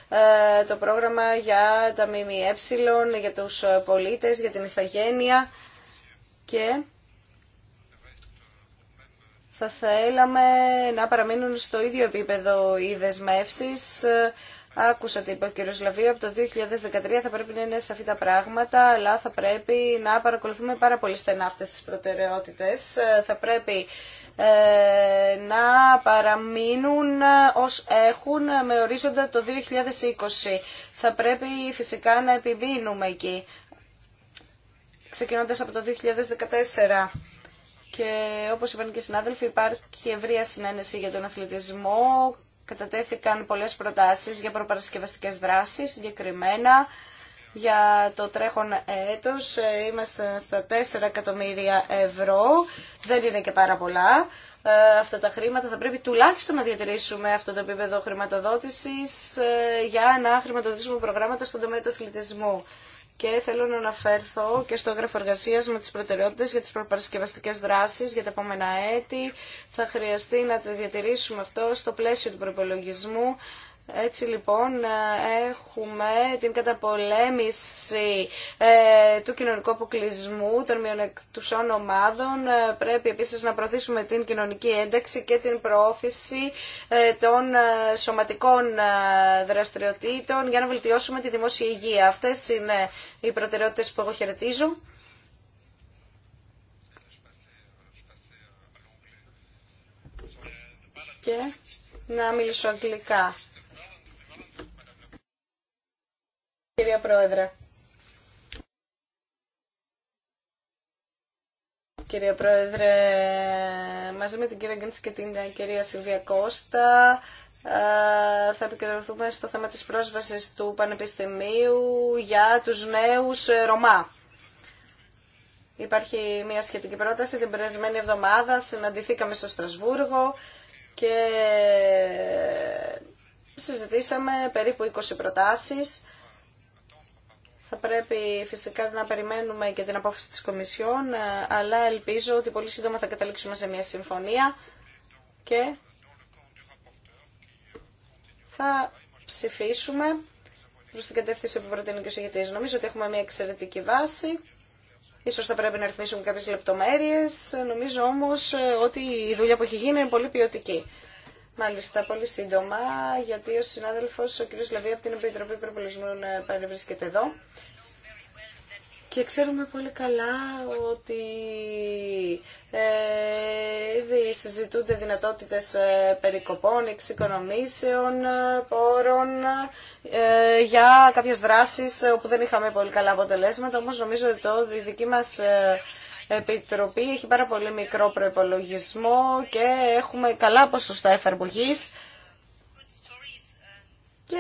ε, το πρόγραμμα για τα ΜΜΕ, για τους πολίτες, για την ηθαγένεια και θα θέλαμε να παραμείνουν στο ίδιο επίπεδο οι δεσμεύσεις ε, Άκουσα τι είπε ο κύριος Λαβίου, από το 2013 θα πρέπει να είναι σαφή τα πράγματα, αλλά θα πρέπει να παρακολουθούμε πάρα πολύ στενά αυτές τις προτεραιότητες. Ε, θα πρέπει ε, να παραμείνουν ως έχουν με ορίζοντα το 2020. Θα πρέπει φυσικά να επιμείνουμε εκεί, ξεκινώντας από το 2014. Και όπως είπαν και οι συνάδελφοι υπάρχει ευρεία συνένεση για τον αθλητισμό κατατέθηκαν πολλές προτάσεις για προπαρασκευαστικές δράσεις, συγκεκριμένα για το τρέχον έτος. Ε, είμαστε στα 4 εκατομμύρια ευρώ, δεν είναι και πάρα πολλά. Ε, αυτά τα χρήματα θα πρέπει τουλάχιστον να διατηρήσουμε αυτό το επίπεδο χρηματοδότησης ε, για να χρηματοδοτήσουμε προγράμματα στον τομέα του αθλητισμού και θέλω να αναφέρθω και στο έγγραφο εργασία με τι προτεραιότητε για τι προπαρασκευαστικέ δράσει για τα επόμενα έτη. Θα χρειαστεί να τα διατηρήσουμε αυτό στο πλαίσιο του προπολογισμού έτσι λοιπόν ε, έχουμε την καταπολέμηση ε, του κοινωνικού αποκλεισμού των μειονεκτουσών ομάδων. Ε, πρέπει επίσης να προωθήσουμε την κοινωνική ένταξη και την προώθηση των σωματικών δραστηριοτήτων για να βελτιώσουμε τη δημόσια υγεία. Αυτές είναι οι προτεραιότητες που εγώ χαιρετίζω. Και να μιλήσω αγγλικά. κυρία Πρόεδρε. Κυρία Πρόεδρε, μαζί με την κυρία Γκέντση και την κυρία Σιλβία Κώστα ε, θα επικεντρωθούμε στο θέμα της πρόσβασης του Πανεπιστημίου για τους νέους ε, Ρωμά. Υπάρχει μια σχετική πρόταση την περασμένη εβδομάδα, συναντηθήκαμε στο Στρασβούργο και συζητήσαμε περίπου 20 προτάσεις θα πρέπει φυσικά να περιμένουμε και την απόφαση της Κομισιόν, ε, αλλά ελπίζω ότι πολύ σύντομα θα καταλήξουμε σε μια συμφωνία και θα ψηφίσουμε προς την κατεύθυνση που προτείνει και ο συγγετής. Νομίζω ότι έχουμε μια εξαιρετική βάση. Ίσως θα πρέπει να ρυθμίσουμε κάποιες λεπτομέρειες. Νομίζω όμως ε, ότι η δουλειά που έχει γίνει είναι πολύ ποιοτική. Μάλιστα, πολύ σύντομα, γιατί ο συνάδελφο, ο κ. Λεβί από την Επιτροπή Προπολισμού ε, παρευρίσκεται εδώ. Και ξέρουμε πολύ καλά ότι ε, ήδη συζητούνται δυνατότητες ε, περικοπών, εξοικονομήσεων, πόρων για κάποιες δράσεις όπου δεν είχαμε πολύ καλά αποτελέσματα. Όμως νομίζω ότι το δική μας Επιτροπή έχει πάρα πολύ μικρό προπολογισμό και έχουμε καλά ποσοστά εφαρμογής. Και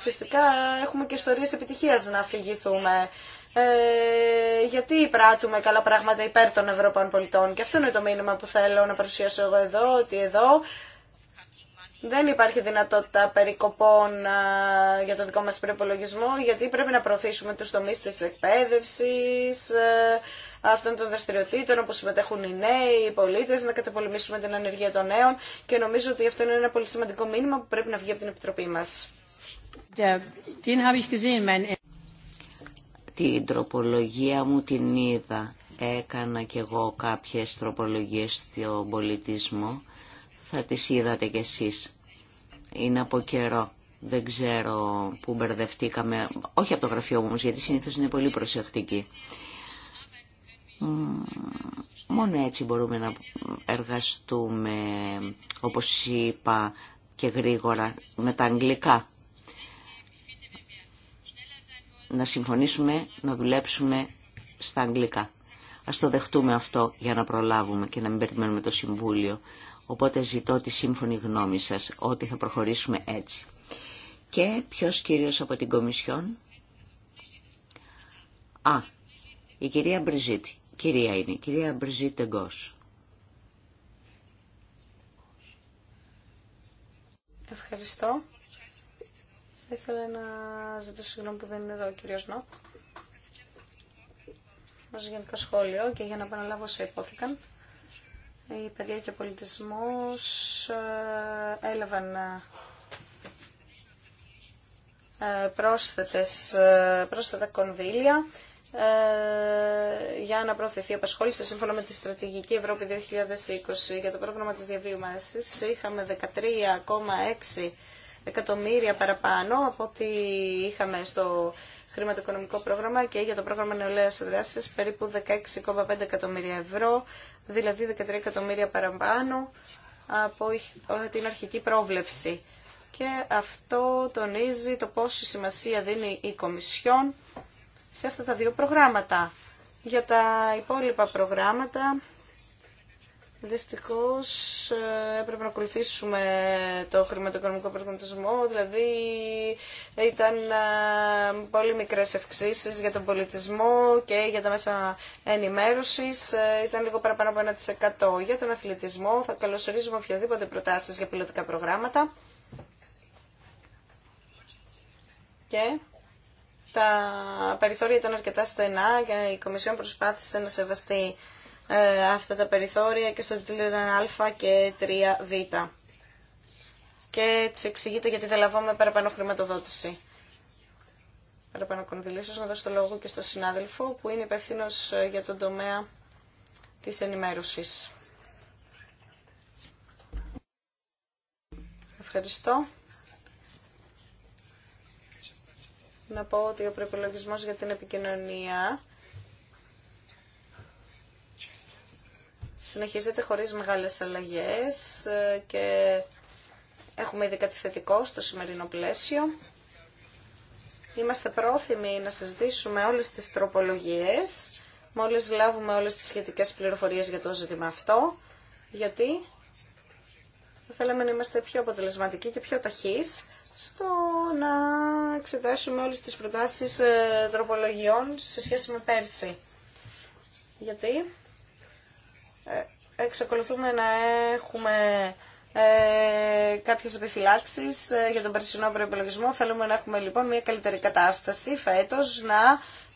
φυσικά έχουμε και ιστορίες επιτυχίας να αφηγηθούμε. Ε, γιατί πράττουμε καλά πράγματα υπέρ των Ευρωπαϊκών πολιτών. Και αυτό είναι το μήνυμα που θέλω να παρουσιάσω εγώ εδώ, ότι εδώ δεν υπάρχει δυνατότητα περικοπών για το δικό μας προπολογισμό, γιατί πρέπει να προωθήσουμε τους τομείς της εκπαίδευσης, αυτών των δραστηριοτήτων όπου συμμετέχουν οι νέοι, οι πολίτες, να καταπολεμήσουμε την ανεργία των νέων και νομίζω ότι αυτό είναι ένα πολύ σημαντικό μήνυμα που πρέπει να βγει από την Επιτροπή μας. Την τροπολογία μου την είδα. Έκανα κι εγώ κάποιες τροπολογίες στον πολιτισμό θα τις είδατε κι εσείς. Είναι από καιρό. Δεν ξέρω που μπερδευτήκαμε. Όχι από το γραφείο μου γιατί συνήθως είναι πολύ προσεκτική. Μόνο έτσι μπορούμε να εργαστούμε, όπως είπα και γρήγορα, με τα αγγλικά. Να συμφωνήσουμε, να δουλέψουμε στα αγγλικά. Ας το δεχτούμε αυτό για να προλάβουμε και να μην περιμένουμε το Συμβούλιο. Οπότε ζητώ τη σύμφωνη γνώμη σας ότι θα προχωρήσουμε έτσι. Και ποιος κυρίως από την Κομισιόν. Α, η κυρία Μπριζίτ. Κυρία είναι. κυρία Μπριζίτ Εγκός. Ευχαριστώ. Θα ήθελα να ζητήσω συγγνώμη που δεν είναι εδώ ο κύριος Νότ. Μας γενικά σχόλιο και για να επαναλάβω σε υπόθηκαν η παιδιά και ο πολιτισμός ε, έλαβαν ε, ε, πρόσθετες, πρόσθετα κονδύλια για να προωθηθεί η απασχόληση σύμφωνα με τη Στρατηγική Ευρώπη 2020 για το πρόγραμμα της διαβίωμασης. Είχαμε 13,6 εκατομμύρια παραπάνω από ό,τι είχαμε στο χρηματοοικονομικό πρόγραμμα και για το πρόγραμμα νεολαία δράση περίπου 16,5 εκατομμύρια ευρώ, δηλαδή 13 εκατομμύρια παραπάνω από την αρχική πρόβλεψη. Και αυτό τονίζει το πόση σημασία δίνει η Κομισιόν σε αυτά τα δύο προγράμματα. Για τα υπόλοιπα προγράμματα Δυστυχώ ε, έπρεπε να ακολουθήσουμε το χρηματοοικονομικό προγραμματισμό, δηλαδή ήταν ε, πολύ μικρές ευξήσεις για τον πολιτισμό και για τα μέσα ενημέρωσης, ε, ήταν λίγο παραπάνω από 1%. Για τον αθλητισμό θα καλωσορίζουμε οποιαδήποτε προτάσεις για πιλωτικά προγράμματα. Και τα περιθώρια ήταν αρκετά στενά και η Κομισιόν προσπάθησε να σεβαστεί ε, αυτά τα περιθώρια και στο τίτλο 1α και 3β. Και έτσι εξηγείται γιατί δεν λαμβάνουμε παραπάνω χρηματοδότηση. Παραπάνω κονδυλίσεως να δώσω το λόγο και στο συνάδελφο που είναι υπεύθυνο ε, για τον τομέα της ενημέρωσης. Ευχαριστώ. Να πω ότι ο προπολογισμό για την επικοινωνία συνεχίζεται χωρίς μεγάλες αλλαγές ε, και έχουμε ήδη κάτι θετικό στο σημερινό πλαίσιο. Είμαστε πρόθυμοι να συζητήσουμε όλες τις τροπολογίες, μόλις λάβουμε όλες τις σχετικές πληροφορίες για το ζήτημα αυτό, γιατί θα θέλαμε να είμαστε πιο αποτελεσματικοί και πιο ταχείς στο να εξετάσουμε όλες τις προτάσεις ε, τροπολογιών σε σχέση με πέρσι. Γιατί ε, εξακολουθούμε να έχουμε ε, κάποιες επιφυλάξεις ε, για τον περσινό προπολογισμό. Θέλουμε να έχουμε λοιπόν μια καλύτερη κατάσταση φέτος, να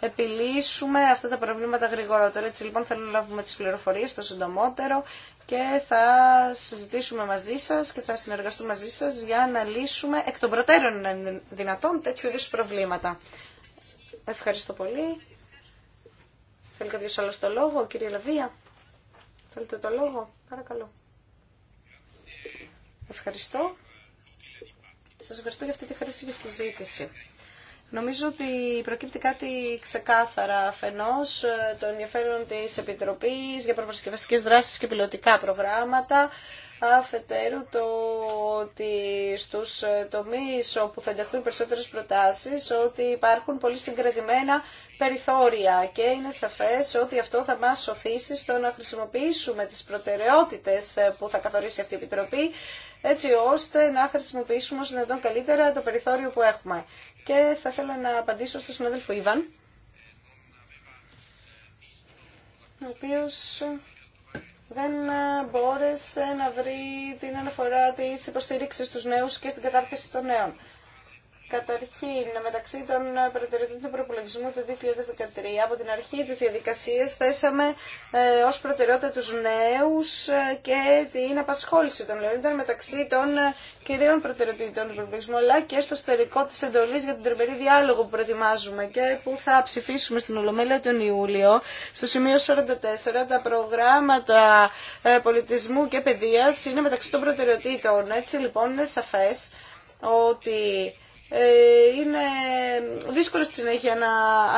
επιλύσουμε αυτά τα προβλήματα γρηγορότερα. Έτσι λοιπόν θέλω να λάβουμε τις πληροφορίες το συντομότερο και θα συζητήσουμε μαζί σας και θα συνεργαστούμε μαζί σας για να λύσουμε εκ των προτέρων δυνατόν τέτοιου είδους προβλήματα. Ευχαριστώ πολύ. Θέλει κάποιος άλλος το λόγο, κύριε Λαβία. Θέλετε το λόγο, παρακαλώ. Ευχαριστώ. Σας ευχαριστώ για αυτή τη χρήσιμη συζήτηση. Νομίζω ότι προκύπτει κάτι ξεκάθαρα αφενός ε, των ενδιαφέρον της Επιτροπής για προπαρασκευαστικές δράσεις και πιλωτικά προγράμματα αφετέρου το ότι στους τομείς όπου θα ενταχθούν περισσότερες προτάσεις ότι υπάρχουν πολύ συγκρατημένα περιθώρια και είναι σαφές ότι αυτό θα μας σωθήσει στο να χρησιμοποιήσουμε τις προτεραιότητες που θα καθορίσει αυτή η Επιτροπή έτσι ώστε να χρησιμοποιήσουμε όσο δυνατόν καλύτερα το περιθώριο που έχουμε. Και θα ήθελα να απαντήσω στον συνάδελφο Ιβάν ο οποίος δεν ε, μπόρεσε να βρει την αναφορά της υποστήριξης στους νέους και στην κατάρτιση των νέων. Καταρχήν, μεταξύ των προτεραιοτήτων του προπολογισμού του 2013, από την αρχή της διαδικασίας θέσαμε ε, ως προτεραιότητα τους νέους ε, και την απασχόληση των νέων. Ήταν μεταξύ των ε, κυρίων προτεραιοτήτων του προπολογισμού, αλλά και στο στερικό της εντολής για τον τρομερή διάλογο που προετοιμάζουμε και που θα ψηφίσουμε στην Ολομέλεια τον Ιούλιο, στο σημείο 44, τα προγράμματα ε, πολιτισμού και παιδείας είναι μεταξύ των προτεραιοτήτων. Έτσι λοιπόν είναι σαφές ότι ε, είναι δύσκολο στη συνέχεια να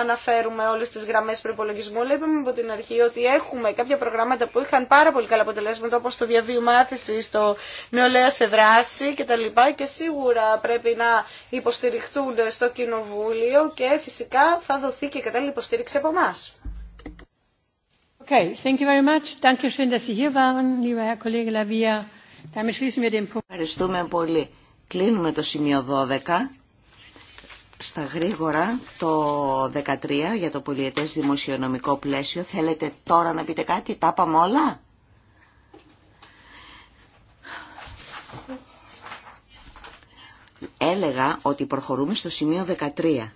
αναφέρουμε όλε τι γραμμέ προπολογισμού. Λέμε από την αρχή ότι έχουμε κάποια προγράμματα που είχαν πάρα πολύ καλά αποτελέσματα όπως το διαβίου μάθηση, το νεολαία σε δράση κτλ. Και σίγουρα πρέπει να υποστηριχτούν στο Κοινοβούλιο και φυσικά θα δοθεί και κατάλληλη υποστήριξη από εμά. Okay, thank you very much. dass Sie hier waren, lieber Herr Kollege Damit schließen wir den Punkt. Ευχαριστούμε πολύ. Κλείνουμε το σημείο 12 στα γρήγορα το 13 για το πολιετές δημοσιονομικό πλαίσιο. Θέλετε τώρα να πείτε κάτι, τα είπαμε όλα. Έλεγα ότι προχωρούμε στο σημείο 13.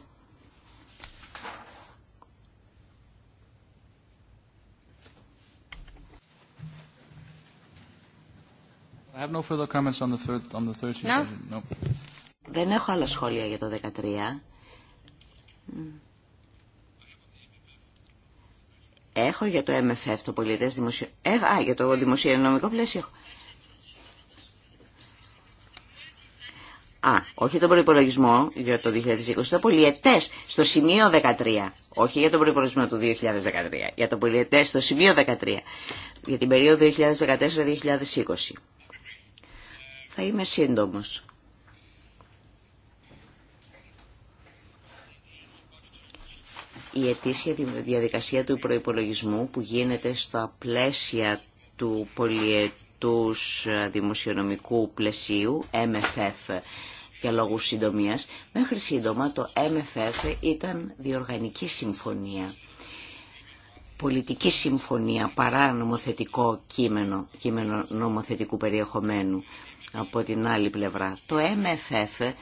I have no further comments on no. Δεν έχω άλλα σχόλια για το 13. Έχω για το MFF, το πολιτές δημοσιο... Ε, α, για το δημοσιονομικό πλαίσιο. Α, όχι τον προϋπολογισμό για το 2020, το πολιετές, στο σημείο 13. Όχι για τον προϋπολογισμό του 2013, για το πολιετές, στο σημείο 13. Για την περίοδο 2014-2020. Θα είμαι σύντομος. Η ετήσια διαδικασία του προϋπολογισμού που γίνεται στα πλαίσια του πολιετούς δημοσιονομικού πλαισίου, MFF, για λόγους συντομίας, μέχρι σύντομα το MFF ήταν διοργανική συμφωνία. Πολιτική συμφωνία παρά νομοθετικό κείμενο, κείμενο νομοθετικού περιεχομένου από την άλλη πλευρά. Το MFF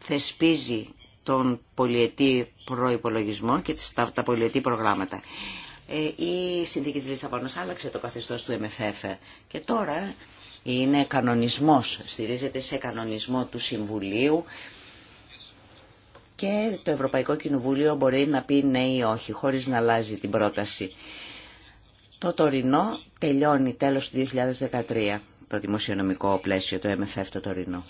θεσπίζει τον πολιετή προϋπολογισμό και τα πολιετή προγράμματα. Ε, η συνθήκη της Λισαβόνας άλλαξε το καθεστώς του MFF και τώρα είναι κανονισμός, στηρίζεται σε κανονισμό του Συμβουλίου και το Ευρωπαϊκό Κοινοβούλιο μπορεί να πει ναι ή όχι, χωρίς να αλλάζει την πρόταση. Το τωρινό τελειώνει τέλος του 2013, το δημοσιονομικό πλαίσιο, το MFF το τωρινό.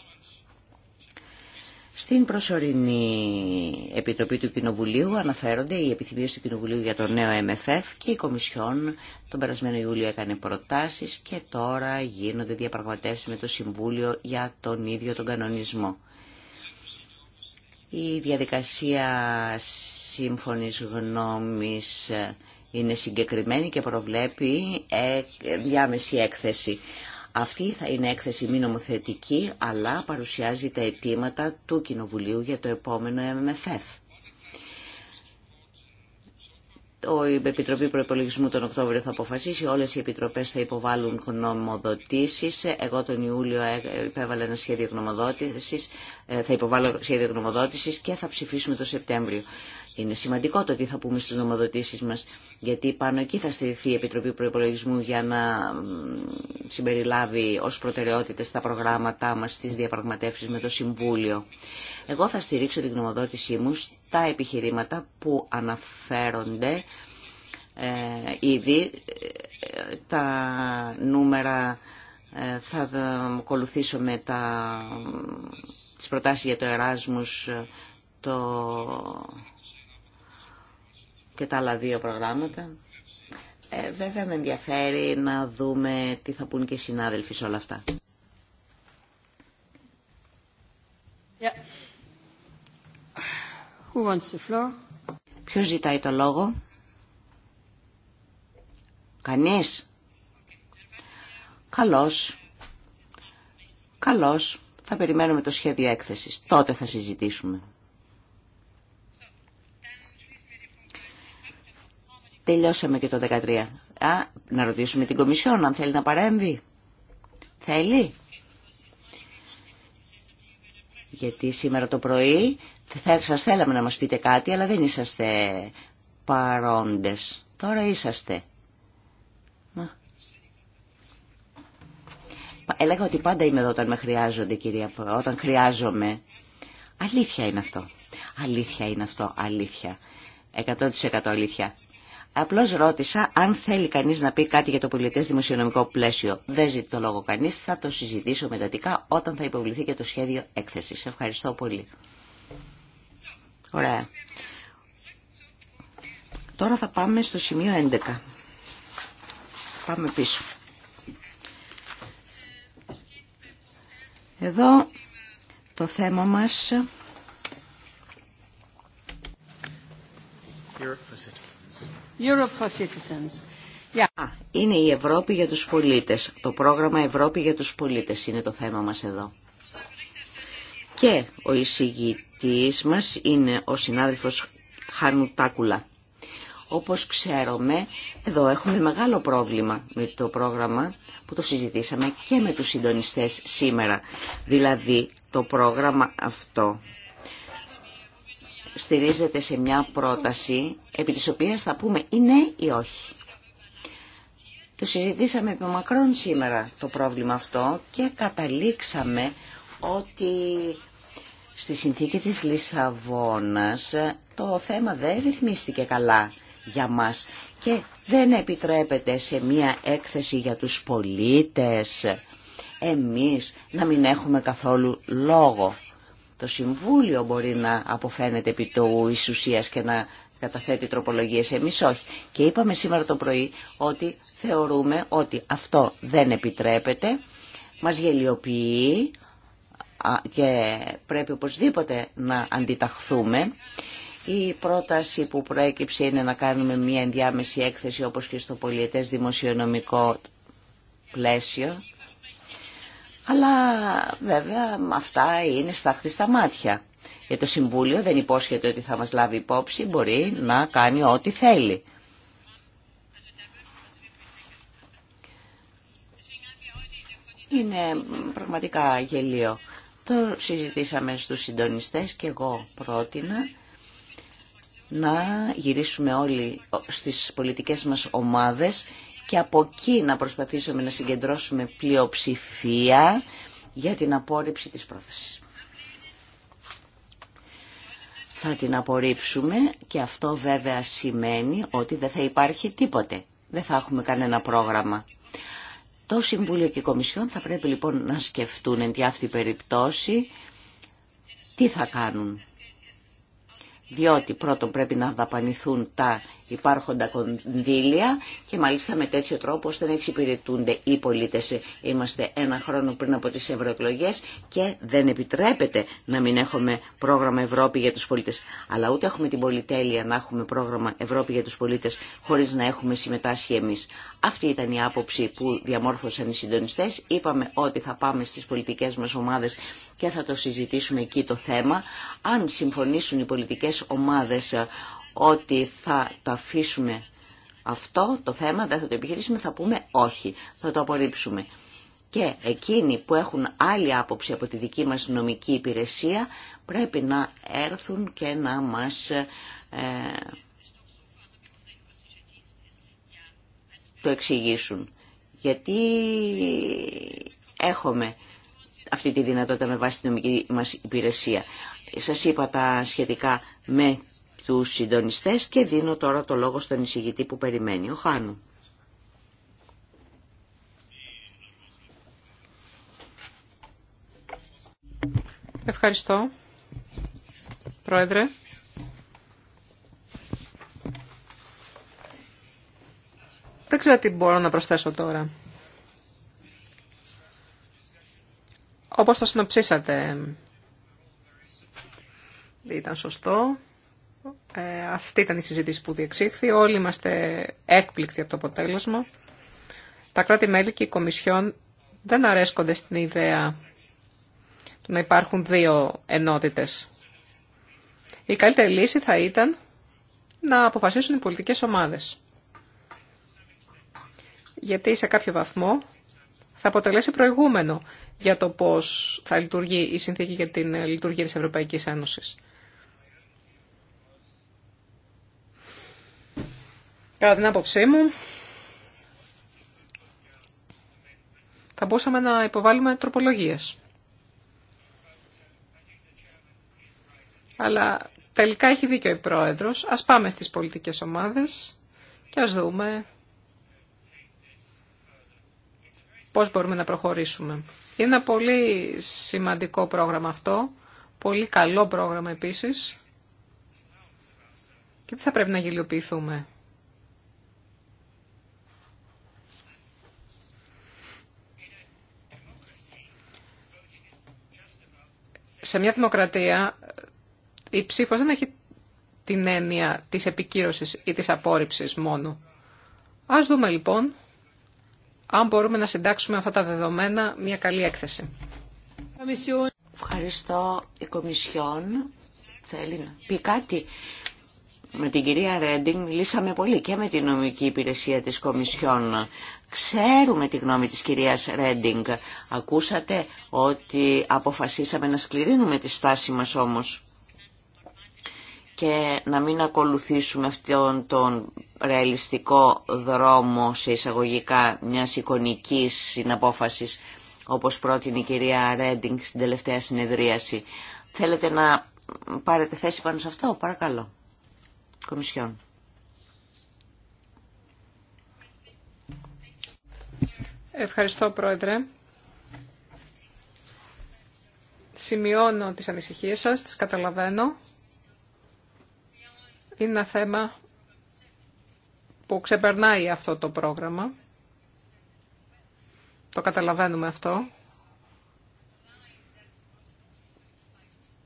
Στην προσωρινή Επιτροπή του Κοινοβουλίου αναφέρονται οι επιθυμίες του Κοινοβουλίου για το νέο MFF και η Κομισιόν τον περασμένο Ιούλιο έκανε προτάσεις και τώρα γίνονται διαπραγματεύσεις με το Συμβούλιο για τον ίδιο τον κανονισμό. Η διαδικασία σύμφωνης γνώμης είναι συγκεκριμένη και προβλέπει ε, διάμεση έκθεση. Αυτή θα είναι έκθεση μη νομοθετική, αλλά παρουσιάζει τα αιτήματα του Κοινοβουλίου για το επόμενο MFF. Η Επιτροπή Προπολογισμού τον Οκτώβριο θα αποφασίσει, όλες οι επιτροπές θα υποβάλουν γνωμοδοτήσεις. Εγώ τον Ιούλιο ε, υπέβαλα ένα σχέδιο γνωμοδότησης, ε, θα υποβάλω σχέδιο γνωμοδότησης και θα ψηφίσουμε το Σεπτέμβριο. Είναι σημαντικό το τι θα πούμε στις νομοδοτήσεις μας, γιατί πάνω εκεί θα στηριχθεί η Επιτροπή Προϋπολογισμού για να συμπεριλάβει ως προτεραιότητες τα προγράμματά μας στις διαπραγματεύσεις με το Συμβούλιο. Εγώ θα στηρίξω την γνωμοδότησή μου στα επιχειρήματα που αναφέρονται ε, ήδη ε, τα νούμερα ε, θα ακολουθήσω με τα, τις προτάσεις για το Εράσμους το και τα άλλα δύο προγράμματα. Ε, βέβαια με ενδιαφέρει να δούμε τι θα πούν και οι συνάδελφοι σε όλα αυτά. Yeah. Who wants the floor? Ποιος ζητάει το λόγο? Κανείς? Καλώς. Καλώς. Θα περιμένουμε το σχέδιο έκθεσης. Τότε θα συζητήσουμε. Τελειώσαμε και το 13. να ρωτήσουμε την Κομισιόν αν θέλει να παρέμβει. Θέλει. Γιατί σήμερα το πρωί θα, σας θέλαμε να μας πείτε κάτι, αλλά δεν είσαστε παρόντες. Τώρα είσαστε. Έλεγα ότι πάντα είμαι εδώ όταν με χρειάζονται, κυρία, όταν χρειάζομαι. Αλήθεια είναι αυτό. Αλήθεια είναι αυτό. Αλήθεια. 100% αλήθεια. Απλώς ρώτησα αν θέλει κανείς να πει κάτι για το πολιτέ δημοσιονομικό πλαίσιο. Δεν ζητεί το λόγο κανείς, θα το συζητήσω μετατικά όταν θα υποβληθεί και το σχέδιο έκθεσης. Ευχαριστώ πολύ. Ωραία. Τώρα θα πάμε στο σημείο 11. Πάμε πίσω. Εδώ το θέμα μας... Είναι η Ευρώπη για τους πολίτες. Το πρόγραμμα Ευρώπη για τους πολίτες είναι το θέμα μας εδώ. Και ο εισηγητής μας είναι ο συνάδελφος Χάνου Τάκουλα. Όπως ξέρουμε, εδώ έχουμε μεγάλο πρόβλημα με το πρόγραμμα που το συζητήσαμε και με τους συντονιστές σήμερα. Δηλαδή, το πρόγραμμα αυτό στηρίζεται σε μια πρόταση επί της οποίας θα πούμε ή ναι ή όχι. Το συζητήσαμε επί μακρόν σήμερα το πρόβλημα αυτό και καταλήξαμε ότι στη συνθήκη της Λισαβόνας το θέμα δεν ρυθμίστηκε καλά για μας και δεν επιτρέπεται σε μία έκθεση για τους πολίτες εμείς να μην έχουμε καθόλου λόγο. Το Συμβούλιο μπορεί να αποφαίνεται επί του και να καταθέτει τροπολογίες, εμείς όχι. Και είπαμε σήμερα το πρωί ότι θεωρούμε ότι αυτό δεν επιτρέπεται, μας γελιοποιεί και πρέπει οπωσδήποτε να αντιταχθούμε. Η πρόταση που προέκυψε είναι να κάνουμε μια ενδιάμεση έκθεση όπως και στο πολιετές δημοσιονομικό πλαίσιο. Αλλά βέβαια αυτά είναι στα στα μάτια το Συμβούλιο δεν υπόσχεται ότι θα μας λάβει υπόψη, μπορεί να κάνει ό,τι θέλει. Είναι πραγματικά γελίο. Το συζητήσαμε στους συντονιστές και εγώ πρότεινα να γυρίσουμε όλοι στις πολιτικές μας ομάδες και από εκεί να προσπαθήσουμε να συγκεντρώσουμε πλειοψηφία για την απόρριψη της πρόθεσης θα την απορρίψουμε και αυτό βέβαια σημαίνει ότι δεν θα υπάρχει τίποτε. Δεν θα έχουμε κανένα πρόγραμμα. Το Συμβούλιο και η Κομισιόν θα πρέπει λοιπόν να σκεφτούν εν τη αυτή περιπτώσει τι θα κάνουν. Διότι πρώτον πρέπει να δαπανηθούν τα υπάρχοντα κονδύλια και μάλιστα με τέτοιο τρόπο ώστε να εξυπηρετούνται οι πολίτες. Είμαστε ένα χρόνο πριν από τις ευρωεκλογέ και δεν επιτρέπεται να μην έχουμε πρόγραμμα Ευρώπη για τους πολίτες. Αλλά ούτε έχουμε την πολυτέλεια να έχουμε πρόγραμμα Ευρώπη για τους πολίτες χωρίς να έχουμε συμμετάσχει εμείς. Αυτή ήταν η άποψη που διαμόρφωσαν οι συντονιστές. Είπαμε ότι θα πάμε στις πολιτικές μας ομάδες και θα το συζητήσουμε εκεί το θέμα. Αν συμφωνήσουν οι πολιτικές ομάδες ότι θα το αφήσουμε αυτό το θέμα, δεν θα το επιχειρήσουμε, θα πούμε όχι, θα το απορρίψουμε. Και εκείνοι που έχουν άλλη άποψη από τη δική μας νομική υπηρεσία πρέπει να έρθουν και να μας ε, το εξηγήσουν. Γιατί έχουμε αυτή τη δυνατότητα με βάση τη νομική μας υπηρεσία. Σας είπα τα σχετικά με τους συντονιστές και δίνω τώρα το λόγο στον εισηγητή που περιμένει, ο Χάνου. Ευχαριστώ, Πρόεδρε. Δεν ξέρω τι μπορώ να προσθέσω τώρα. Όπως το συνοψίσατε, ήταν σωστό. Ε, αυτή ήταν η συζήτηση που διεξήχθη. Όλοι είμαστε έκπληκτοι από το αποτέλεσμα. Τα κράτη-μέλη και οι Κομισιόν δεν αρέσκονται στην ιδέα του να υπάρχουν δύο ενότητες. Η καλύτερη λύση θα ήταν να αποφασίσουν οι πολιτικές ομάδες. Γιατί σε κάποιο βαθμό θα αποτελέσει προηγούμενο για το πώς θα λειτουργεί η συνθήκη για την λειτουργία της Ευρωπαϊκής Ένωσης. Κατά την άποψή μου, θα μπορούσαμε να υποβάλουμε τροπολογίες. Αλλά τελικά έχει δίκιο η Πρόεδρος. Ας πάμε στις πολιτικές ομάδες και ας δούμε πώς μπορούμε να προχωρήσουμε. Είναι ένα πολύ σημαντικό πρόγραμμα αυτό, πολύ καλό πρόγραμμα επίσης και τι θα πρέπει να γελιοποιηθούμε. σε μια δημοκρατία η ψήφος δεν έχει την έννοια της επικύρωσης ή της απόρριψης μόνο. Ας δούμε λοιπόν αν μπορούμε να συντάξουμε αυτά τα δεδομένα μια καλή έκθεση. Ευχαριστώ η Κομισιόν. Θέλει να πει κάτι. Με την κυρία Ρέντινγκ μιλήσαμε πολύ και με την νομική υπηρεσία της Κομισιόν Ξέρουμε τη γνώμη της κυρίας Ρέντινγκ. Ακούσατε ότι αποφασίσαμε να σκληρύνουμε τη στάση μας όμως και να μην ακολουθήσουμε αυτόν τον ρεαλιστικό δρόμο σε εισαγωγικά μιας εικονικής συναπόφασης όπως πρότεινε η κυρία Ρέντινγκ στην τελευταία συνεδρίαση. Θέλετε να πάρετε θέση πάνω σε αυτό, παρακαλώ. Κομισιόν. Ευχαριστώ, Πρόεδρε. Σημειώνω τις ανησυχίες σας, τις καταλαβαίνω. Είναι ένα θέμα που ξεπερνάει αυτό το πρόγραμμα. Το καταλαβαίνουμε αυτό.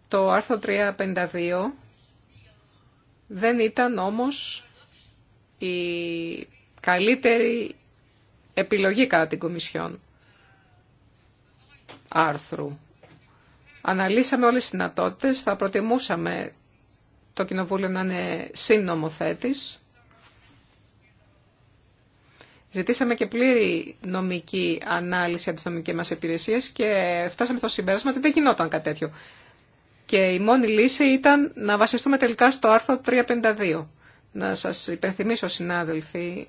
Το άρθρο 352 δεν ήταν όμως η καλύτερη επιλογή κατά την Κομισιόν άρθρου. Αναλύσαμε όλες τις δυνατότητε. θα προτιμούσαμε το Κοινοβούλιο να είναι συνομοθέτης. Ζητήσαμε και πλήρη νομική ανάλυση από τις νομικές μας υπηρεσίες και φτάσαμε στο συμπέρασμα ότι δεν γινόταν κάτι τέτοιο. Και η μόνη λύση ήταν να βασιστούμε τελικά στο άρθρο 352. Να σας υπενθυμίσω, συνάδελφοι,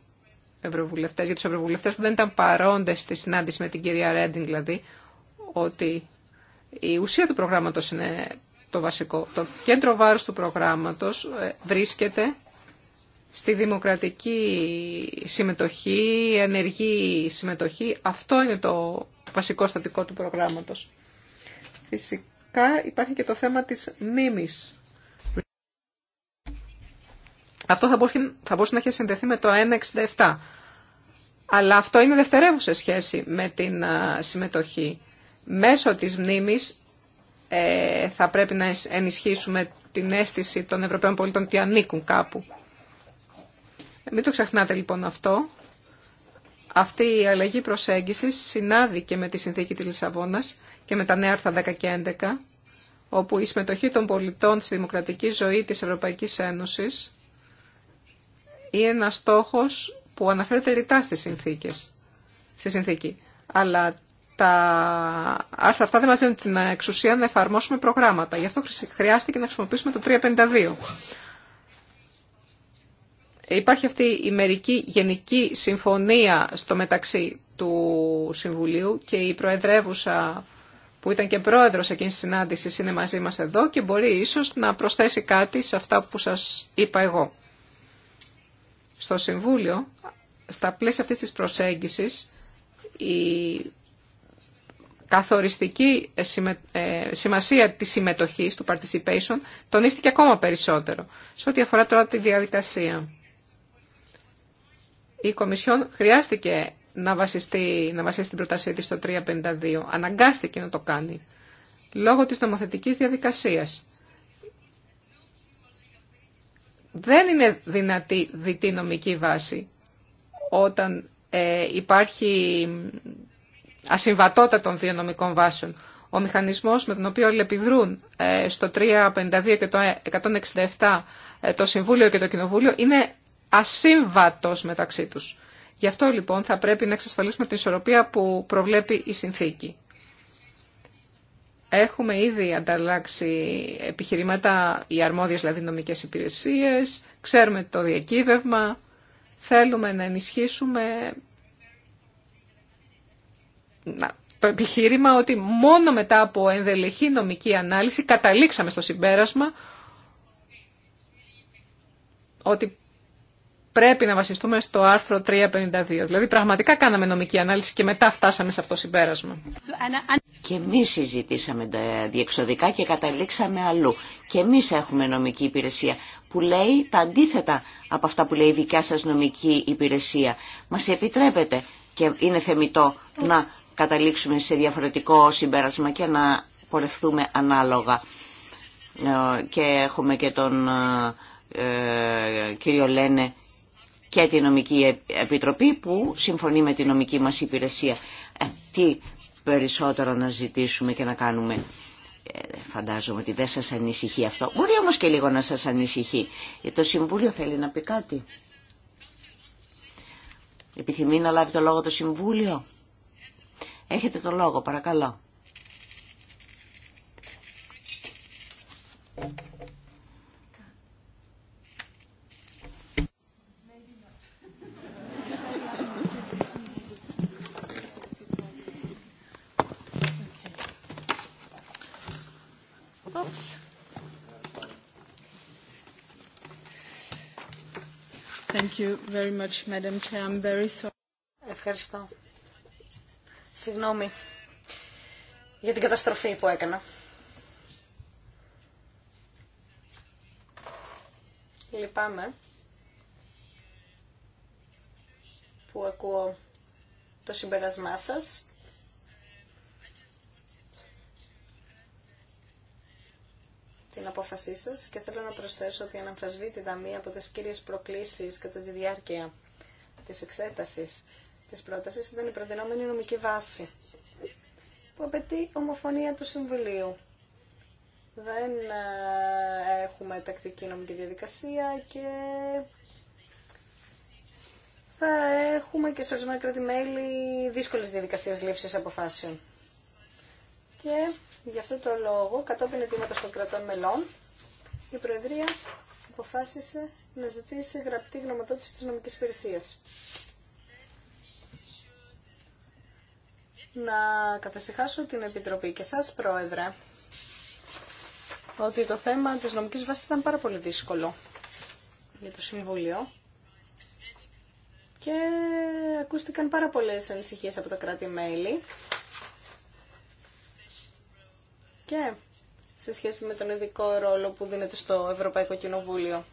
ευρωβουλευτές, για τους ευρωβουλευτές που δεν ήταν παρόντες στη συνάντηση με την κυρία Ρέντινγκ, δηλαδή, ότι η ουσία του προγράμματος είναι το βασικό. Το κέντρο βάρους του προγράμματος ε, βρίσκεται στη δημοκρατική συμμετοχή, ενεργή συμμετοχή. Αυτό είναι το βασικό στατικό του προγράμματος. Φυσικά υπάρχει και το θέμα της μνήμης αυτό θα μπορούσε, θα να έχει συνδεθεί με το 1,67. Αλλά αυτό είναι δευτερεύουσα σχέση με την συμμετοχή. Μέσω της μνήμης ε, θα πρέπει να ενισχύσουμε την αίσθηση των Ευρωπαίων πολίτων ότι ανήκουν κάπου. Μην το ξεχνάτε λοιπόν αυτό. Αυτή η αλλαγή προσέγγισης συνάδει και με τη συνθήκη της Λισαβόνας και με τα νέα άρθρα 10 και 11, όπου η συμμετοχή των πολιτών στη δημοκρατική ζωή της Ευρωπαϊκής Ένωσης ή ένα στόχος που αναφέρεται ρητά συνθήκες, στη συνθήκη. Αλλά τα άρθρα αυτά δεν μας δίνουν την εξουσία να εφαρμόσουμε προγράμματα. Γι' αυτό χρειάστηκε να χρησιμοποιήσουμε το 352. Υπάρχει αυτή η μερική γενική συμφωνία στο μεταξύ του Συμβουλίου και η Προεδρεύουσα που ήταν και πρόεδρος εκείνης της συνάντησης είναι μαζί μας εδώ και μπορεί ίσως να προσθέσει κάτι σε αυτά που σας είπα εγώ. Στο Συμβούλιο, στα πλαίσια αυτής της προσέγγισης, η καθοριστική ε, σημασία της συμμετοχής, του participation, τονίστηκε ακόμα περισσότερο. Σε ό,τι αφορά τώρα τη διαδικασία. Η Κομισιόν χρειάστηκε να βασιστεί, να βασιστεί την πρότασή της στο 352. Αναγκάστηκε να το κάνει. Λόγω της νομοθετικής διαδικασίας δεν είναι δυνατή διτή νομική βάση όταν ε, υπάρχει ασυμβατότητα των δύο νομικών βάσεων. Ο μηχανισμός με τον οποίο επιδρούν ε, στο 352 και το 167 ε, το Συμβούλιο και το Κοινοβούλιο είναι ασύμβατος μεταξύ τους. Γι' αυτό λοιπόν θα πρέπει να εξασφαλίσουμε την ισορροπία που προβλέπει η συνθήκη. Έχουμε ήδη ανταλλάξει επιχειρήματα, οι αρμόδιες δηλαδή νομικές υπηρεσίες, ξέρουμε το διακύβευμα, θέλουμε να ενισχύσουμε το επιχείρημα ότι μόνο μετά από ενδελεχή νομική ανάλυση καταλήξαμε στο συμπέρασμα ότι πρέπει να βασιστούμε στο άρθρο 352. Δηλαδή πραγματικά κάναμε νομική ανάλυση και μετά φτάσαμε σε αυτό το συμπέρασμα. Και εμεί συζητήσαμε διεξοδικά και καταλήξαμε αλλού. Και εμεί έχουμε νομική υπηρεσία που λέει τα αντίθετα από αυτά που λέει η δικιά σα νομική υπηρεσία. Μα επιτρέπεται και είναι θεμητό να καταλήξουμε σε διαφορετικό συμπέρασμα και να πορευτούμε ανάλογα. Ε, και έχουμε και τον ε, ε κύριο Λένε και τη Νομική Επιτροπή που συμφωνεί με τη νομική μας υπηρεσία. Ε, τι περισσότερο να ζητήσουμε και να κάνουμε. Ε, φαντάζομαι ότι δεν σας ανησυχεί αυτό. Μπορεί όμως και λίγο να σας ανησυχεί. Ε, το Συμβούλιο θέλει να πει κάτι. Επιθυμεί να λάβει το λόγο το Συμβούλιο. Έχετε το λόγο, παρακαλώ. Ευχαριστώ. Συγγνώμη για την καταστροφή που έκανα. Λυπάμαι που ακούω το συμπερασμά σας. την απόφασή σα και θέλω να προσθέσω ότι αναμφισβήτητα μία από τις κύριε προκλήσεις κατά τη διάρκεια της εξέτασης της πρότασης ήταν η προτινόμενη νομική βάση που απαιτεί ομοφωνία του Συμβουλίου. Δεν ε, έχουμε τακτική νομική διαδικασία και θα έχουμε και σε ορισμένα κράτη-μέλη δύσκολε διαδικασίε λήψη αποφάσεων. Και Γι' αυτό το λόγο, κατόπιν αιτήματο των κρατών μελών, η Προεδρία αποφάσισε να ζητήσει γραπτή γνωματότηση της νομικής υπηρεσία. Να καθεσυχάσω την Επιτροπή και σας, Πρόεδρε, ότι το θέμα της νομικής βάσης ήταν πάρα πολύ δύσκολο για το Συμβούλιο και ακούστηκαν πάρα πολλές ανησυχίες από τα κράτη-μέλη και σε σχέση με τον ειδικό ρόλο που δίνεται στο Ευρωπαϊκό Κοινοβούλιο.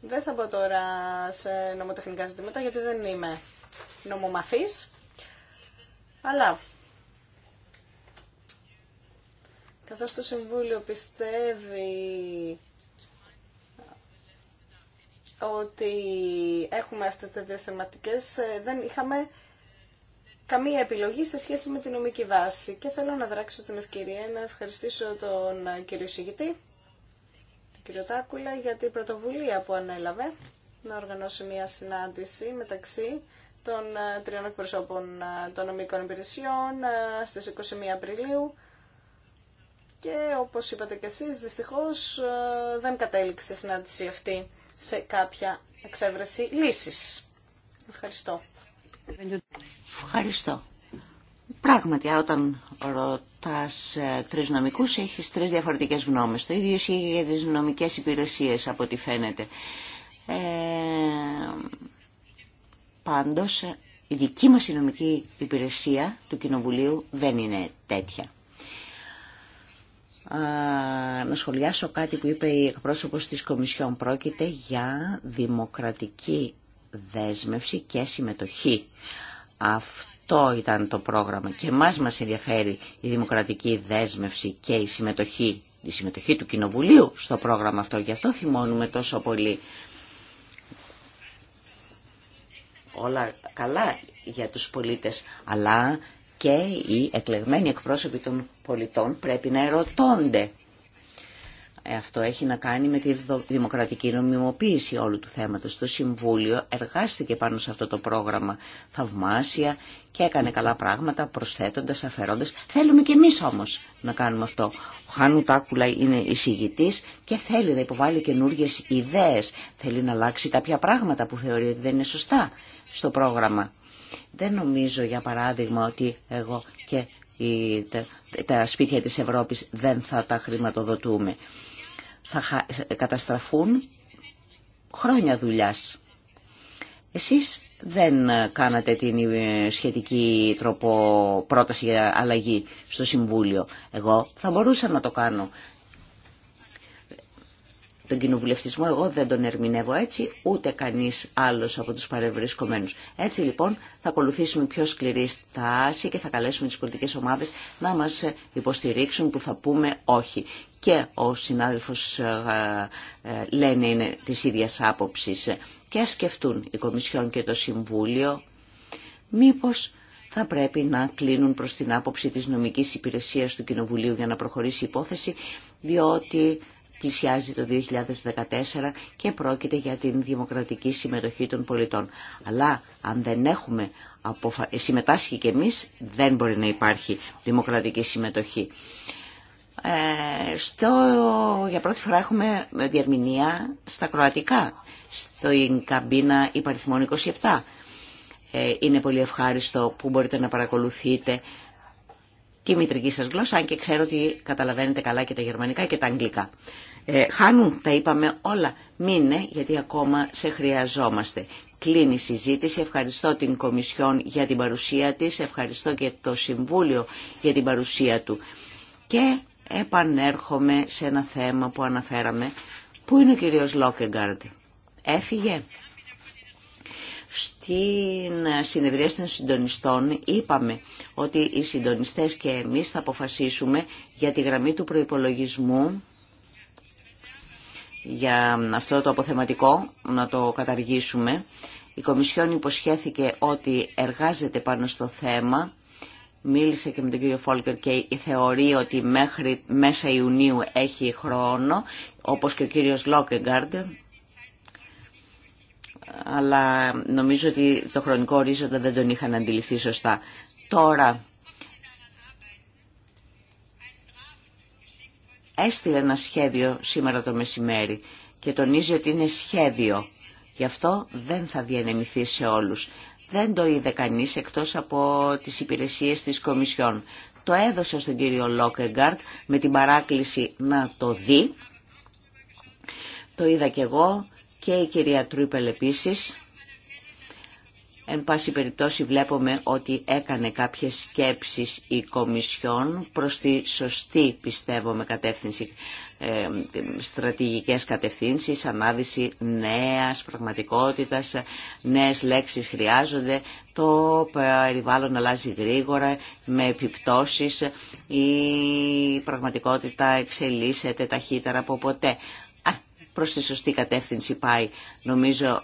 Δεν θα πω τώρα σε νομοτεχνικά ζητήματα γιατί δεν είμαι νομομαθής, αλλά καθώς το Συμβούλιο πιστεύει ότι έχουμε αυτές τις δύο θεματικές, ε, δεν είχαμε καμία επιλογή σε σχέση με την νομική βάση. Και θέλω να δράξω την ευκαιρία να ευχαριστήσω τον ε, κύριο Σιγητή, τον κύριο Τάκουλα, για την πρωτοβουλία που ανέλαβε να οργανώσει μια συνάντηση μεταξύ των ε, τριών εκπροσώπων ε, των νομικών υπηρεσιών στις 21 Απριλίου. Και όπως είπατε και εσείς, δυστυχώς δεν κατέληξε η συνάντηση αυτή σε κάποια εξέβρεση λύσης. Ευχαριστώ. Ευχαριστώ. Πράγματι, όταν ρωτάς ε, τρεις νομικούς, έχεις τρεις διαφορετικές γνώμες. Το ίδιο ισχύει για τις νομικές υπηρεσίες, από ό,τι φαίνεται. Ε, ε η δική μας νομική υπηρεσία του Κοινοβουλίου δεν είναι τέτοια. να σχολιάσω κάτι που είπε η εκπρόσωπο της Κομισιόν. Πρόκειται για δημοκρατική δέσμευση και συμμετοχή. Αυτό ήταν το πρόγραμμα και εμάς μας ενδιαφέρει η δημοκρατική δέσμευση και η συμμετοχή, η συμμετοχή του Κοινοβουλίου στο πρόγραμμα αυτό. Γι' αυτό θυμώνουμε τόσο πολύ. Όλα καλά για τους πολίτες, αλλά και οι εκλεγμένοι εκπρόσωποι των πολιτών πρέπει να ερωτώνται αυτό έχει να κάνει με τη δημοκρατική νομιμοποίηση όλου του θέματος. Το Συμβούλιο εργάστηκε πάνω σε αυτό το πρόγραμμα θαυμάσια και έκανε καλά πράγματα προσθέτοντας, αφαιρώντας. Θέλουμε και εμείς όμως να κάνουμε αυτό. Ο Χάνου Τάκουλα είναι εισηγητής και θέλει να υποβάλει καινούργιες ιδέες. Θέλει να αλλάξει κάποια πράγματα που θεωρεί ότι δεν είναι σωστά στο πρόγραμμα. Δεν νομίζω για παράδειγμα ότι εγώ και τα σπίτια της Ευρώπης δεν θα τα χρηματοδοτούμε θα ε, καταστραφούν χρόνια δουλειάς. Εσείς δεν ε, κάνατε την ε, σχετική τρόπο πρόταση για αλλαγή στο Συμβούλιο. Εγώ θα μπορούσα να το κάνω. Τον κοινοβουλευτισμό εγώ δεν τον ερμηνεύω έτσι, ούτε κανείς άλλος από τους παρευρισκομένους. Έτσι λοιπόν θα ακολουθήσουμε πιο σκληρή στάση και θα καλέσουμε τις πολιτικές ομάδες να μας υποστηρίξουν που θα πούμε όχι και ο συνάδελφος ε, ε, λένε είναι της ίδιας άποψης. Και ας σκεφτούν η Κομισιόν και το Συμβούλιο μήπως θα πρέπει να κλείνουν προς την άποψη της νομικής υπηρεσίας του Κοινοβουλίου για να προχωρήσει η υπόθεση, διότι πλησιάζει το 2014 και πρόκειται για την δημοκρατική συμμετοχή των πολιτών. Αλλά αν δεν έχουμε ε, συμμετάσχει και εμείς, δεν μπορεί να υπάρχει δημοκρατική συμμετοχή. Ε, στο, για πρώτη φορά έχουμε διερμηνία στα κροατικά, στην καμπίνα υπαριθμών 27. Ε, είναι πολύ ευχάριστο που μπορείτε να παρακολουθείτε τη μητρική σας γλώσσα, αν και ξέρω ότι καταλαβαίνετε καλά και τα γερμανικά και τα αγγλικά. Ε, χάνουν, τα είπαμε όλα, μήνε, γιατί ακόμα σε χρειαζόμαστε. Κλείνει η συζήτηση. Ευχαριστώ την Κομισιόν για την παρουσία της. Ευχαριστώ και το Συμβούλιο για την παρουσία του. Και επανέρχομαι σε ένα θέμα που αναφέραμε. Πού είναι ο κύριος Λόκεγκάρντ. Έφυγε. Στην συνεδρία των συντονιστών είπαμε ότι οι συντονιστές και εμείς θα αποφασίσουμε για τη γραμμή του προϋπολογισμού για αυτό το αποθεματικό, να το καταργήσουμε. Η Κομισιόν υποσχέθηκε ότι εργάζεται πάνω στο θέμα Μίλησε και με τον κύριο Φόλκερ και θεωρεί ότι μέχρι μέσα Ιουνίου έχει χρόνο, όπως και ο κύριος Λόκεγκαρντ, αλλά νομίζω ότι το χρονικό ορίζοντα δεν τον είχαν αντιληφθεί σωστά. Τώρα, έστειλε ένα σχέδιο σήμερα το μεσημέρι και τονίζει ότι είναι σχέδιο. Γι' αυτό δεν θα διανεμηθεί σε όλους. Δεν το είδε κανείς εκτός από τις υπηρεσίες της Κομισιόν. Το έδωσε στον κύριο Λόκεγκαρτ με την παράκληση να το δει. Το είδα και εγώ και η κυρία Τρούπελ επίσης. Εν πάση περιπτώσει βλέπουμε ότι έκανε κάποιες σκέψεις η Κομισιόν προς τη σωστή πιστεύω κατεύθυνση, ε, στρατηγικές κατευθύνσεις, ανάδυση νέας πραγματικότητας, νέες λέξεις χρειάζονται, το περιβάλλον αλλάζει γρήγορα με επιπτώσεις, η πραγματικότητα εξελίσσεται ταχύτερα από ποτέ. Α, προς τη σωστή κατεύθυνση πάει, νομίζω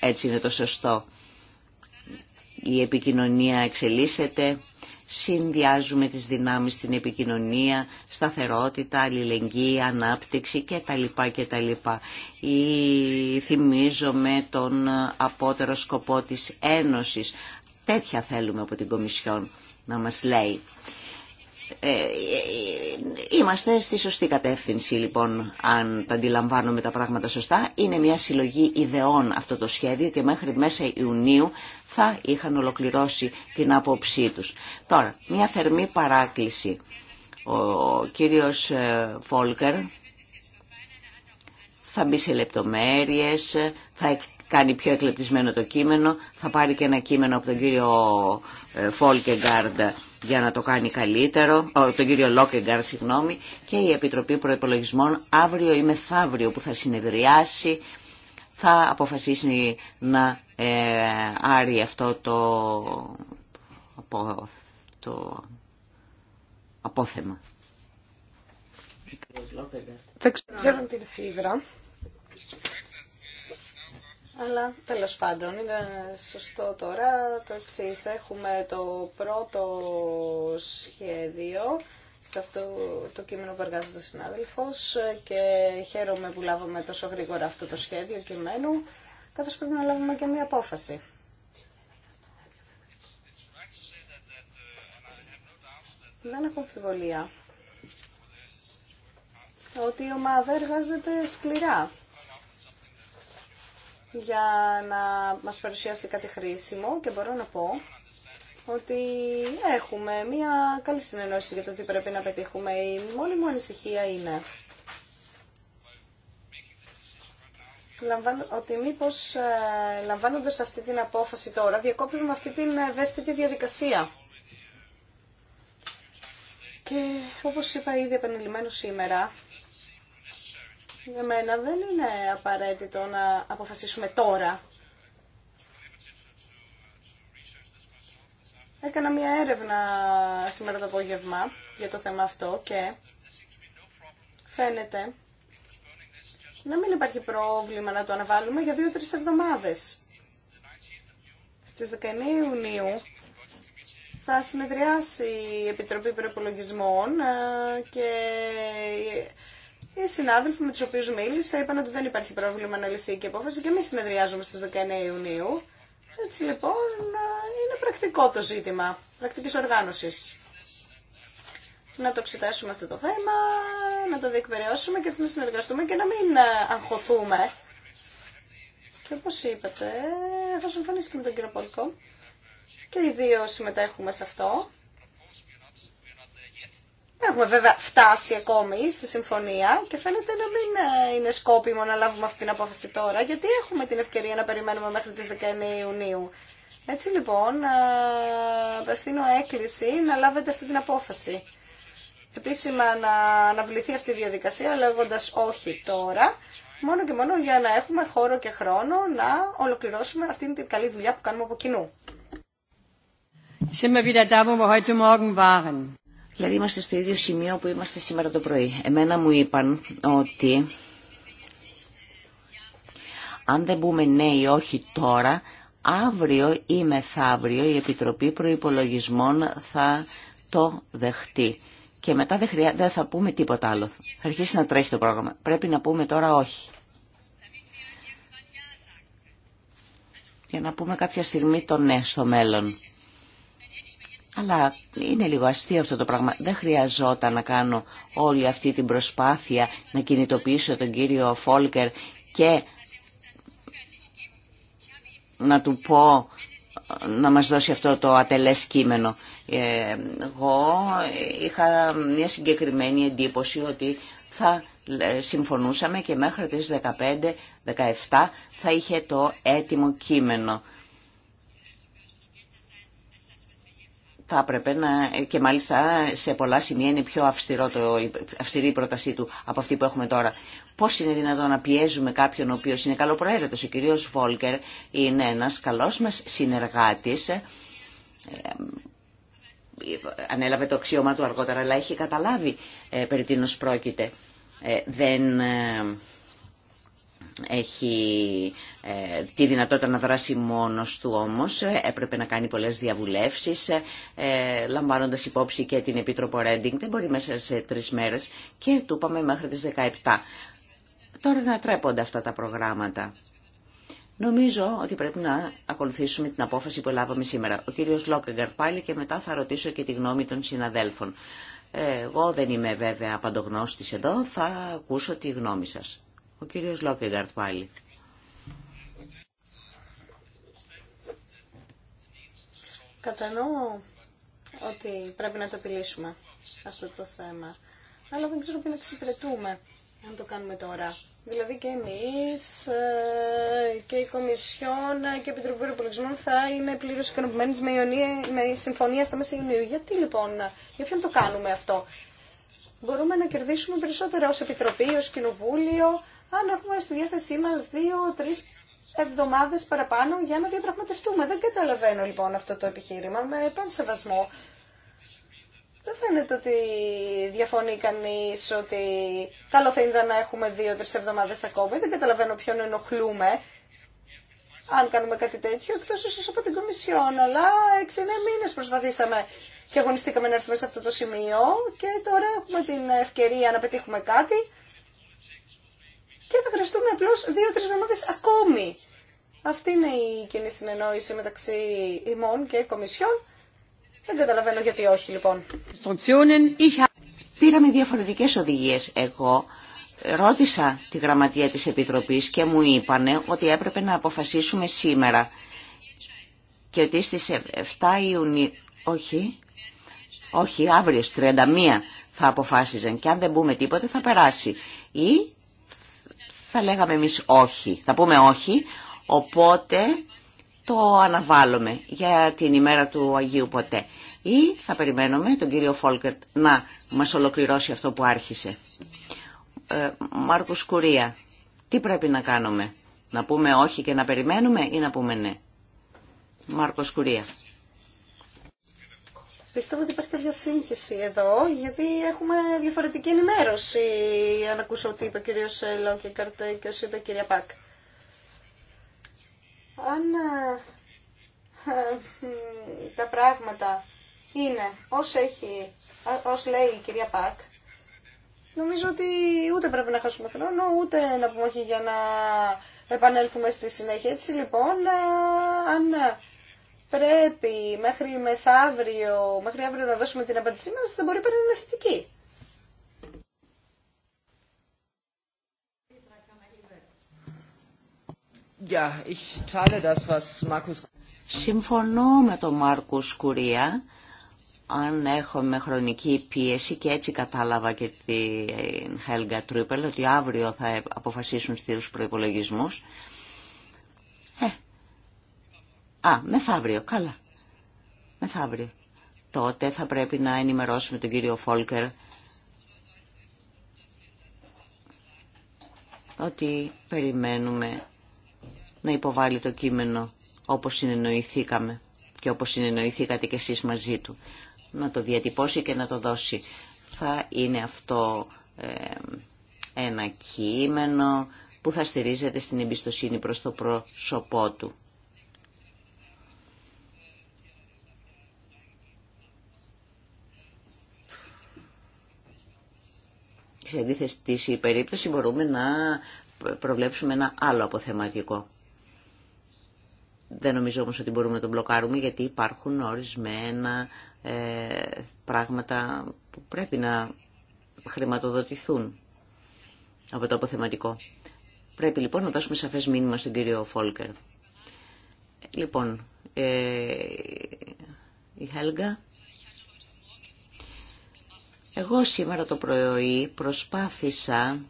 ε, ε, έτσι είναι το σωστό η επικοινωνία εξελίσσεται, συνδυάζουμε τις δυνάμεις στην επικοινωνία, σταθερότητα, αλληλεγγύη, ανάπτυξη κτλ. κτλ. Ή θυμίζομαι τον απότερο σκοπό της Ένωσης. Τέτοια θέλουμε από την Κομισιόν να μας λέει. Ε, ε, είμαστε στη σωστή κατεύθυνση λοιπόν αν τα αντιλαμβάνουμε τα πράγματα σωστά. Είναι μια συλλογή ιδεών αυτό το σχέδιο και μέχρι μέσα Ιουνίου θα είχαν ολοκληρώσει την άποψή τους. Τώρα, μια θερμή παράκληση. Ο κύριος ε, Φόλκερ θα μπει σε λεπτομέρειες, θα κάνει πιο εκλεπτισμένο το κείμενο, θα πάρει και ένα κείμενο από τον κύριο ε, Φόλκεγκαρντ για να το κάνει καλύτερο, τον κύριο Λόκεγκαρ, συγγνώμη, και η Επιτροπή Προϋπολογισμών αύριο ή μεθαύριο που θα συνεδριάσει θα αποφασίσει να ε, άρει αυτό το, από το απόθεμα. Δεν ξέρω την φίβρα, αλλά τέλο πάντων είναι σωστό τώρα το εξή. Έχουμε το πρώτο σχέδιο σε αυτό το κείμενο που εργάζεται ο συνάδελφο και χαίρομαι που λάβαμε τόσο γρήγορα αυτό το σχέδιο κειμένου καθώ πρέπει να λάβουμε και μία απόφαση. Δεν έχω αμφιβολία ότι η ομάδα εργάζεται σκληρά για να μας παρουσιάσει κάτι χρήσιμο και μπορώ να πω ότι έχουμε μια καλή συνεννόηση για το τι πρέπει να πετύχουμε. Η μόνη μου ανησυχία είναι ότι μήπω ε, λαμβάνοντα αυτή την απόφαση τώρα διακόπτουμε αυτή την ευαίσθητη διαδικασία. Και όπως είπα ήδη επανειλημμένο σήμερα, για μένα δεν είναι απαραίτητο να αποφασίσουμε τώρα. Έκανα μια έρευνα σήμερα το απόγευμα για το θέμα αυτό και φαίνεται να μην υπάρχει πρόβλημα να το αναβάλουμε για δύο-τρεις εβδομάδες. Στις 19 Ιουνίου θα συνεδριάσει η Επιτροπή Προπολογισμών ε, και οι συνάδελφοι με τους οποίους μίλησα είπαν ότι δεν υπάρχει πρόβλημα να λυθεί και η απόφαση και εμείς συνεδριάζουμε στις 19 Ιουνίου. Έτσι λοιπόν ε, είναι πρακτικό το ζήτημα πρακτική οργάνωση να το εξετάσουμε αυτό το θέμα, να το διεκπαιρεώσουμε και να συνεργαστούμε και να μην ε, αγχωθούμε. Και όπως είπατε, θα συμφωνήσει και με τον κύριο Πολκό. Και οι δύο συμμετέχουμε σε αυτό. Δεν έχουμε βέβαια φτάσει ακόμη στη συμφωνία και φαίνεται να μην ε, είναι σκόπιμο να λάβουμε αυτή την απόφαση τώρα, γιατί έχουμε την ευκαιρία να περιμένουμε μέχρι τις 19 Ιουνίου. Έτσι λοιπόν, ε, απευθύνω έκκληση να λάβετε αυτή την απόφαση επίσημα να αναβληθεί αυτή η διαδικασία λέγοντας όχι τώρα, μόνο και μόνο για να έχουμε χώρο και χρόνο να ολοκληρώσουμε αυτήν την καλή δουλειά που κάνουμε από κοινού. Δηλαδή είμαστε στο ίδιο σημείο που είμαστε σήμερα το πρωί. Εμένα μου είπαν ότι αν δεν μπούμε ναι ή όχι τώρα, αύριο ή μεθαύριο η Επιτροπή Προϋπολογισμών θα το δεχτεί και μετά δεν, θα πούμε τίποτα άλλο. Θα αρχίσει να τρέχει το πρόγραμμα. Πρέπει να πούμε τώρα όχι. Για να πούμε κάποια στιγμή το ναι στο μέλλον. Αλλά είναι λίγο αστείο αυτό το πράγμα. Δεν χρειαζόταν να κάνω όλη αυτή την προσπάθεια να κινητοποιήσω τον κύριο Φόλκερ και να του πω να μας δώσει αυτό το ατελές κείμενο. Ε, εγώ είχα μια συγκεκριμένη εντύπωση ότι θα ε, συμφωνούσαμε και μέχρι τις 15-17 θα είχε το έτοιμο κείμενο. Θα έπρεπε να, και μάλιστα σε πολλά σημεία είναι πιο αυστηρό το, αυστηρή η πρότασή του από αυτή που έχουμε τώρα. Πώ είναι δυνατόν να πιέζουμε κάποιον ο οποίο είναι καλοπροαίρετο. Ο κυρίος Βόλκερ είναι ένα καλό μα συνεργάτη ε, ανέλαβε το αξίωμα του αργότερα, αλλά έχει καταλάβει ε, περί τίνος πρόκειται. Ε, δεν ε, έχει ε, τη δυνατότητα να δράσει μόνος του όμως, έπρεπε να κάνει πολλές διαβουλεύσεις, λαμβάνοντας υπόψη και την Επίτροπο Ρέντινγκ, δεν μπορεί μέσα σε τρεις μέρες και του είπαμε μέχρι τις 17. Τώρα να τρέπονται αυτά τα προγράμματα. Νομίζω ότι πρέπει να ακολουθήσουμε την απόφαση που λάβαμε σήμερα. Ο κύριος Λόκεγκαρ πάλι και μετά θα ρωτήσω και τη γνώμη των συναδέλφων. Εγώ δεν είμαι βέβαια απαντογνώστης εδώ, θα ακούσω τη γνώμη σας. Ο κύριος Λόκεγκαρτ πάλι. Κατανοώ ότι πρέπει να το επιλύσουμε αυτό το θέμα. Αλλά δεν ξέρω πού να εξυπηρετούμε αν το κάνουμε τώρα. Δηλαδή και εμείς ε, και η Κομισιόν και η Επιτροπή Προπολογισμών θα είναι πλήρως ικανοποιημένοι με, με συμφωνία στα μέσα Ιουνίου. Γιατί λοιπόν, για ποιον το κάνουμε αυτό. Μπορούμε να κερδίσουμε περισσότερα ως Επιτροπή, ως Κοινοβούλιο, αν έχουμε στη διάθεσή μας δύο-τρεις εβδομάδες παραπάνω για να διαπραγματευτούμε. Δεν καταλαβαίνω λοιπόν αυτό το επιχείρημα με πάνω σεβασμό δεν φαίνεται ότι διαφωνεί κανεί ότι καλό θα ήταν να έχουμε δύο-τρει εβδομάδε ακόμη. Δεν καταλαβαίνω ποιον ενοχλούμε αν κάνουμε κάτι τέτοιο, εκτό ίσω από την Κομισιόν. Αλλά 6-9 μήνε προσπαθήσαμε και αγωνιστήκαμε να έρθουμε σε αυτό το σημείο και τώρα έχουμε την ευκαιρία να πετύχουμε κάτι και θα χρειαστούμε απλώ δύο-τρει εβδομάδε ακόμη. Αυτή είναι η κοινή συνεννόηση μεταξύ ημών και Κομισιόν δεν καταλαβαίνω γιατί όχι λοιπόν. Πήραμε διαφορετικέ οδηγίε. Εγώ ρώτησα τη γραμματεία της Επιτροπής και μου είπανε ότι έπρεπε να αποφασίσουμε σήμερα και ότι στις 7 Ιουνίου, όχι, όχι αύριο 31 θα αποφάσιζαν και αν δεν πούμε τίποτε θα περάσει ή θα λέγαμε εμείς όχι, θα πούμε όχι, οπότε το αναβάλουμε για την ημέρα του Αγίου ποτέ. Ή θα περιμένουμε τον κύριο Φόλκερτ να μας ολοκληρώσει αυτό που άρχισε. Ε, Μάρκος Κουρία, τι πρέπει να κάνουμε. Να πούμε όχι και να περιμένουμε ή να πούμε ναι. Μάρκος Κουρία. Πιστεύω ότι υπάρχει κάποια σύγχυση εδώ, γιατί έχουμε διαφορετική ενημέρωση, αν ακούσω ότι είπε ο κύριος Λόκεκαρτ και όσοι είπε η να πουμε ναι μαρκος κουρια πιστευω οτι υπαρχει καποια συγχυση εδω γιατι εχουμε διαφορετικη ενημερωση αν ακουσω οτι ειπε ο κυριος λογκεκαρτ και οσο ειπε η κυρια Πακ αν ε, ε, τα πράγματα είναι όσο έχει, όσο ε, λέει η κυρία Πακ, νομίζω ότι ούτε πρέπει να χάσουμε χρόνο, ούτε να πούμε όχι για να επανέλθουμε στη συνέχεια. Έτσι λοιπόν, αν πρέπει μέχρι μεθαύριο, μέχρι αύριο να δώσουμε την απάντησή μας, δεν μπορεί να είναι θετική. Συμφωνώ με τον Μάρκο Κουρία αν έχουμε χρονική πίεση και έτσι κατάλαβα και την Χέλγα Τρούπελ ότι αύριο θα ε, αποφασίσουν στους προϋπολογισμούς. Ε, α, μεθαύριο, καλά. Μεθαύριο. Τότε θα πρέπει να ενημερώσουμε τον κύριο Φόλκερ ότι περιμένουμε να υποβάλει το κείμενο όπως συνεννοηθήκαμε και όπως συνεννοηθήκατε κι εσείς μαζί του. Να το διατυπώσει και να το δώσει. Θα είναι αυτό ε, ένα κείμενο που θα στηρίζεται στην εμπιστοσύνη προς το πρόσωπό του. Σε αντίθεση της περίπτωση μπορούμε να προβλέψουμε ένα άλλο αποθεματικό. Δεν νομίζω όμως ότι μπορούμε να τον μπλοκάρουμε γιατί υπάρχουν ορισμένα ε, πράγματα που πρέπει να χρηματοδοτηθούν από το αποθεματικό. Πρέπει λοιπόν να δώσουμε σαφές μήνυμα στον κύριο Φόλκερ. Λοιπόν, ε, η Χέλγα. Εγώ σήμερα το πρωί προσπάθησα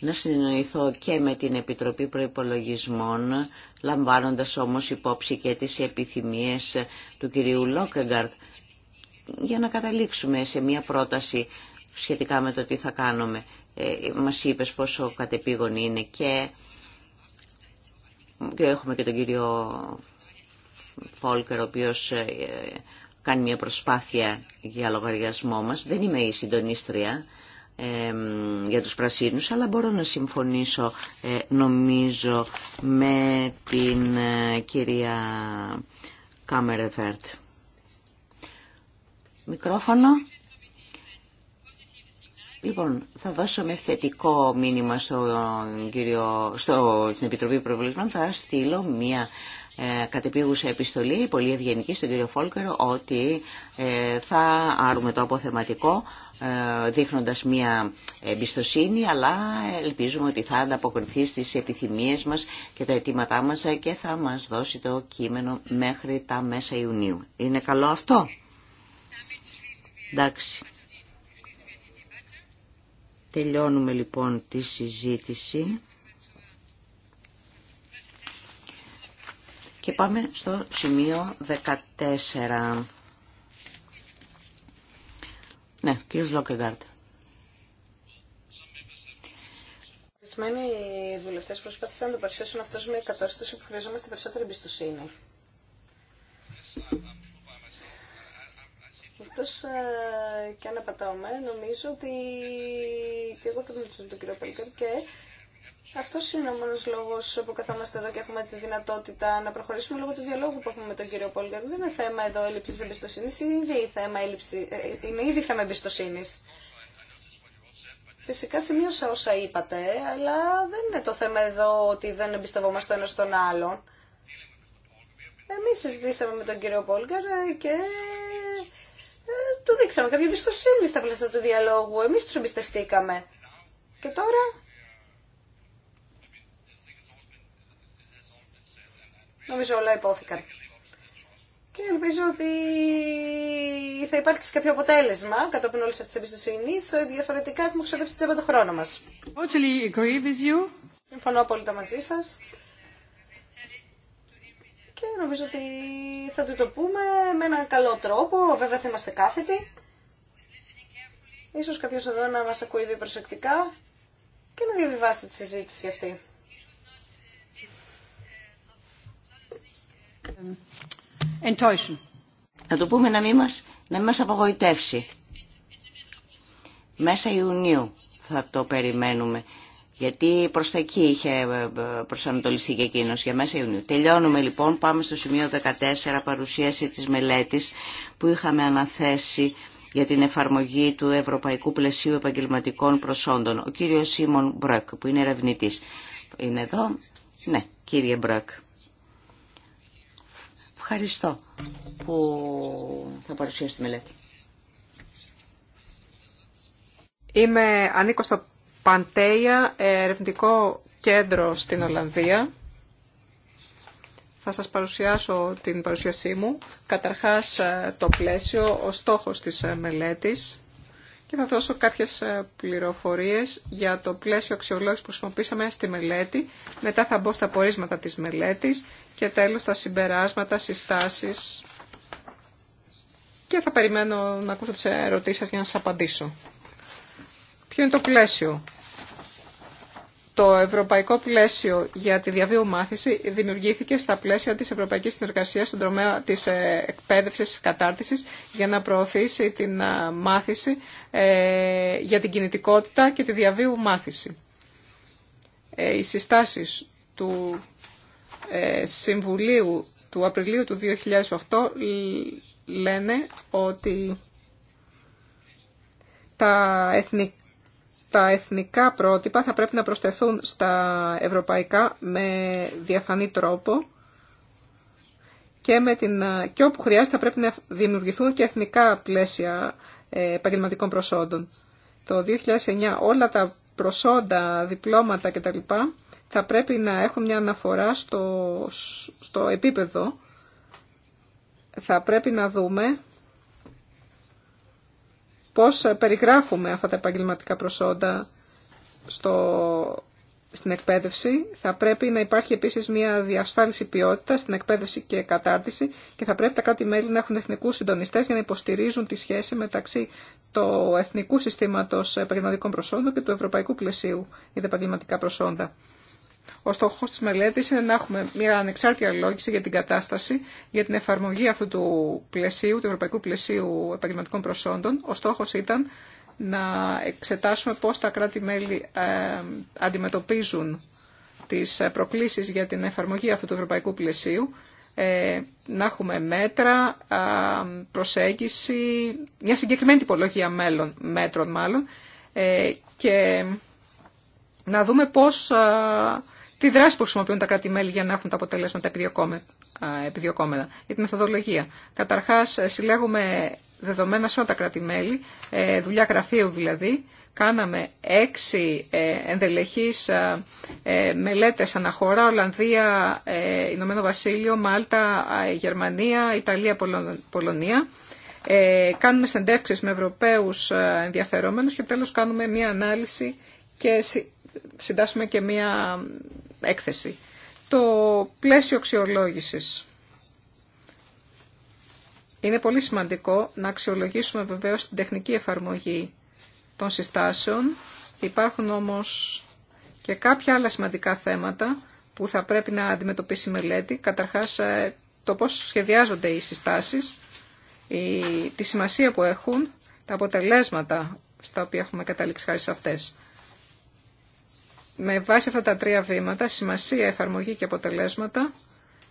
να συνεννοηθώ και με την Επιτροπή Προϋπολογισμών, λαμβάνοντας όμως υπόψη και τις επιθυμίες του κυρίου Λόκεγκαρτ, για να καταλήξουμε σε μια πρόταση σχετικά με το τι θα κάνουμε. Ε, μας είπες πόσο κατεπήγον είναι και, έχουμε και τον κύριο Φόλκερ, ο οποίος ε, κάνει μια προσπάθεια για λογαριασμό μας. Δεν είμαι η συντονίστρια για τους πρασίνους, αλλά μπορώ να συμφωνήσω ε, νομίζω με την ε, κυρία Κάμερεφερτ Μικρόφωνο. Λοιπόν, θα με θετικό μήνυμα στον κύριο, στο, στην Επιτροπή Προβλήσεων. Θα στείλω μία ε, κατεπίγουσα επιστολή, πολύ ευγενική στον κύριο Φόλκερο, ότι ε, θα άρουμε το αποθεματικό ε, δείχνοντας μια εμπιστοσύνη αλλά ελπίζουμε ότι θα ανταποκριθεί στις επιθυμίες μας και τα αιτήματά μας και θα μας δώσει το κείμενο μέχρι τα μέσα Ιουνίου. Είναι καλό αυτό? Εντάξει. Τελειώνουμε λοιπόν τη συζήτηση και πάμε στο σημείο 14. Ναι, κύριος Λόκεγκάρτ. οι βουλευτέ προσπάθησαν να το παρουσιάσουν αυτό με κατάσταση που χρειαζόμαστε περισσότερη εμπιστοσύνη. Εκτό ε, και αν απατώμε, νομίζω ότι και εγώ θα μιλήσω με τον κύριο Πέλκερ και αυτό είναι ο μόνο λόγο που καθόμαστε εδώ και έχουμε τη δυνατότητα να προχωρήσουμε λόγω του διαλόγου που έχουμε με τον κύριο Πόλγαρ. Δεν είναι θέμα εδώ έλλειψη εμπιστοσύνη, είναι ήδη θέμα, έλλειψη, ε, θέμα εμπιστοσύνη. Φυσικά σημείωσα όσα είπατε, αλλά δεν είναι το θέμα εδώ ότι δεν εμπιστευόμαστε ένα τον άλλον. Εμεί συζητήσαμε με τον κύριο Πόλγαρ ε, και ε, του δείξαμε κάποια εμπιστοσύνη στα πλαίσια του διαλόγου. Εμεί του εμπιστευτήκαμε. Και τώρα Νομίζω όλα υπόθηκαν. Και ελπίζω ότι θα υπάρξει κάποιο αποτέλεσμα κατόπιν όλη αυτή τη εμπιστοσύνη. Διαφορετικά έχουμε ξοδέψει τσέπα το χρόνο μα. Totally agree with you. Συμφωνώ απόλυτα μαζί σα. Και νομίζω ότι θα του το πούμε με έναν καλό τρόπο. Βέβαια θα είμαστε κάθετοι. Ίσως κάποιος εδώ να μας ακούει προσεκτικά και να διαβιβάσει τη συζήτηση αυτή. Enttäuschen. Να το πούμε να μην μας, να μας απογοητεύσει. Μέσα Ιουνίου θα το περιμένουμε. Γιατί προ τα εκεί είχε ε, προσανατολιστεί και εκείνο για μέσα Ιουνίου. Τελειώνουμε λοιπόν, πάμε στο σημείο 14, παρουσίαση της μελέτης που είχαμε αναθέσει για την εφαρμογή του Ευρωπαϊκού Πλαισίου Επαγγελματικών Προσόντων. Ο κύριος Σίμων Μπροκ, που είναι ερευνητή. Είναι εδώ. Ναι, κύριε Μπροκ ευχαριστώ που θα παρουσιάσει τη μελέτη. Είμαι, ανήκω στο Παντέια, ερευνητικό κέντρο στην Ολλανδία. Θα σας παρουσιάσω την παρουσίασή μου. Καταρχάς ε, το πλαίσιο, ο στόχος της ε, μελέτης και θα δώσω κάποιες ε, πληροφορίες για το πλαίσιο αξιολόγηση που χρησιμοποίησαμε στη μελέτη. Μετά θα μπω στα πορίσματα της μελέτης και τέλος τα συμπεράσματα, συστάσεις και θα περιμένω να ακούσω τις ερωτήσεις για να σας απαντήσω. Ποιο είναι το πλαίσιο. Το ευρωπαϊκό πλαίσιο για τη διαβίου μάθηση δημιουργήθηκε στα πλαίσια της Ευρωπαϊκής Συνεργασίας στον τρομέα της ε, εκπαίδευσης και κατάρτισης για να προωθήσει την ε, μάθηση ε, για την κινητικότητα και τη διαβίου μάθηση. Ε, οι συστάσεις του ε, Συμβουλίου του Απριλίου του 2008 λένε ότι τα εθνικά τα εθνικά πρότυπα θα πρέπει να προσθεθούν στα ευρωπαϊκά με διαφανή τρόπο και, με την, και όπου χρειάζεται θα πρέπει να δημιουργηθούν και εθνικά πλαίσια ε, επαγγελματικών προσόντων. Το 2009 όλα τα προσόντα, διπλώματα κτλ. θα πρέπει να έχουν μια αναφορά στο, στο επίπεδο. Θα πρέπει να δούμε πώς περιγράφουμε αυτά τα επαγγελματικά προσόντα στο στην εκπαίδευση. Θα πρέπει να υπάρχει επίση μια διασφάλιση ποιότητα στην εκπαίδευση και κατάρτιση και θα πρέπει τα κράτη-μέλη να έχουν εθνικού συντονιστέ για να υποστηρίζουν τη σχέση μεταξύ του εθνικού συστήματο επαγγελματικών προσόντων και του ευρωπαϊκού πλαισίου για τα επαγγελματικά προσόντα. Ο στόχο τη μελέτη είναι να έχουμε μια ανεξάρτητη αλόγηση για την κατάσταση, για την εφαρμογή αυτού του πλαισίου, του ευρωπαϊκού πλαισίου επαγγελματικών προσόντων. Ο στόχο ήταν να εξετάσουμε πώς τα κράτη-μέλη ε, αντιμετωπίζουν τις ε, προκλήσεις για την εφαρμογή αυτού του ευρωπαϊκού πλαισίου, ε, να έχουμε μέτρα, προσέγγιση, μια συγκεκριμένη τυπολογία μέλων, μέτρων μάλλον, και να δούμε πώς, τι δράση που χρησιμοποιούν τα κράτη-μέλη για να έχουν τα αποτελέσματα επιδιωκόμενα, για τη μεθοδολογία. Καταρχάς, συλλέγουμε δεδομένα σε όλα τα κράτη-μέλη, ε, δουλειά γραφείου δηλαδή, κάναμε έξι ε, ενδελεχείς ε, μελέτες αναχώρα, Ολλανδία, Ηνωμένο Βασίλειο, Μάλτα, Γερμανία, Ιταλία, Πολωνία. Κάνουμε συντεύξεις με Ευρωπαίους ενδιαφερόμενους και τέλος κάνουμε μία ανάλυση και συντάσσουμε και μία έκθεση. Το πλαίσιο αξιολόγησης είναι πολύ σημαντικό να αξιολογήσουμε βεβαίως την τεχνική εφαρμογή των συστάσεων. Υπάρχουν όμως και κάποια άλλα σημαντικά θέματα που θα πρέπει να αντιμετωπίσει η μελέτη. Καταρχάς ε, το πώς σχεδιάζονται οι συστάσεις, η, τη σημασία που έχουν, τα αποτελέσματα στα οποία έχουμε καταλήξει χάρη σε αυτές. Με βάση αυτά τα τρία βήματα, σημασία, εφαρμογή και αποτελέσματα,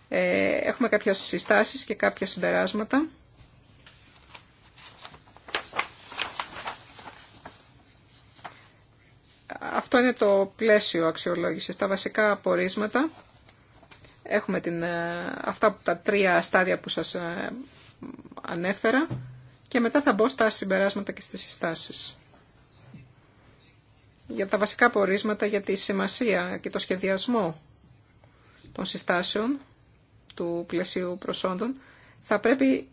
ε, έχουμε κάποιες συστάσεις και κάποια συμπεράσματα. Αυτό είναι το πλαίσιο αξιολόγησης. Τα βασικά απορίσματα έχουμε την, ε, αυτά τα τρία στάδια που σας ε, ανέφερα και μετά θα μπω στα συμπεράσματα και στις συστάσεις. Για τα βασικά απορίσματα για τη σημασία και το σχεδιασμό των συστάσεων του πλαισίου προσόντων, θα πρέπει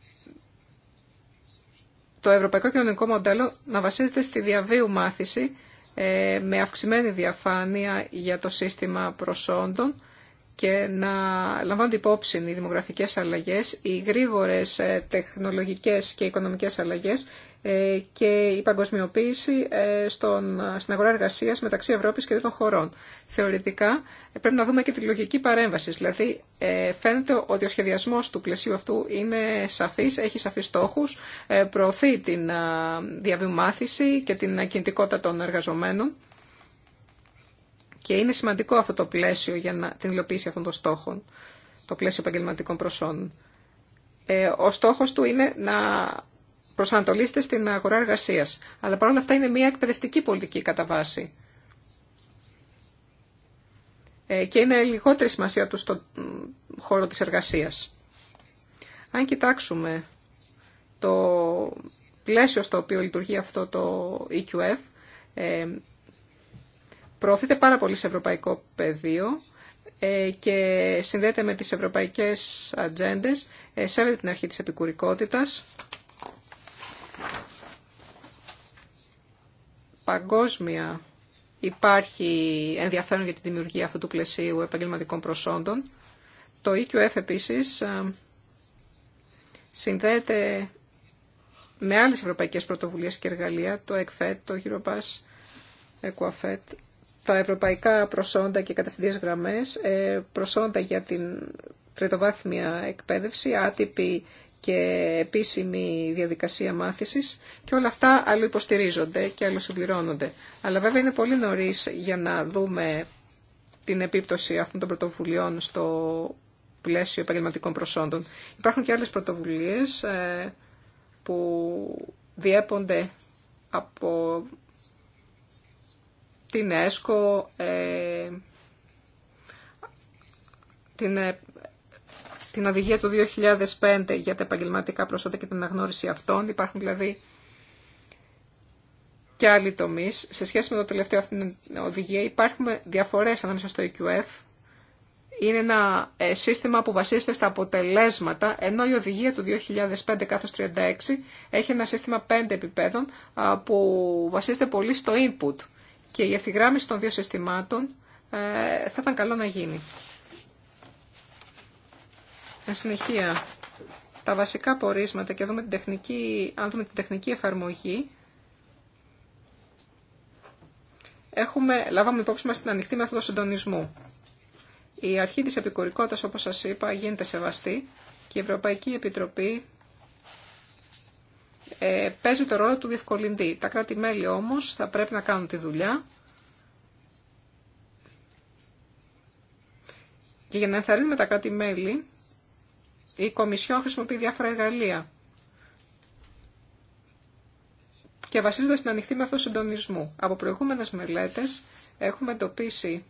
το ευρωπαϊκό κοινωνικό μοντέλο να βασίζεται στη διαβίου μάθηση ε, με αυξημένη διαφάνεια για το σύστημα προσόντων και να λαμβάνονται υπόψη οι δημογραφικές αλλαγές, οι γρήγορες ε, τεχνολογικές και οικονομικές αλλαγές ε, και η παγκοσμιοποίηση ε, στον, στην αγορά εργασίας μεταξύ Ευρώπης και των χωρών. Θεωρητικά ε, πρέπει να δούμε και τη λογική παρέμβαση. Δηλαδή φαίνεται ότι ο σχεδιασμός του πλαισίου αυτού είναι σαφής, έχει σαφείς στόχους, προωθεί την διαβημάθηση και την κινητικότητα των εργαζομένων και είναι σημαντικό αυτό το πλαίσιο για να, την υλοποίηση αυτών των στόχων, το πλαίσιο επαγγελματικών προσώνων. ο στόχος του είναι να προσανατολίστε στην αγορά εργασία. Αλλά παρόλα αυτά είναι μια εκπαιδευτική πολιτική κατά βάση. Ε, και είναι λιγότερη σημασία του στον χώρο της εργασίας. Αν κοιτάξουμε το πλαίσιο στο οποίο λειτουργεί αυτό το EQF, ε, προωθείται πάρα πολύ σε ευρωπαϊκό πεδίο ε, και συνδέεται με τις ευρωπαϊκές ατζέντε, σέβεται την αρχή της επικουρικότητας παγκόσμια υπάρχει ενδιαφέρον για τη δημιουργία αυτού του πλαισίου επαγγελματικών προσόντων. Το EQF επίσης ε, συνδέεται με άλλες ευρωπαϊκές πρωτοβουλίες και εργαλεία, το ΕΚΦΕΤ, το Europass, EQUAFET, τα ευρωπαϊκά προσόντα και κατευθυντές γραμμές, ε, προσόντα για την τριτοβάθμια εκπαίδευση, άτυπη και επίσημη διαδικασία μάθησης και όλα αυτά άλλο υποστηρίζονται και άλλο συμπληρώνονται. Αλλά βέβαια είναι πολύ νωρίς για να δούμε την επίπτωση αυτών των πρωτοβουλειών στο πλαίσιο επαγγελματικών προσόντων. Υπάρχουν και άλλες πρωτοβουλίες ε, που διέπονται από την ΕΣΚΟ, ε, την ε, την οδηγία του 2005 για τα επαγγελματικά προσώτα και την αναγνώριση αυτών. Υπάρχουν δηλαδή και άλλοι τομεί. Σε σχέση με το τελευταίο αυτήν την οδηγία υπάρχουν διαφορές ανάμεσα στο EQF. Είναι ένα ε, σύστημα που βασίζεται στα αποτελέσματα, ενώ η οδηγία του 2005-36 έχει ένα σύστημα πέντε επιπέδων που βασίζεται πολύ στο input. Και η ευθυγράμμιση των δύο συστημάτων ε, θα ήταν καλό να γίνει. Εν συνεχεία, τα βασικά πορίσματα και την τεχνική, αν δούμε την τεχνική εφαρμογή, έχουμε, λάβαμε υπόψη μας την ανοιχτή μέθοδο συντονισμού. Η αρχή της επικουρικότητας, όπως σας είπα, γίνεται σεβαστή και η Ευρωπαϊκή Επιτροπή ε, παίζει το ρόλο του διευκολυντή. Τα κράτη-μέλη όμως θα πρέπει να κάνουν τη δουλειά και για να ενθαρρύνουμε τα κράτη-μέλη η Κομισιόν χρησιμοποιεί διάφορα εργαλεία και βασίζονται στην ανοιχτή μέθοδο συντονισμού. Από προηγούμενες μελέτες έχουμε εντοπίσει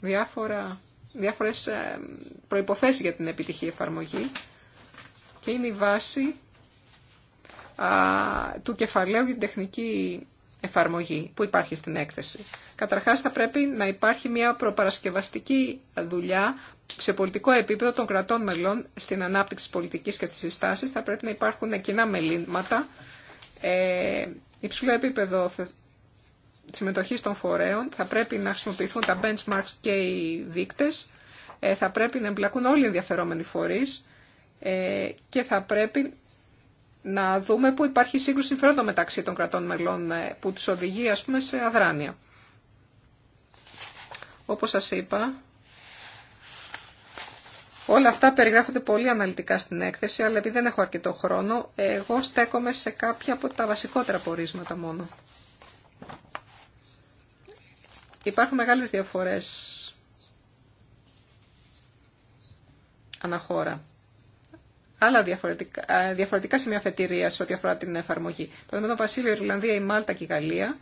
διάφορα, διάφορες ε, προϋποθέσεις για την επιτυχή εφαρμογή και είναι η βάση α, του κεφαλαίου για την τεχνική εφαρμογή που υπάρχει στην έκθεση. Καταρχάς θα πρέπει να υπάρχει μια προπαρασκευαστική δουλειά σε πολιτικό επίπεδο των κρατών μελών στην ανάπτυξη της πολιτικής και στις συστάσεις. Θα πρέπει να υπάρχουν κοινά μελήματα, ε, υψηλό επίπεδο συμμετοχής των φορέων, θα πρέπει να χρησιμοποιηθούν τα benchmarks και οι δείκτες, ε, θα πρέπει να εμπλακούν όλοι οι ενδιαφερόμενοι φορείς ε, και θα πρέπει να δούμε που υπάρχει σύγκρουση συμφερόντων μεταξύ των κρατών μελών ε, που τους οδηγεί ας πούμε σε αδράνεια. Όπως σας είπα, όλα αυτά περιγράφονται πολύ αναλυτικά στην έκθεση, αλλά επειδή δεν έχω αρκετό χρόνο, εγώ στέκομαι σε κάποια από τα βασικότερα πορίσματα μόνο. Υπάρχουν μεγάλες διαφορές αναχώρα άλλα διαφορετικά, διαφορετικά σημεία αφετηρία ό,τι αφορά την εφαρμογή. Το Ηνωμένο Βασίλειο, η Ιρλανδία, η Μάλτα και η Γαλλία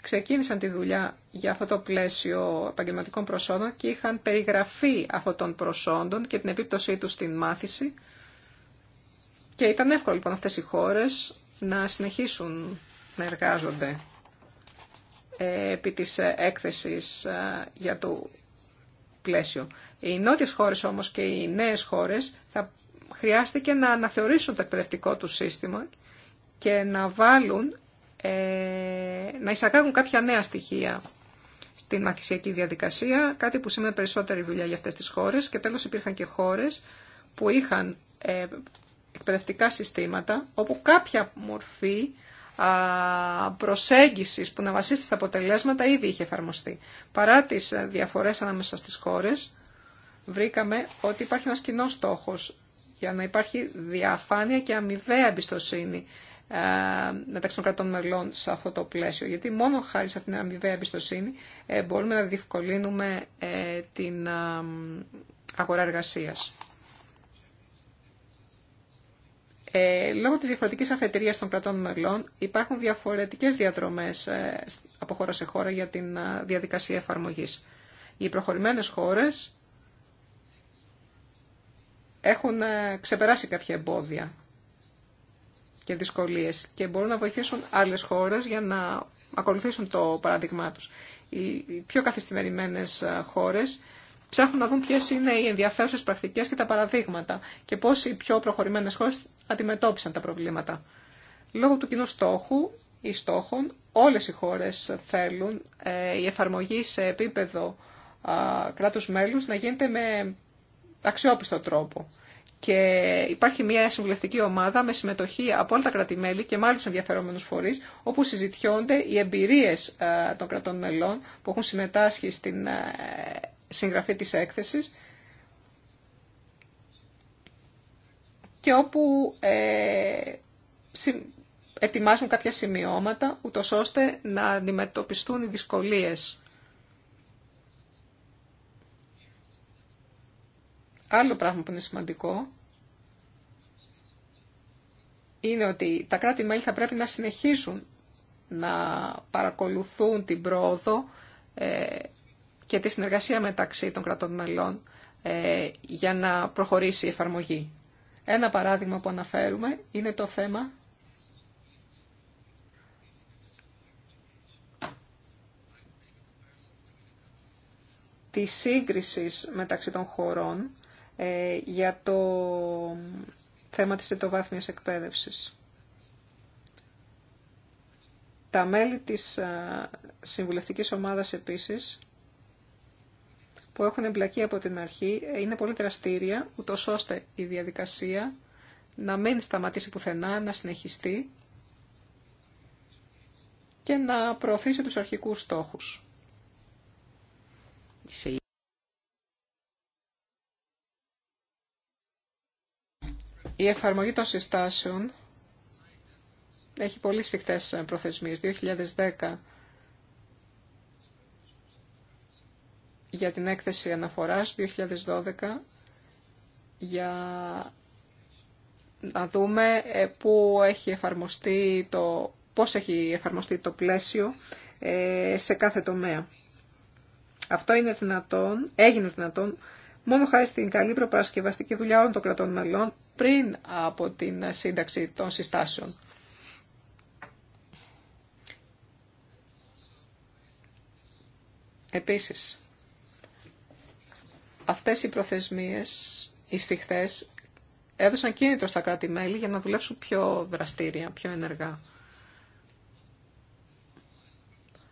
ξεκίνησαν τη δουλειά για αυτό το πλαίσιο επαγγελματικών προσόντων και είχαν περιγραφεί αυτών των προσόντων και την επίπτωσή του στην μάθηση. Και ήταν εύκολο λοιπόν αυτές οι χώρες να συνεχίσουν να εργάζονται ε, επί της ε, έκθεσης ε, για το πλαίσιο. Οι νότιες χώρες όμως και οι νέες χώρες θα χρειάστηκε να αναθεωρήσουν το εκπαιδευτικό του σύστημα και να βάλουν, ε, να εισαγάγουν κάποια νέα στοιχεία στην μαθησιακή διαδικασία, κάτι που σημαίνει περισσότερη δουλειά για αυτές τις χώρες και τέλος υπήρχαν και χώρες που είχαν ε, εκπαιδευτικά συστήματα όπου κάποια μορφή προσέγγισης που να βασίζεται στα αποτελέσματα ήδη είχε εφαρμοστεί. Παρά τις ε, διαφορές ανάμεσα στις χώρες, βρήκαμε ότι υπάρχει ένας κοινός στόχος για να υπάρχει διαφάνεια και αμοιβαία εμπιστοσύνη ε, μεταξύ των κρατών μελών σε αυτό το πλαίσιο. Γιατί μόνο χάρη σε αυτήν την αμοιβαία εμπιστοσύνη ε, μπορούμε να διευκολύνουμε ε, την αγορά εργασίας. λόγω της διαφορετικής αφετηρίας των κρατών μελών υπάρχουν διαφορετικές διαδρομές από χώρα σε χώρα για την διαδικασία εφαρμογής. Οι προχωρημένες χώρες έχουν ε, ξεπεράσει κάποια εμπόδια και δυσκολίες και μπορούν να βοηθήσουν άλλες χώρες για να ακολουθήσουν το παράδειγμά τους. Οι πιο καθυστερημένες ε, χώρες ψάχνουν να δουν ποιες είναι οι ενδιαφέρουσες πρακτικές και τα παραδείγματα και πώς οι πιο προχωρημένες χώρες αντιμετώπισαν τα προβλήματα. Λόγω του κοινού στόχου ή στόχων, όλες οι χώρες θέλουν ε, η εφαρμογή σε επίπεδο κράτους μέλους να γίνεται με αξιόπιστο τρόπο. Και υπάρχει μια συμβουλευτική ομάδα με συμμετοχή από όλα τα κρατημέλη και μάλιστα άλλου ενδιαφερόμενου φορεί, όπου συζητιώνται οι εμπειρίε ε, των κρατών μελών που έχουν συμμετάσχει στην ε, συγγραφή τη έκθεση και όπου ε, ετοιμάζουν κάποια σημειώματα, ούτως ώστε να αντιμετωπιστούν οι δυσκολίες Άλλο πράγμα που είναι σημαντικό είναι ότι τα κράτη-μέλη θα πρέπει να συνεχίσουν να παρακολουθούν την πρόοδο ε, και τη συνεργασία μεταξύ των κρατών μελών ε, για να προχωρήσει η εφαρμογή. Ένα παράδειγμα που αναφέρουμε είναι το θέμα της σύγκρισης μεταξύ των χωρών ε, για το θέμα της τετοβάθμιας εκπαίδευσης. Τα μέλη της ε, συμβουλευτικής ομάδας επίσης, που έχουν εμπλακεί από την αρχή, ε, είναι πολύ δραστήρια, ούτω ώστε η διαδικασία να μην σταματήσει πουθενά, να συνεχιστεί και να προωθήσει τους αρχικούς στόχους. Η εφαρμογή των συστάσεων έχει πολύ σφιχτές προθεσμίες. 2010 για την έκθεση αναφοράς, 2012 για να δούμε ε, πού έχει εφαρμοστεί το, πώς έχει εφαρμοστεί το πλαίσιο ε, σε κάθε τομέα. Αυτό είναι δυνατόν, έγινε δυνατόν Μόνο χάρη στην καλή προπαρασκευαστική δουλειά όλων των κρατών μελών πριν από την σύνταξη των συστάσεων. Επίσης, αυτές οι προθεσμίες, οι σφιχτές, έδωσαν κίνητρο στα κράτη-μέλη για να δουλέψουν πιο δραστήρια, πιο ενεργά.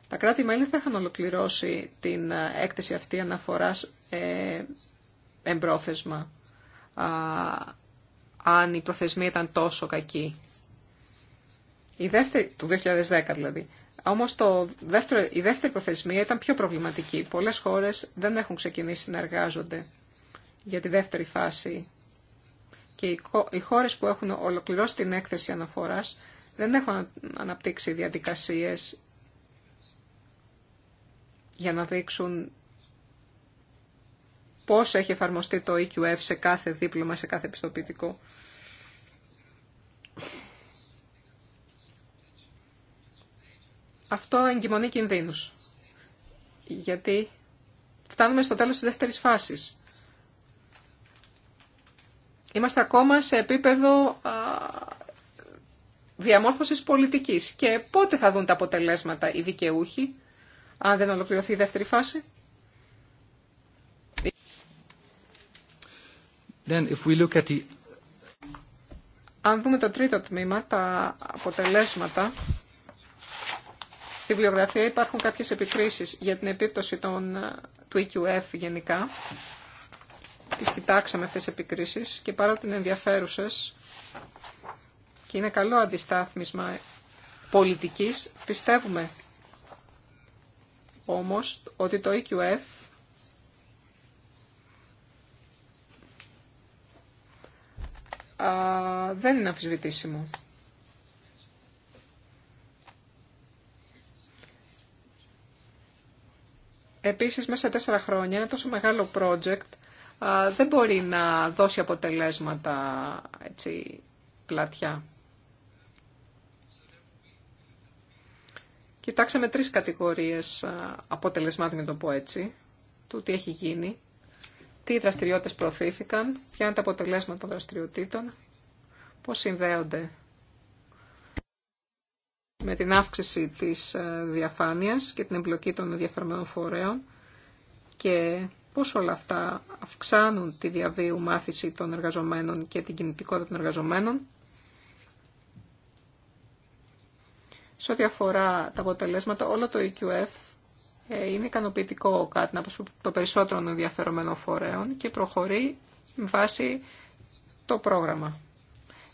Τα κράτη-μέλη θα είχαν ολοκληρώσει την ε, έκθεση αυτή αναφοράς ε, εμπρόθεσμα α, αν η προθεσμία ήταν τόσο κακή. Η δεύτερη, του 2010 δηλαδή. Όμως το δεύτερο, η δεύτερη προθεσμία ήταν πιο προβληματική. Πολλές χώρες δεν έχουν ξεκινήσει να εργάζονται για τη δεύτερη φάση και οι χώρες που έχουν ολοκληρώσει την έκθεση αναφοράς δεν έχουν αναπτύξει διαδικασίες για να δείξουν πώς έχει εφαρμοστεί το EQF σε κάθε δίπλωμα, σε κάθε πιστοποιητικό. Αυτό εγκυμονεί κινδύνους. Γιατί φτάνουμε στο τέλος της δεύτερης φάσης. Είμαστε ακόμα σε επίπεδο διαμόρφωσης πολιτικής. Και πότε θα δουν τα αποτελέσματα οι δικαιούχοι, αν δεν ολοκληρωθεί η δεύτερη φάση. Αν δούμε το τρίτο τμήμα, τα αποτελέσματα, στη βιβλιογραφία υπάρχουν κάποιες επικρίσεις για την επίπτωση των, του EQF γενικά. Τις κοιτάξαμε αυτές τις επικρίσεις και πάρα είναι ενδιαφέρουσες και είναι καλό αντιστάθμισμα πολιτικής, πιστεύουμε όμως ότι το EQF δεν είναι αμφισβητήσιμο. Επίσης, μέσα σε τέσσερα χρόνια ένα τόσο μεγάλο project δεν μπορεί να δώσει αποτελέσματα έτσι, πλατιά. Κοιτάξαμε τρεις κατηγορίες αποτελεσμάτων, να το πω έτσι, του τι έχει γίνει τι δραστηριότητες προωθήθηκαν, ποια είναι τα αποτελέσματα των δραστηριοτήτων, πώς συνδέονται με την αύξηση της ε, διαφάνειας και την εμπλοκή των διαφερμένων φορέων και πώς όλα αυτά αυξάνουν τη διαβίου μάθηση των εργαζομένων και την κινητικότητα των εργαζομένων. Σε ό,τι αφορά τα αποτελέσματα, όλο το EQF ε, είναι ικανοποιητικό κάτι να το περισσότερο ενδιαφερομένων φορέων και προχωρεί με βάση το πρόγραμμα.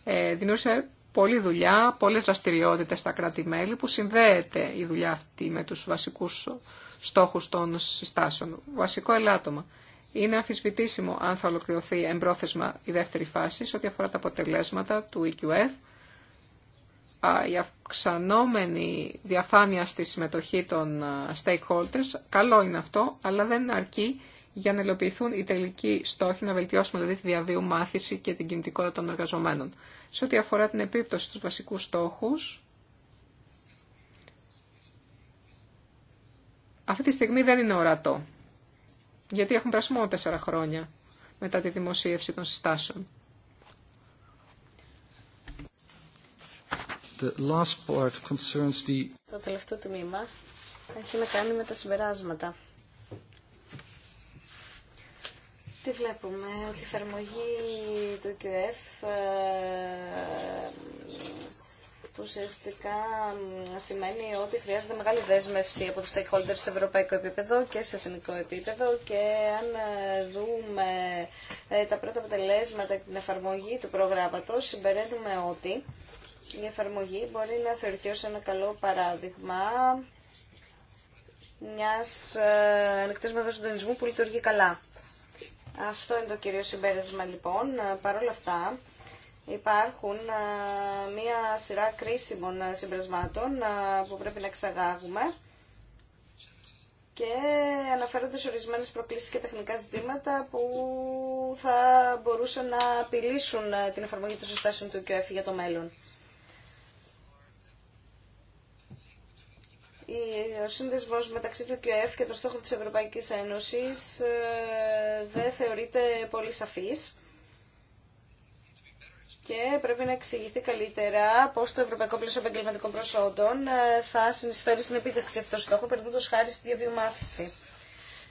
Ε, δημιούργησε πολλή δουλειά, πολλές δραστηριότητες στα κράτη-μέλη που συνδέεται η δουλειά αυτή με τους βασικούς στόχους των συστάσεων. Βασικό ελάττωμα. Είναι αμφισβητήσιμο αν θα ολοκληρωθεί εμπρόθεσμα η δεύτερη φάση σε ό,τι αφορά τα αποτελέσματα του EQF η αυξανόμενη διαφάνεια στη συμμετοχή των stakeholders, καλό είναι αυτό, αλλά δεν αρκεί για να υλοποιηθούν οι τελικοί στόχοι, να βελτιώσουμε δηλαδή τη διαβίου μάθηση και την κινητικότητα των εργαζομένων. Σε ό,τι αφορά την επίπτωση στους βασικούς στόχους, αυτή τη στιγμή δεν είναι ορατό, γιατί έχουν περάσει μόνο τέσσερα χρόνια μετά τη δημοσίευση των συστάσεων. The last Το τελευταίο τμήμα έχει να κάνει με τα συμπεράσματα. Τι βλέπουμε, ότι η εφαρμογή του QF ε, ουσιαστικά σημαίνει ότι χρειάζεται μεγάλη δέσμευση από τους stakeholders σε ευρωπαϊκό επίπεδο και σε εθνικό επίπεδο και αν ε, δούμε ε, τα πρώτα αποτελέσματα την εφαρμογή του προγράμματος συμπεραίνουμε ότι η εφαρμογή μπορεί να θεωρηθεί ως ένα καλό παράδειγμα μιας ε, ανοιχτής μεθόδου συντονισμού που λειτουργεί καλά. Αυτό είναι το κυρίως συμπέρασμα λοιπόν. Ε, παρ' όλα αυτά υπάρχουν ε, μία σειρά κρίσιμων συμπερασμάτων που πρέπει να εξαγάγουμε και αναφέρονται σε ορισμένες προκλήσεις και τεχνικά ζητήματα που θα μπορούσαν να απειλήσουν την εφαρμογή των συστάσεων του QF για το μέλλον. ο σύνδεσμος μεταξύ του ΚΕΕΦ και των στόχων της Ευρωπαϊκής Ένωσης ε, δεν θεωρείται πολύ σαφής και πρέπει να εξηγηθεί καλύτερα πώ το Ευρωπαϊκό Πλαίσιο Επαγγελματικών Προσόντων ε, θα συνεισφέρει στην επίτευξη αυτών των στόχων, περνώντα χάρη στη διαβιομάθηση.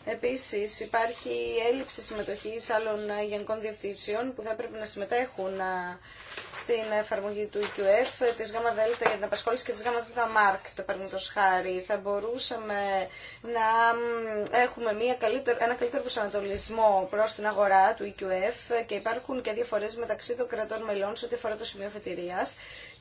Επίσης υπάρχει έλλειψη συμμετοχής άλλων γενικών διευθύνσεων που θα έπρεπε να συμμετέχουν στην εφαρμογή του EQF, της ΓΔ για την απασχόληση και της ΓΔ Μαρκ, παραδείγματος χάρη. Θα μπορούσαμε να έχουμε μια καλύτερο, ένα καλύτερο προσανατολισμό προς την αγορά του EQF και υπάρχουν και διαφορές μεταξύ των κρατών μελών σε ό,τι αφορά το σημείο φετηρίας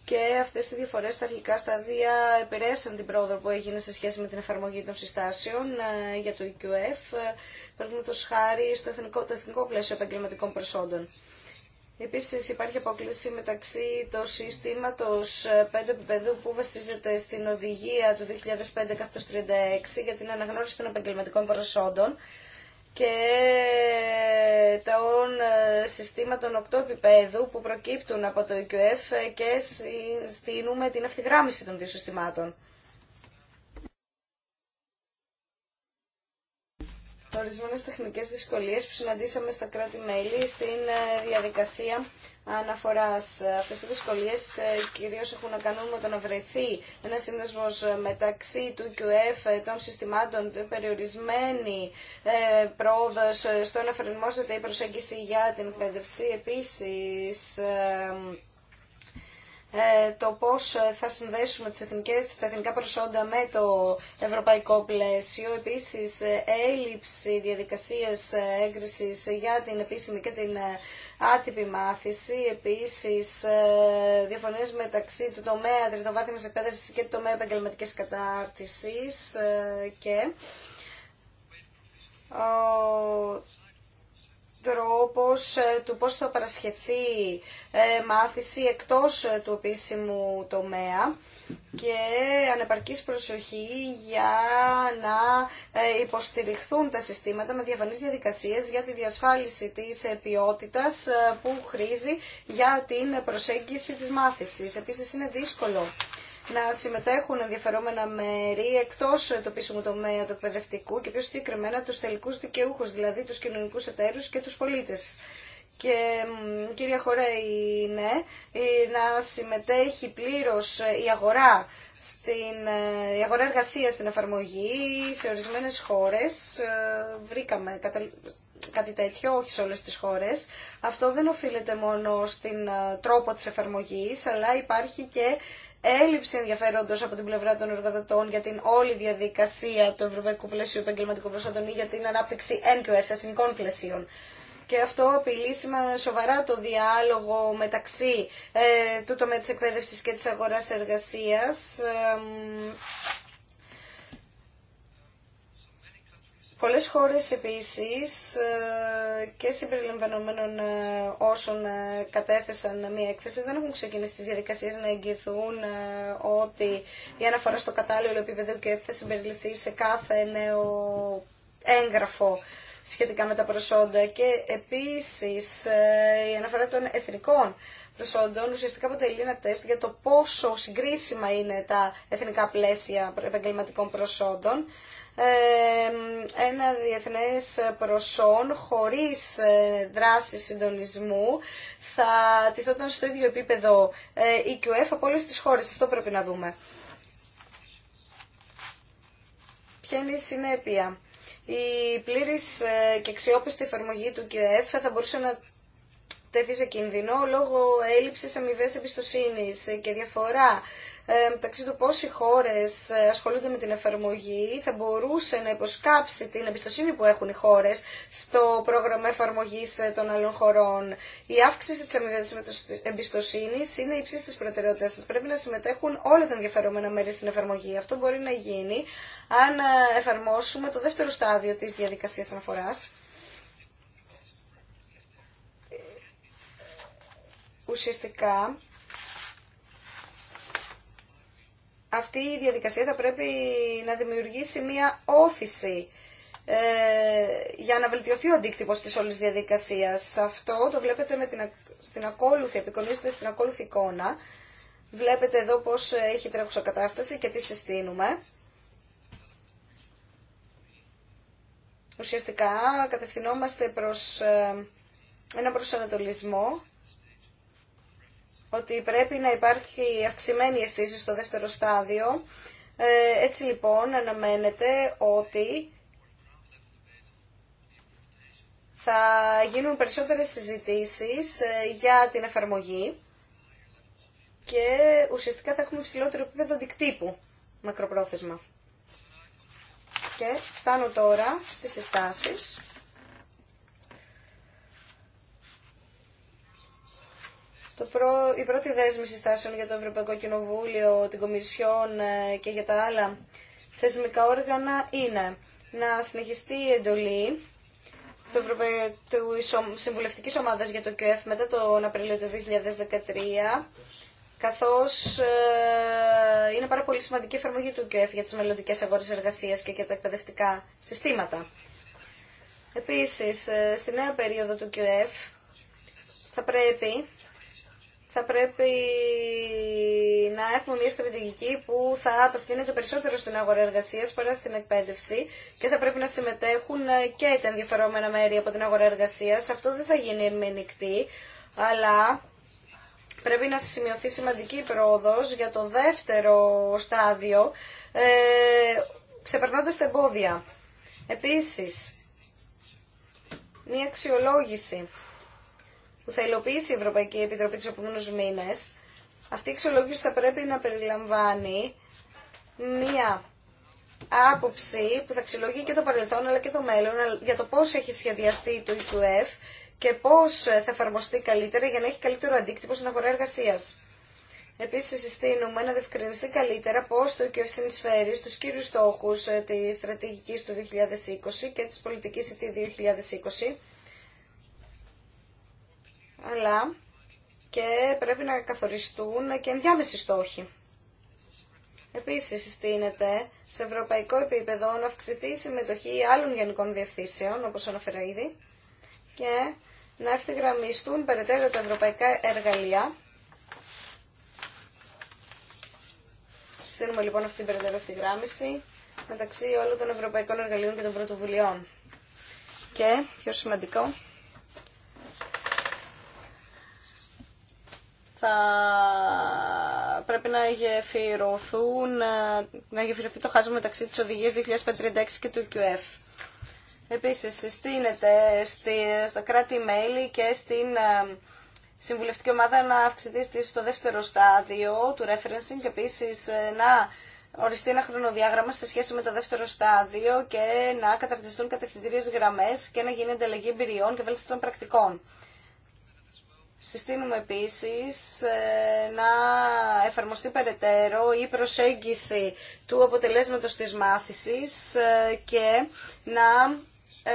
και αυτέ οι διαφορές στα αρχικά στάδια επηρέασαν την πρόοδο που έγινε σε σχέση με την εφαρμογή των συστάσεων ε, για το EQF, ε, παραδείγματο χάρη στο εθνικό, το εθνικό πλαίσιο επαγγελματικών προσόντων. Επίση, υπάρχει αποκλήση μεταξύ το συστήματο 5 επίπεδου που βασίζεται στην οδηγία του 2005-36 για την αναγνώριση των επαγγελματικών προσόντων και των ε, συστήματων οκτώ επίπεδου που προκύπτουν από το EQF και συστήνουμε την ευθυγράμμιση των δύο συστημάτων. Ορισμένες τεχνικές δυσκολίες που συναντήσαμε στα κράτη-μέλη στην ε, διαδικασία Αναφορά. Αυτέ οι δυσκολίε ε, κυρίως έχουν να κάνουν με το να βρεθεί ένα σύνδεσμος ε, μεταξύ του QF ε, των συστημάτων περιορισμένη πρόοδο στο να εφαρμόζεται η προσέγγιση για την εκπαίδευση. Επίση το πώς θα συνδέσουμε τις εθνικές, τα εθνικά προσόντα με το ευρωπαϊκό πλαίσιο. Επίσης, έλλειψη διαδικασίας έγκρισης για την επίσημη και την άτυπη μάθηση, επίσης ε, διαφωνίες μεταξύ του τομέα τριτοβάθμιας εκπαίδευσης και του τομέα επαγγελματικής κατάρτισης ε, και ο τρόπος ε, του πώς θα παρασχεθεί μάθηση εκτός του επίσημου τομέα και ανεπαρκής προσοχή για να ε, υποστηριχθούν τα συστήματα με διαφανείς διαδικασίες για τη διασφάλιση της ε, ποιότητας ε, που χρήζει για την προσέγγιση της μάθησης. Επίσης είναι δύσκολο να συμμετέχουν ενδιαφερόμενα μέρη εκτός του επίσημου τομέα του εκπαιδευτικού και πιο συγκεκριμένα τους τελικούς δικαιούχους, δηλαδή τους κοινωνικούς εταίρους και τους πολίτες και κυρία χώρα είναι να συμμετέχει πλήρως η αγορά στην ε, η αγορά εργασία στην εφαρμογή σε ορισμένες χώρες ε, βρήκαμε κάτι τέτοιο, όχι σε όλες τις χώρες. Αυτό δεν οφείλεται μόνο στην ε, τρόπο της εφαρμογής, αλλά υπάρχει και έλλειψη ενδιαφέροντος από την πλευρά των εργοδοτών για την όλη διαδικασία του Ευρωπαϊκού Πλαισίου επαγγελματικού Προσόντων ή για την ανάπτυξη NQF, εθνικών πλαισίων και αυτό απειλεί σοβαρά το διάλογο μεταξύ ε, του τομέα της εκπαίδευσης και της αγοράς εργασίας. Ε, Πολλές χώρες επίσης ε, και συμπεριλαμβανομένων ε, όσων κατέθεσαν μία έκθεση δεν έχουν ξεκινήσει τις διαδικασίες να εγγυηθούν ότι η αναφορά στο κατάλληλο επίπεδο και έκθεση συμπεριληφθεί σε κάθε νέο έγγραφο σχετικά με τα προσόντα και επίσης ε, η αναφορά των εθνικών προσόντων ουσιαστικά αποτελεί ένα τεστ για το πόσο συγκρίσιμα είναι τα εθνικά πλαίσια επαγγελματικών προσόντων ε, ένα διεθνές προσόν χωρίς ε, δράση συντονισμού θα τυθόταν στο ίδιο επίπεδο EQF από όλες τις χώρες. Αυτό πρέπει να δούμε. Ποια είναι η συνέπεια η πλήρης ε, και αξιόπιστη εφαρμογή του ΚΕΕΦ θα μπορούσε να τέθει σε κίνδυνο λόγω έλλειψης αμοιβέ εμπιστοσύνη και διαφορά ε, μεταξύ του πόσοι χώρες ε, ασχολούνται με την εφαρμογή θα μπορούσε να υποσκάψει την εμπιστοσύνη που έχουν οι χώρες στο πρόγραμμα εφαρμογής ε, των άλλων χωρών. Η αύξηση της εμπιστοσύνη εμπιστοσύνης είναι υψής της προτεραιότητας Πρέπει να συμμετέχουν όλα τα ενδιαφερόμενα μέρη στην εφαρμογή. Αυτό μπορεί να γίνει αν εφαρμόσουμε το δεύτερο στάδιο της διαδικασίας αναφοράς. Ουσιαστικά, αυτή η διαδικασία θα πρέπει να δημιουργήσει μία όθηση ε, για να βελτιωθεί ο αντίκτυπος της όλης διαδικασίας. Αυτό το βλέπετε με την, στην ακόλουθη, επικονίζεται στην ακόλουθη εικόνα. Βλέπετε εδώ πώς ε, έχει τρέχουσα κατάσταση και τι συστήνουμε. Ουσιαστικά κατευθυνόμαστε προς ε, ένα προσανατολισμό ότι πρέπει να υπάρχει αυξημένη αισθήση στο δεύτερο στάδιο. Ε, έτσι λοιπόν αναμένεται ότι θα γίνουν περισσότερες συζητήσεις ε, για την εφαρμογή και ουσιαστικά θα έχουμε υψηλότερο επίπεδο δικτύπου μακροπρόθεσμα. Και φτάνω τώρα στις συστάσεις. Το Η πρώτη δέσμη συστάσεων για το Ευρωπαϊκό Κοινοβούλιο, την Κομισιόν ε, και για τα άλλα θεσμικά όργανα είναι να συνεχιστεί η εντολή του, Ευρωπαϊ... του Συμβουλευτικής για το ΚΕΦ μετά τον Απριλίο του 2013 καθώς ε, είναι πάρα πολύ σημαντική η εφαρμογή του ΚΕΦ για τις μελλοντικές αγορές εργασίας και για τα εκπαιδευτικά συστήματα. Επίσης, ε, στη νέα περίοδο του ΚΕΦ θα πρέπει θα πρέπει να έχουμε μια στρατηγική που θα απευθύνεται περισσότερο στην αγορά εργασία παρά στην εκπαίδευση και θα πρέπει να συμμετέχουν και τα ενδιαφερόμενα μέρη από την αγορά εργασίας. Αυτό δεν θα γίνει με νυχτή, αλλά πρέπει να σημειωθεί σημαντική πρόοδος για το δεύτερο στάδιο, ε, ξεπερνώντας τα εμπόδια. Επίσης, μια αξιολόγηση που θα υλοποιήσει η Ευρωπαϊκή Επιτροπή του επόμενου μήνε, αυτή η αξιολόγηση θα πρέπει να περιλαμβάνει μία άποψη που θα αξιολογεί και το παρελθόν αλλά και το μέλλον για το πώς έχει σχεδιαστεί το EQF και πώς θα εφαρμοστεί καλύτερα για να έχει καλύτερο αντίκτυπο στην αγορά εργασίας. Επίσης συστήνουμε να διευκρινιστεί καλύτερα πώς το EQF συνεισφέρει στους κύριου στόχους ε, της στρατηγικής του 2020 και της πολιτικής του 2020 αλλά και πρέπει να καθοριστούν και ενδιάμεσοι στόχοι. Επίσης, συστήνεται σε ευρωπαϊκό επίπεδο να αυξηθεί η συμμετοχή άλλων γενικών διευθύνσεων, όπως αναφέρα ήδη, και να ευθυγραμμιστούν περαιτέρω τα ευρωπαϊκά εργαλεία. Συστήνουμε λοιπόν αυτή την περαιτέρω ευθυγράμμιση μεταξύ όλων των ευρωπαϊκών εργαλείων και των πρωτοβουλειών. Και, πιο σημαντικό, θα πρέπει να γεφυρωθούν, να γεφυρωθεί το χάσμα μεταξύ της οδηγίας 2056 και του QF. Επίσης, συστήνεται στα κράτη-μέλη και στην ε, συμβουλευτική ομάδα να αυξηθεί στο δεύτερο στάδιο του referencing και επίσης ε, να οριστεί ένα χρονοδιάγραμμα σε σχέση με το δεύτερο στάδιο και να καταρτιστούν κατευθυντήριες γραμμές και να γίνει ανταλλαγή εμπειριών και βέλτιστων πρακτικών. Συστήνουμε επίσης ε, να εφαρμοστεί περαιτέρω η προσέγγιση του αποτελέσματος της μάθησης ε, και να ε,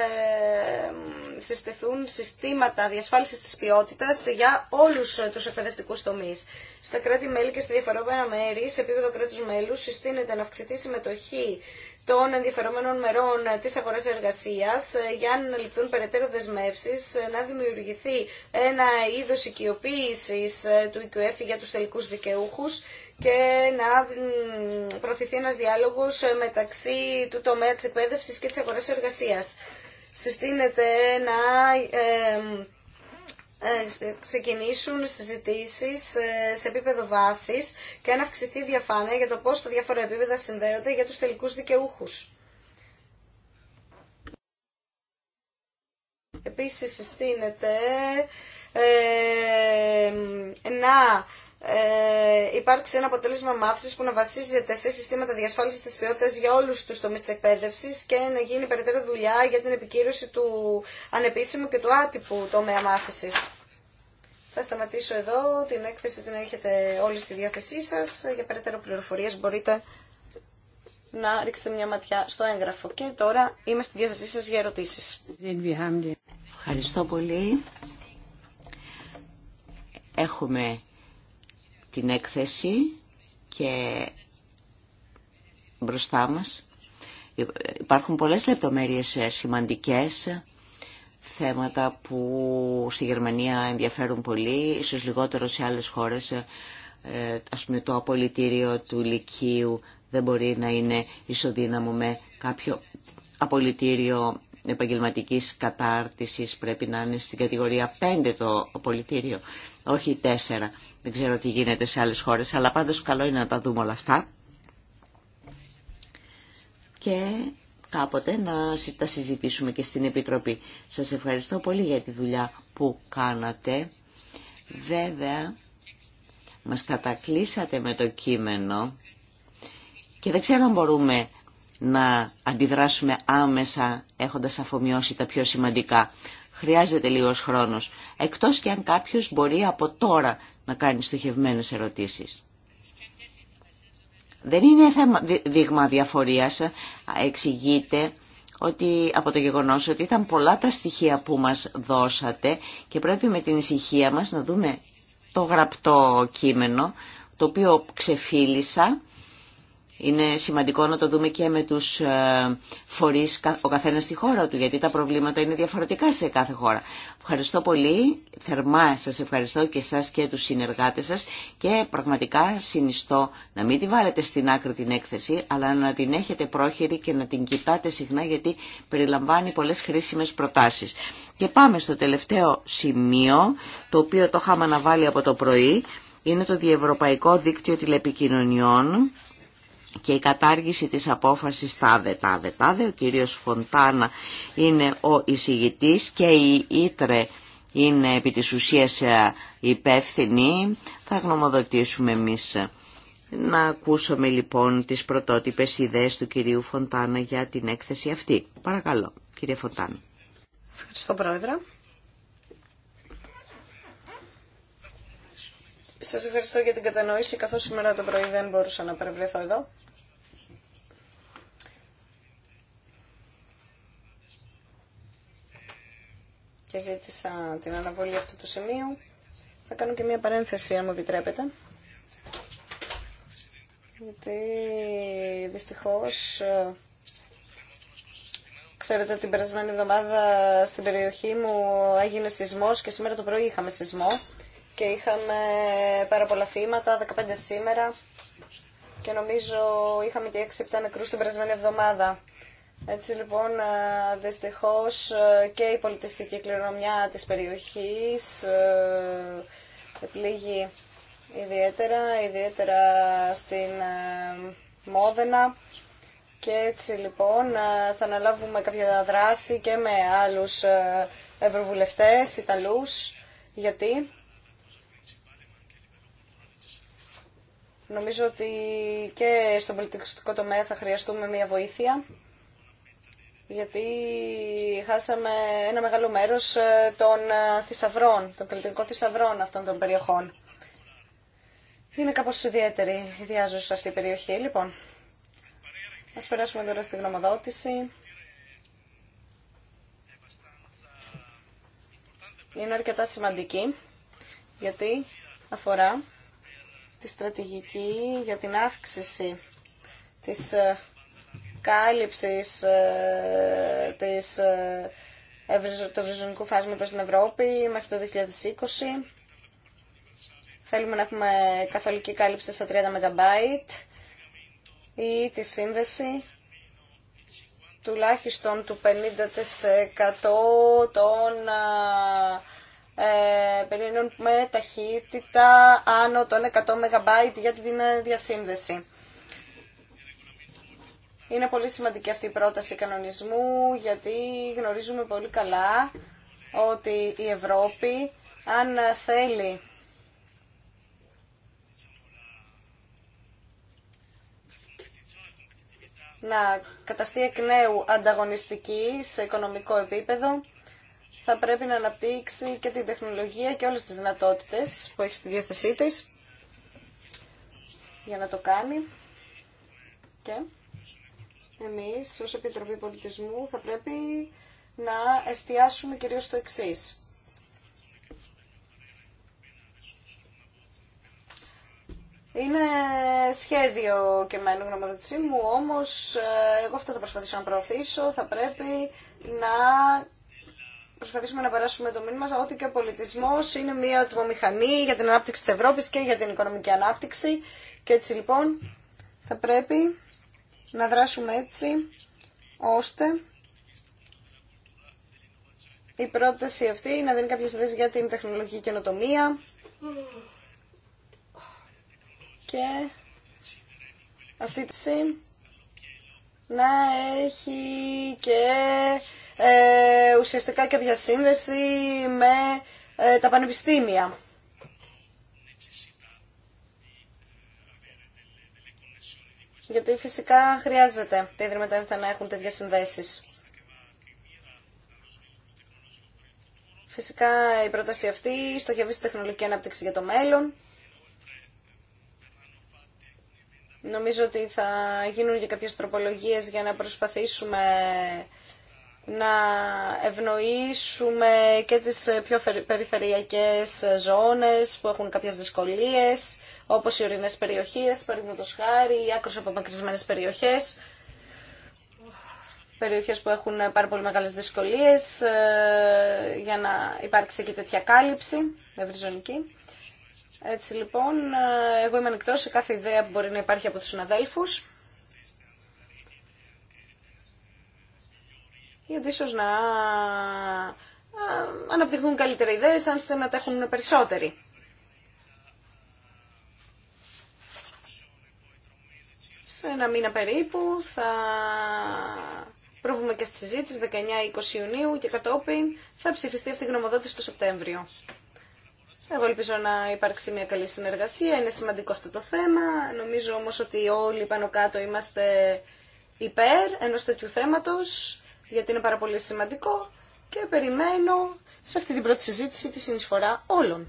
συστηθούν συστήματα διασφάλισης της ποιότητας για όλους τους εκπαιδευτικούς τομείς. Στα κράτη-μέλη και στη διαφορετικά μέρη, σε επίπεδο κράτους μέλους, συστήνεται να αυξηθεί η συμμετοχή των ενδιαφερομένων μερών της αγοράς εργασίας ε, για να ληφθούν περαιτέρω δεσμεύσεις, ε, να δημιουργηθεί ένα είδος οικειοποίησης ε, του EQF για τους τελικούς δικαιούχους και να προωθηθεί ένας διάλογος μεταξύ του τομέα της εκπαίδευσης και της αγοράς εργασίας. Συστήνεται να ε, ξεκινήσουν συζητήσει ε, σε επίπεδο βάση και να αυξηθεί η διαφάνεια για το πώ τα διάφορα επίπεδα συνδέονται για του τελικού δικαιούχου. Επίσης συστήνεται ε, να ε, υπάρξει ένα αποτέλεσμα μάθησης που να βασίζεται σε συστήματα διασφάλισης της ποιότητας για όλους τους τομείς τη εκπαίδευση και να γίνει περαιτέρω δουλειά για την επικύρωση του ανεπίσημου και του άτυπου τομέα μάθησης. Θα σταματήσω εδώ. Την έκθεση την έχετε όλοι στη διάθεσή σας. Για περαιτέρω πληροφορίες μπορείτε να ρίξετε μια ματιά στο έγγραφο. Και τώρα είμαι στη διάθεσή σα για ερωτήσει. Ευχαριστώ πολύ. Έχουμε την έκθεση και μπροστά μας υπάρχουν πολλές λεπτομέρειες σημαντικές θέματα που στη Γερμανία ενδιαφέρουν πολύ, ίσως λιγότερο σε άλλες χώρες. Ε, ας πούμε το απολυτήριο του Λυκείου δεν μπορεί να είναι ισοδύναμο με κάποιο απολυτήριο Επαγγελματική κατάρτισης πρέπει να είναι στην κατηγορία 5 το πολιτήριο, όχι 4. Δεν ξέρω τι γίνεται σε άλλε χώρε, αλλά πάντως καλό είναι να τα δούμε όλα αυτά. Και κάποτε να τα συζητήσουμε και στην Επιτροπή. Σας ευχαριστώ πολύ για τη δουλειά που κάνατε. Βέβαια, μας κατακλείσατε με το κείμενο και δεν ξέρω αν μπορούμε να αντιδράσουμε άμεσα έχοντας αφομοιώσει τα πιο σημαντικά. Χρειάζεται λίγος χρόνος, εκτός και αν κάποιος μπορεί από τώρα να κάνει στοχευμένες ερωτήσεις. Δεν είναι θέμα δείγμα διαφορίας, εξηγείται ότι από το γεγονός ότι ήταν πολλά τα στοιχεία που μας δώσατε και πρέπει με την ησυχία μας να δούμε το γραπτό κείμενο, το οποίο ξεφίλησα είναι σημαντικό να το δούμε και με τους ε, φορείς ο καθένας στη χώρα του, γιατί τα προβλήματα είναι διαφορετικά σε κάθε χώρα. Ευχαριστώ πολύ, θερμά σας ευχαριστώ και εσάς και τους συνεργάτες σας και πραγματικά συνιστώ να μην τη βάλετε στην άκρη την έκθεση, αλλά να την έχετε πρόχειρη και να την κοιτάτε συχνά γιατί περιλαμβάνει πολλές χρήσιμες προτάσεις. Και πάμε στο τελευταίο σημείο, το οποίο το είχαμε αναβάλει από το πρωί, είναι το Διευρωπαϊκό Δίκτυο Τηλεπικοινωνιών και η κατάργηση της απόφασης τάδε τάδε τάδε. Ο κύριος Φοντάνα είναι ο εισηγητής και η Ήτρε είναι επί της ουσίας ε, υπεύθυνη. Θα γνωμοδοτήσουμε εμείς. Να ακούσουμε λοιπόν τις πρωτότυπες ιδέες του κυρίου Φοντάνα για την έκθεση αυτή. Παρακαλώ, κύριε Φοντάνα. Ευχαριστώ, Πρόεδρα. Σα ευχαριστώ για την κατανόηση, καθώς σήμερα το πρωί δεν μπορούσα να παρευρεθώ εδώ. Και ζήτησα την αναβολή αυτού του σημείου. Θα κάνω και μία παρένθεση, αν μου επιτρέπετε. Γιατί δυστυχώς Ξέρετε ότι την περασμένη εβδομάδα στην περιοχή μου έγινε σεισμός και σήμερα το πρωί είχαμε σεισμό και είχαμε πάρα πολλά θύματα, 15 σήμερα και νομίζω είχαμε και 6-7 νεκρούς την περασμένη εβδομάδα. Έτσι λοιπόν δυστυχώς και η πολιτιστική κληρονομιά της περιοχής πλήγει ιδιαίτερα, ιδιαίτερα στην Μόδενα και έτσι λοιπόν θα αναλάβουμε κάποια δράση και με άλλους ευρωβουλευτές, Ιταλούς, γιατί Νομίζω ότι και στον πολιτιστικό τομέα θα χρειαστούμε μια βοήθεια γιατί χάσαμε ένα μεγάλο μέρος ε, των ε, θησαυρών, των καλλιτεχνικών θησαυρών αυτών των περιοχών. Είναι κάπως ιδιαίτερη η διάζωση αυτή η περιοχή. Λοιπόν, ας περάσουμε τώρα στη γνωμοδότηση. Είναι αρκετά σημαντική, γιατί αφορά τη στρατηγική για την αύξηση της ε, κάλυψης ε, της, ε, του ευρυζωνικού φάσματος στην Ευρώπη μέχρι το 2020. Θέλουμε να έχουμε καθολική κάλυψη στα 30 MB ή τη σύνδεση τουλάχιστον του 50% των ε, περιμένουν με ταχύτητα άνω των 100 MB για τη διασύνδεση. Είναι πολύ σημαντική αυτή η πρόταση κανονισμού γιατί γνωρίζουμε πολύ καλά ότι η Ευρώπη αν θέλει να καταστεί εκ νέου ανταγωνιστική σε οικονομικό επίπεδο θα πρέπει να αναπτύξει και την τεχνολογία και όλες τις δυνατότητες που έχει στη διάθεσή της για να το κάνει και εμείς ως Επιτροπή Πολιτισμού θα πρέπει να εστιάσουμε κυρίως στο εξής. Είναι σχέδιο και μένω, γνωμοδοτησή μου, όμως ε, εγώ αυτό θα προσπαθήσω να προωθήσω, θα πρέπει να προσπαθήσουμε να περάσουμε το μήνυμα ότι και ο πολιτισμό είναι μια ατμομηχανή για την ανάπτυξη τη Ευρώπη και για την οικονομική ανάπτυξη. Και έτσι λοιπόν θα πρέπει να δράσουμε έτσι ώστε η πρόταση αυτή να δίνει κάποιες ιδέες για την τεχνολογική καινοτομία και αυτή τη να έχει και ε, ουσιαστικά και μια σύνδεση με ε, τα πανεπιστήμια. Γιατί φυσικά χρειάζεται τα Ιδρύματα να έχουν τέτοιες συνδέσεις. Φυσικά η πρόταση αυτή στοχεύει στη τεχνολογική ανάπτυξη για το μέλλον. Νομίζω ότι θα γίνουν και κάποιες τροπολογίες για να προσπαθήσουμε να ευνοήσουμε και τις πιο περιφερειακές ζώνες που έχουν κάποιες δυσκολίες, όπως οι ορεινές περιοχές, παραδείγματος χάρη, οι άκρως απομακρυσμένες περιοχές, περιοχές που έχουν πάρα πολύ μεγάλες δυσκολίες ε, για να υπάρξει και τέτοια κάλυψη ευρυζωνική. Έτσι λοιπόν, ε, εγώ είμαι ανοιχτό σε κάθε ιδέα που μπορεί να υπάρχει από τους συναδέλφους. γιατί ίσω να αναπτυχθούν καλύτερα ιδέες αν να έχουν περισσότεροι. Σε ένα μήνα περίπου θα προβούμε και στη συζήτηση 19-20 Ιουνίου και κατόπιν θα ψηφιστεί αυτή η γνωμοδότηση το Σεπτέμβριο. Εγώ ελπίζω να υπάρξει μια καλή συνεργασία, είναι σημαντικό αυτό το θέμα. Νομίζω όμως ότι όλοι πάνω κάτω είμαστε υπέρ ενός τέτοιου θέματος γιατί είναι πάρα πολύ σημαντικό και περιμένω σε αυτή την πρώτη συζήτηση τη συνεισφορά όλων.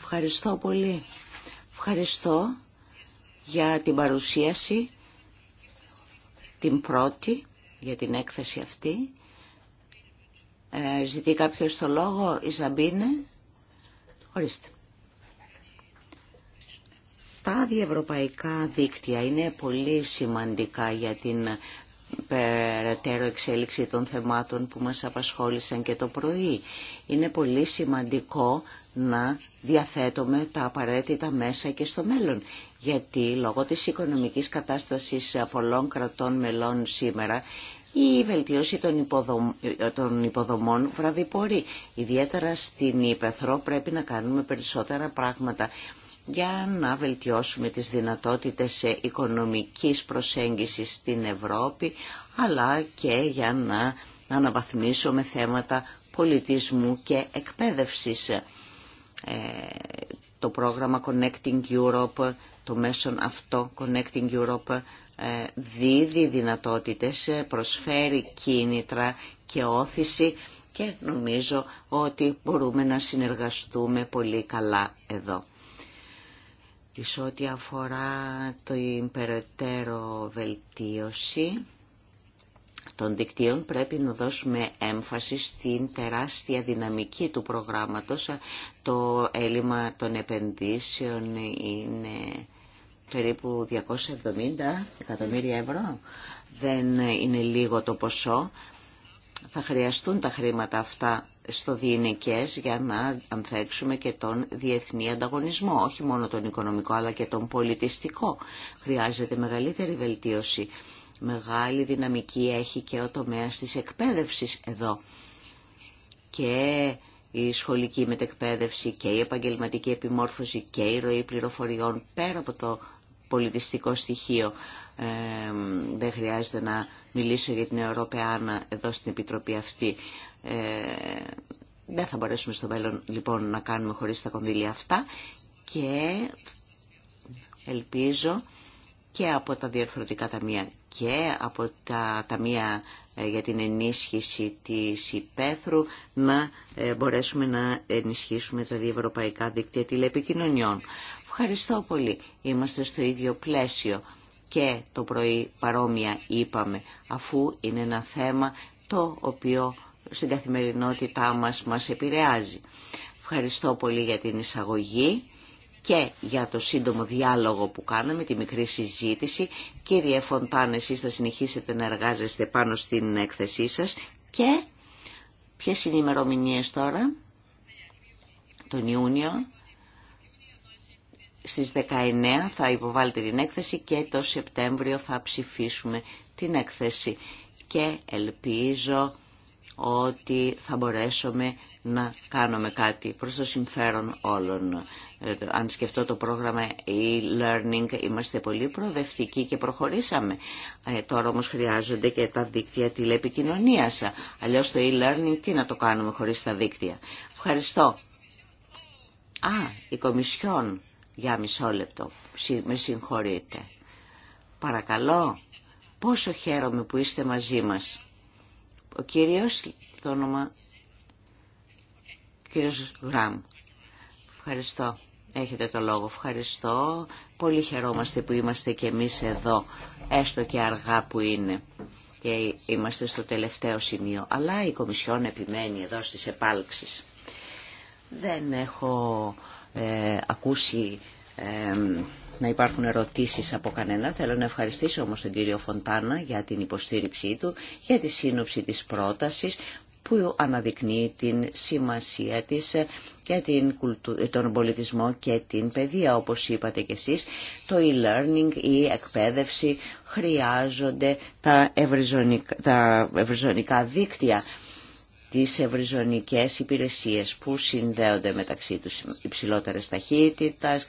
Ευχαριστώ πολύ. Ευχαριστώ για την παρουσίαση, την πρώτη, για την έκθεση αυτή. Ε, ζητεί κάποιος το λόγο, η Ζαμπίνε. Ορίστε. Τα διευρωπαϊκά δίκτυα είναι πολύ σημαντικά για την ε, περαιτέρω εξέλιξη των θεμάτων που μας απασχόλησαν και το πρωί. Είναι πολύ σημαντικό να διαθέτουμε τα απαραίτητα μέσα και στο μέλλον. Γιατί λόγω της οικονομικής κατάστασης πολλών κρατών μελών σήμερα η βελτίωση των, υποδομ... Ε, των υποδομών βραδιπορεί. Ιδιαίτερα στην Υπεθρό πρέπει να κάνουμε περισσότερα πράγματα για να βελτιώσουμε τις δυνατότητες οικονομικής προσέγγισης στην Ευρώπη, αλλά και για να αναβαθμίσουμε θέματα πολιτισμού και εκπαίδευσης. Ε, το πρόγραμμα Connecting Europe, το μέσον αυτό Connecting Europe, ε, δίδει δυνατότητες, ε, προσφέρει κίνητρα και όθηση και νομίζω ότι μπορούμε να συνεργαστούμε πολύ καλά εδώ της ό,τι αφορά την περαιτέρω βελτίωση των δικτύων πρέπει να δώσουμε έμφαση στην τεράστια δυναμική του προγράμματος. Το έλλειμμα των επενδύσεων είναι περίπου 270 εκατομμύρια ευρώ. Δεν είναι λίγο το ποσό. Θα χρειαστούν τα χρήματα αυτά στο καις για να ανθέξουμε και τον διεθνή ανταγωνισμό, όχι μόνο τον οικονομικό αλλά και τον πολιτιστικό. Χρειάζεται μεγαλύτερη βελτίωση. Μεγάλη δυναμική έχει και ο τομέας της εκπαίδευσης εδώ. Και η σχολική μετεκπαίδευση και η επαγγελματική επιμόρφωση και η ροή πληροφοριών πέρα από το πολιτιστικό στοιχείο. δεν χρειάζεται να μιλήσω για την Ευρωπαϊκή εδώ στην Επιτροπή αυτή. Ε, δεν θα μπορέσουμε στο μέλλον λοιπόν να κάνουμε χωρίς τα κονδύλια αυτά και ελπίζω και από τα διορθωτικά ταμεία και από τα ταμεία ε, για την ενίσχυση της υπαίθρου να ε, μπορέσουμε να ενισχύσουμε τα διευρωπαϊκά δίκτυα τηλεπικοινωνιών. Ευχαριστώ πολύ. Είμαστε στο ίδιο πλαίσιο και το πρωί παρόμοια είπαμε αφού είναι ένα θέμα το οποίο στην καθημερινότητά μας μας επηρεάζει. Ευχαριστώ πολύ για την εισαγωγή και για το σύντομο διάλογο που κάναμε, τη μικρή συζήτηση. Κύριε Φοντάν, εσείς θα συνεχίσετε να εργάζεστε πάνω στην έκθεσή σας. Και ποιες είναι οι ημερομηνίε τώρα, τον Ιούνιο, στις 19 θα υποβάλλετε την έκθεση και το Σεπτέμβριο θα ψηφίσουμε την έκθεση. Και ελπίζω ότι θα μπορέσουμε να κάνουμε κάτι προς το συμφέρον όλων. Ε, αν σκεφτώ το πρόγραμμα e-learning, είμαστε πολύ προοδευτικοί και προχωρήσαμε. Ε, τώρα όμως χρειάζονται και τα δίκτυα τηλεπικοινωνίας. Αλλιώς το e-learning τι να το κάνουμε χωρίς τα δίκτυα. Ευχαριστώ. Α, η Κομισιόν. Για μισό λεπτό. Με συγχωρείτε. Παρακαλώ. Πόσο χαίρομαι που είστε μαζί μας. Ο κύριος, το όνομα, κύριος Γραμ. Ευχαριστώ. Έχετε το λόγο. Ευχαριστώ. Πολύ χαιρόμαστε που είμαστε και εμείς εδώ, έστω και αργά που είναι. Και είμαστε στο τελευταίο σημείο. Αλλά η Κομισιόν επιμένει εδώ στις επάλξεις. Δεν έχω ε, ακούσει... Ε, να υπάρχουν ερωτήσεις από κανένα. Θέλω να ευχαριστήσω όμως τον κύριο Φοντάνα για την υποστήριξή του, για τη σύνοψη της πρότασης που αναδεικνύει την σημασία της για την τον πολιτισμό και την παιδεία, όπως είπατε κι εσείς. Το e-learning, η εκπαίδευση χρειάζονται τα ευρυζωνικά, τα ευρυζωνικά δίκτυα τις ευρυζωνικές υπηρεσίες που συνδέονται μεταξύ τους υψηλότερες ταχύτητες,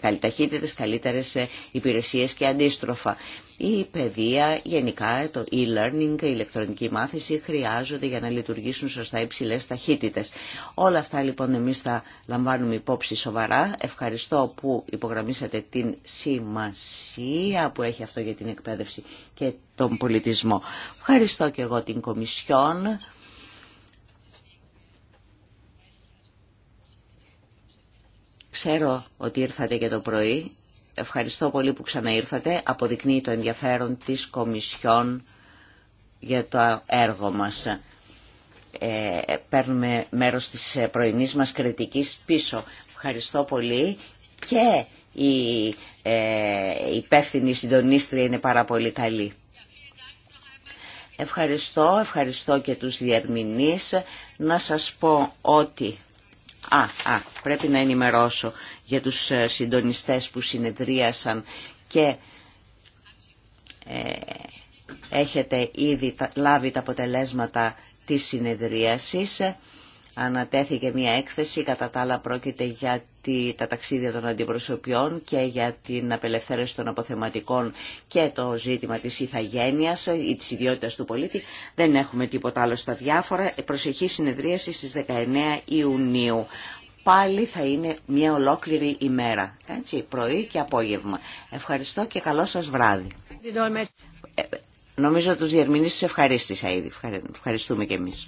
καλ, ταχύτητες, καλύτερες ε, υπηρεσίες και αντίστροφα. Η παιδεία, γενικά το e-learning, η ηλεκτρονική μάθηση χρειάζονται για να λειτουργήσουν σωστά υψηλές ταχύτητες. Όλα αυτά λοιπόν εμείς θα λαμβάνουμε υπόψη σοβαρά. Ευχαριστώ που υπογραμμίσατε την σημασία που έχει αυτό για την εκπαίδευση και τον πολιτισμό. Ευχαριστώ και εγώ την Κομισιόν. Ξέρω ότι ήρθατε και το πρωί. Ευχαριστώ πολύ που ξαναήρθατε. Αποδεικνύει το ενδιαφέρον της Κομισιόν για το έργο μας. Ε, παίρνουμε μέρος της πρωινής μας κριτικής πίσω. Ευχαριστώ πολύ και η ε, υπεύθυνη συντονίστρια είναι πάρα πολύ καλή. Ευχαριστώ, ευχαριστώ και τους διερμηνείς. Να σας πω ότι Α, α, πρέπει να ενημερώσω για τους ε, συντονιστές που συνεδρίασαν και ε, έχετε ήδη λάβει τα αποτελέσματα της συνεδρίασης ανατέθηκε μια έκθεση, κατά τα άλλα πρόκειται για τα ταξίδια των αντιπροσωπιών και για την απελευθέρωση των αποθεματικών και το ζήτημα της ηθαγένειας ή της ιδιότητας του πολίτη. Δεν έχουμε τίποτα άλλο στα διάφορα. Προσεχή συνεδρίαση στις 19 Ιουνίου. Πάλι θα είναι μια ολόκληρη ημέρα, έτσι, πρωί και απόγευμα. Ευχαριστώ και καλό σας βράδυ. Ε, νομίζω τους διερμηνείς τους ευχαρίστησα ήδη. Ευχαριστούμε και εμείς.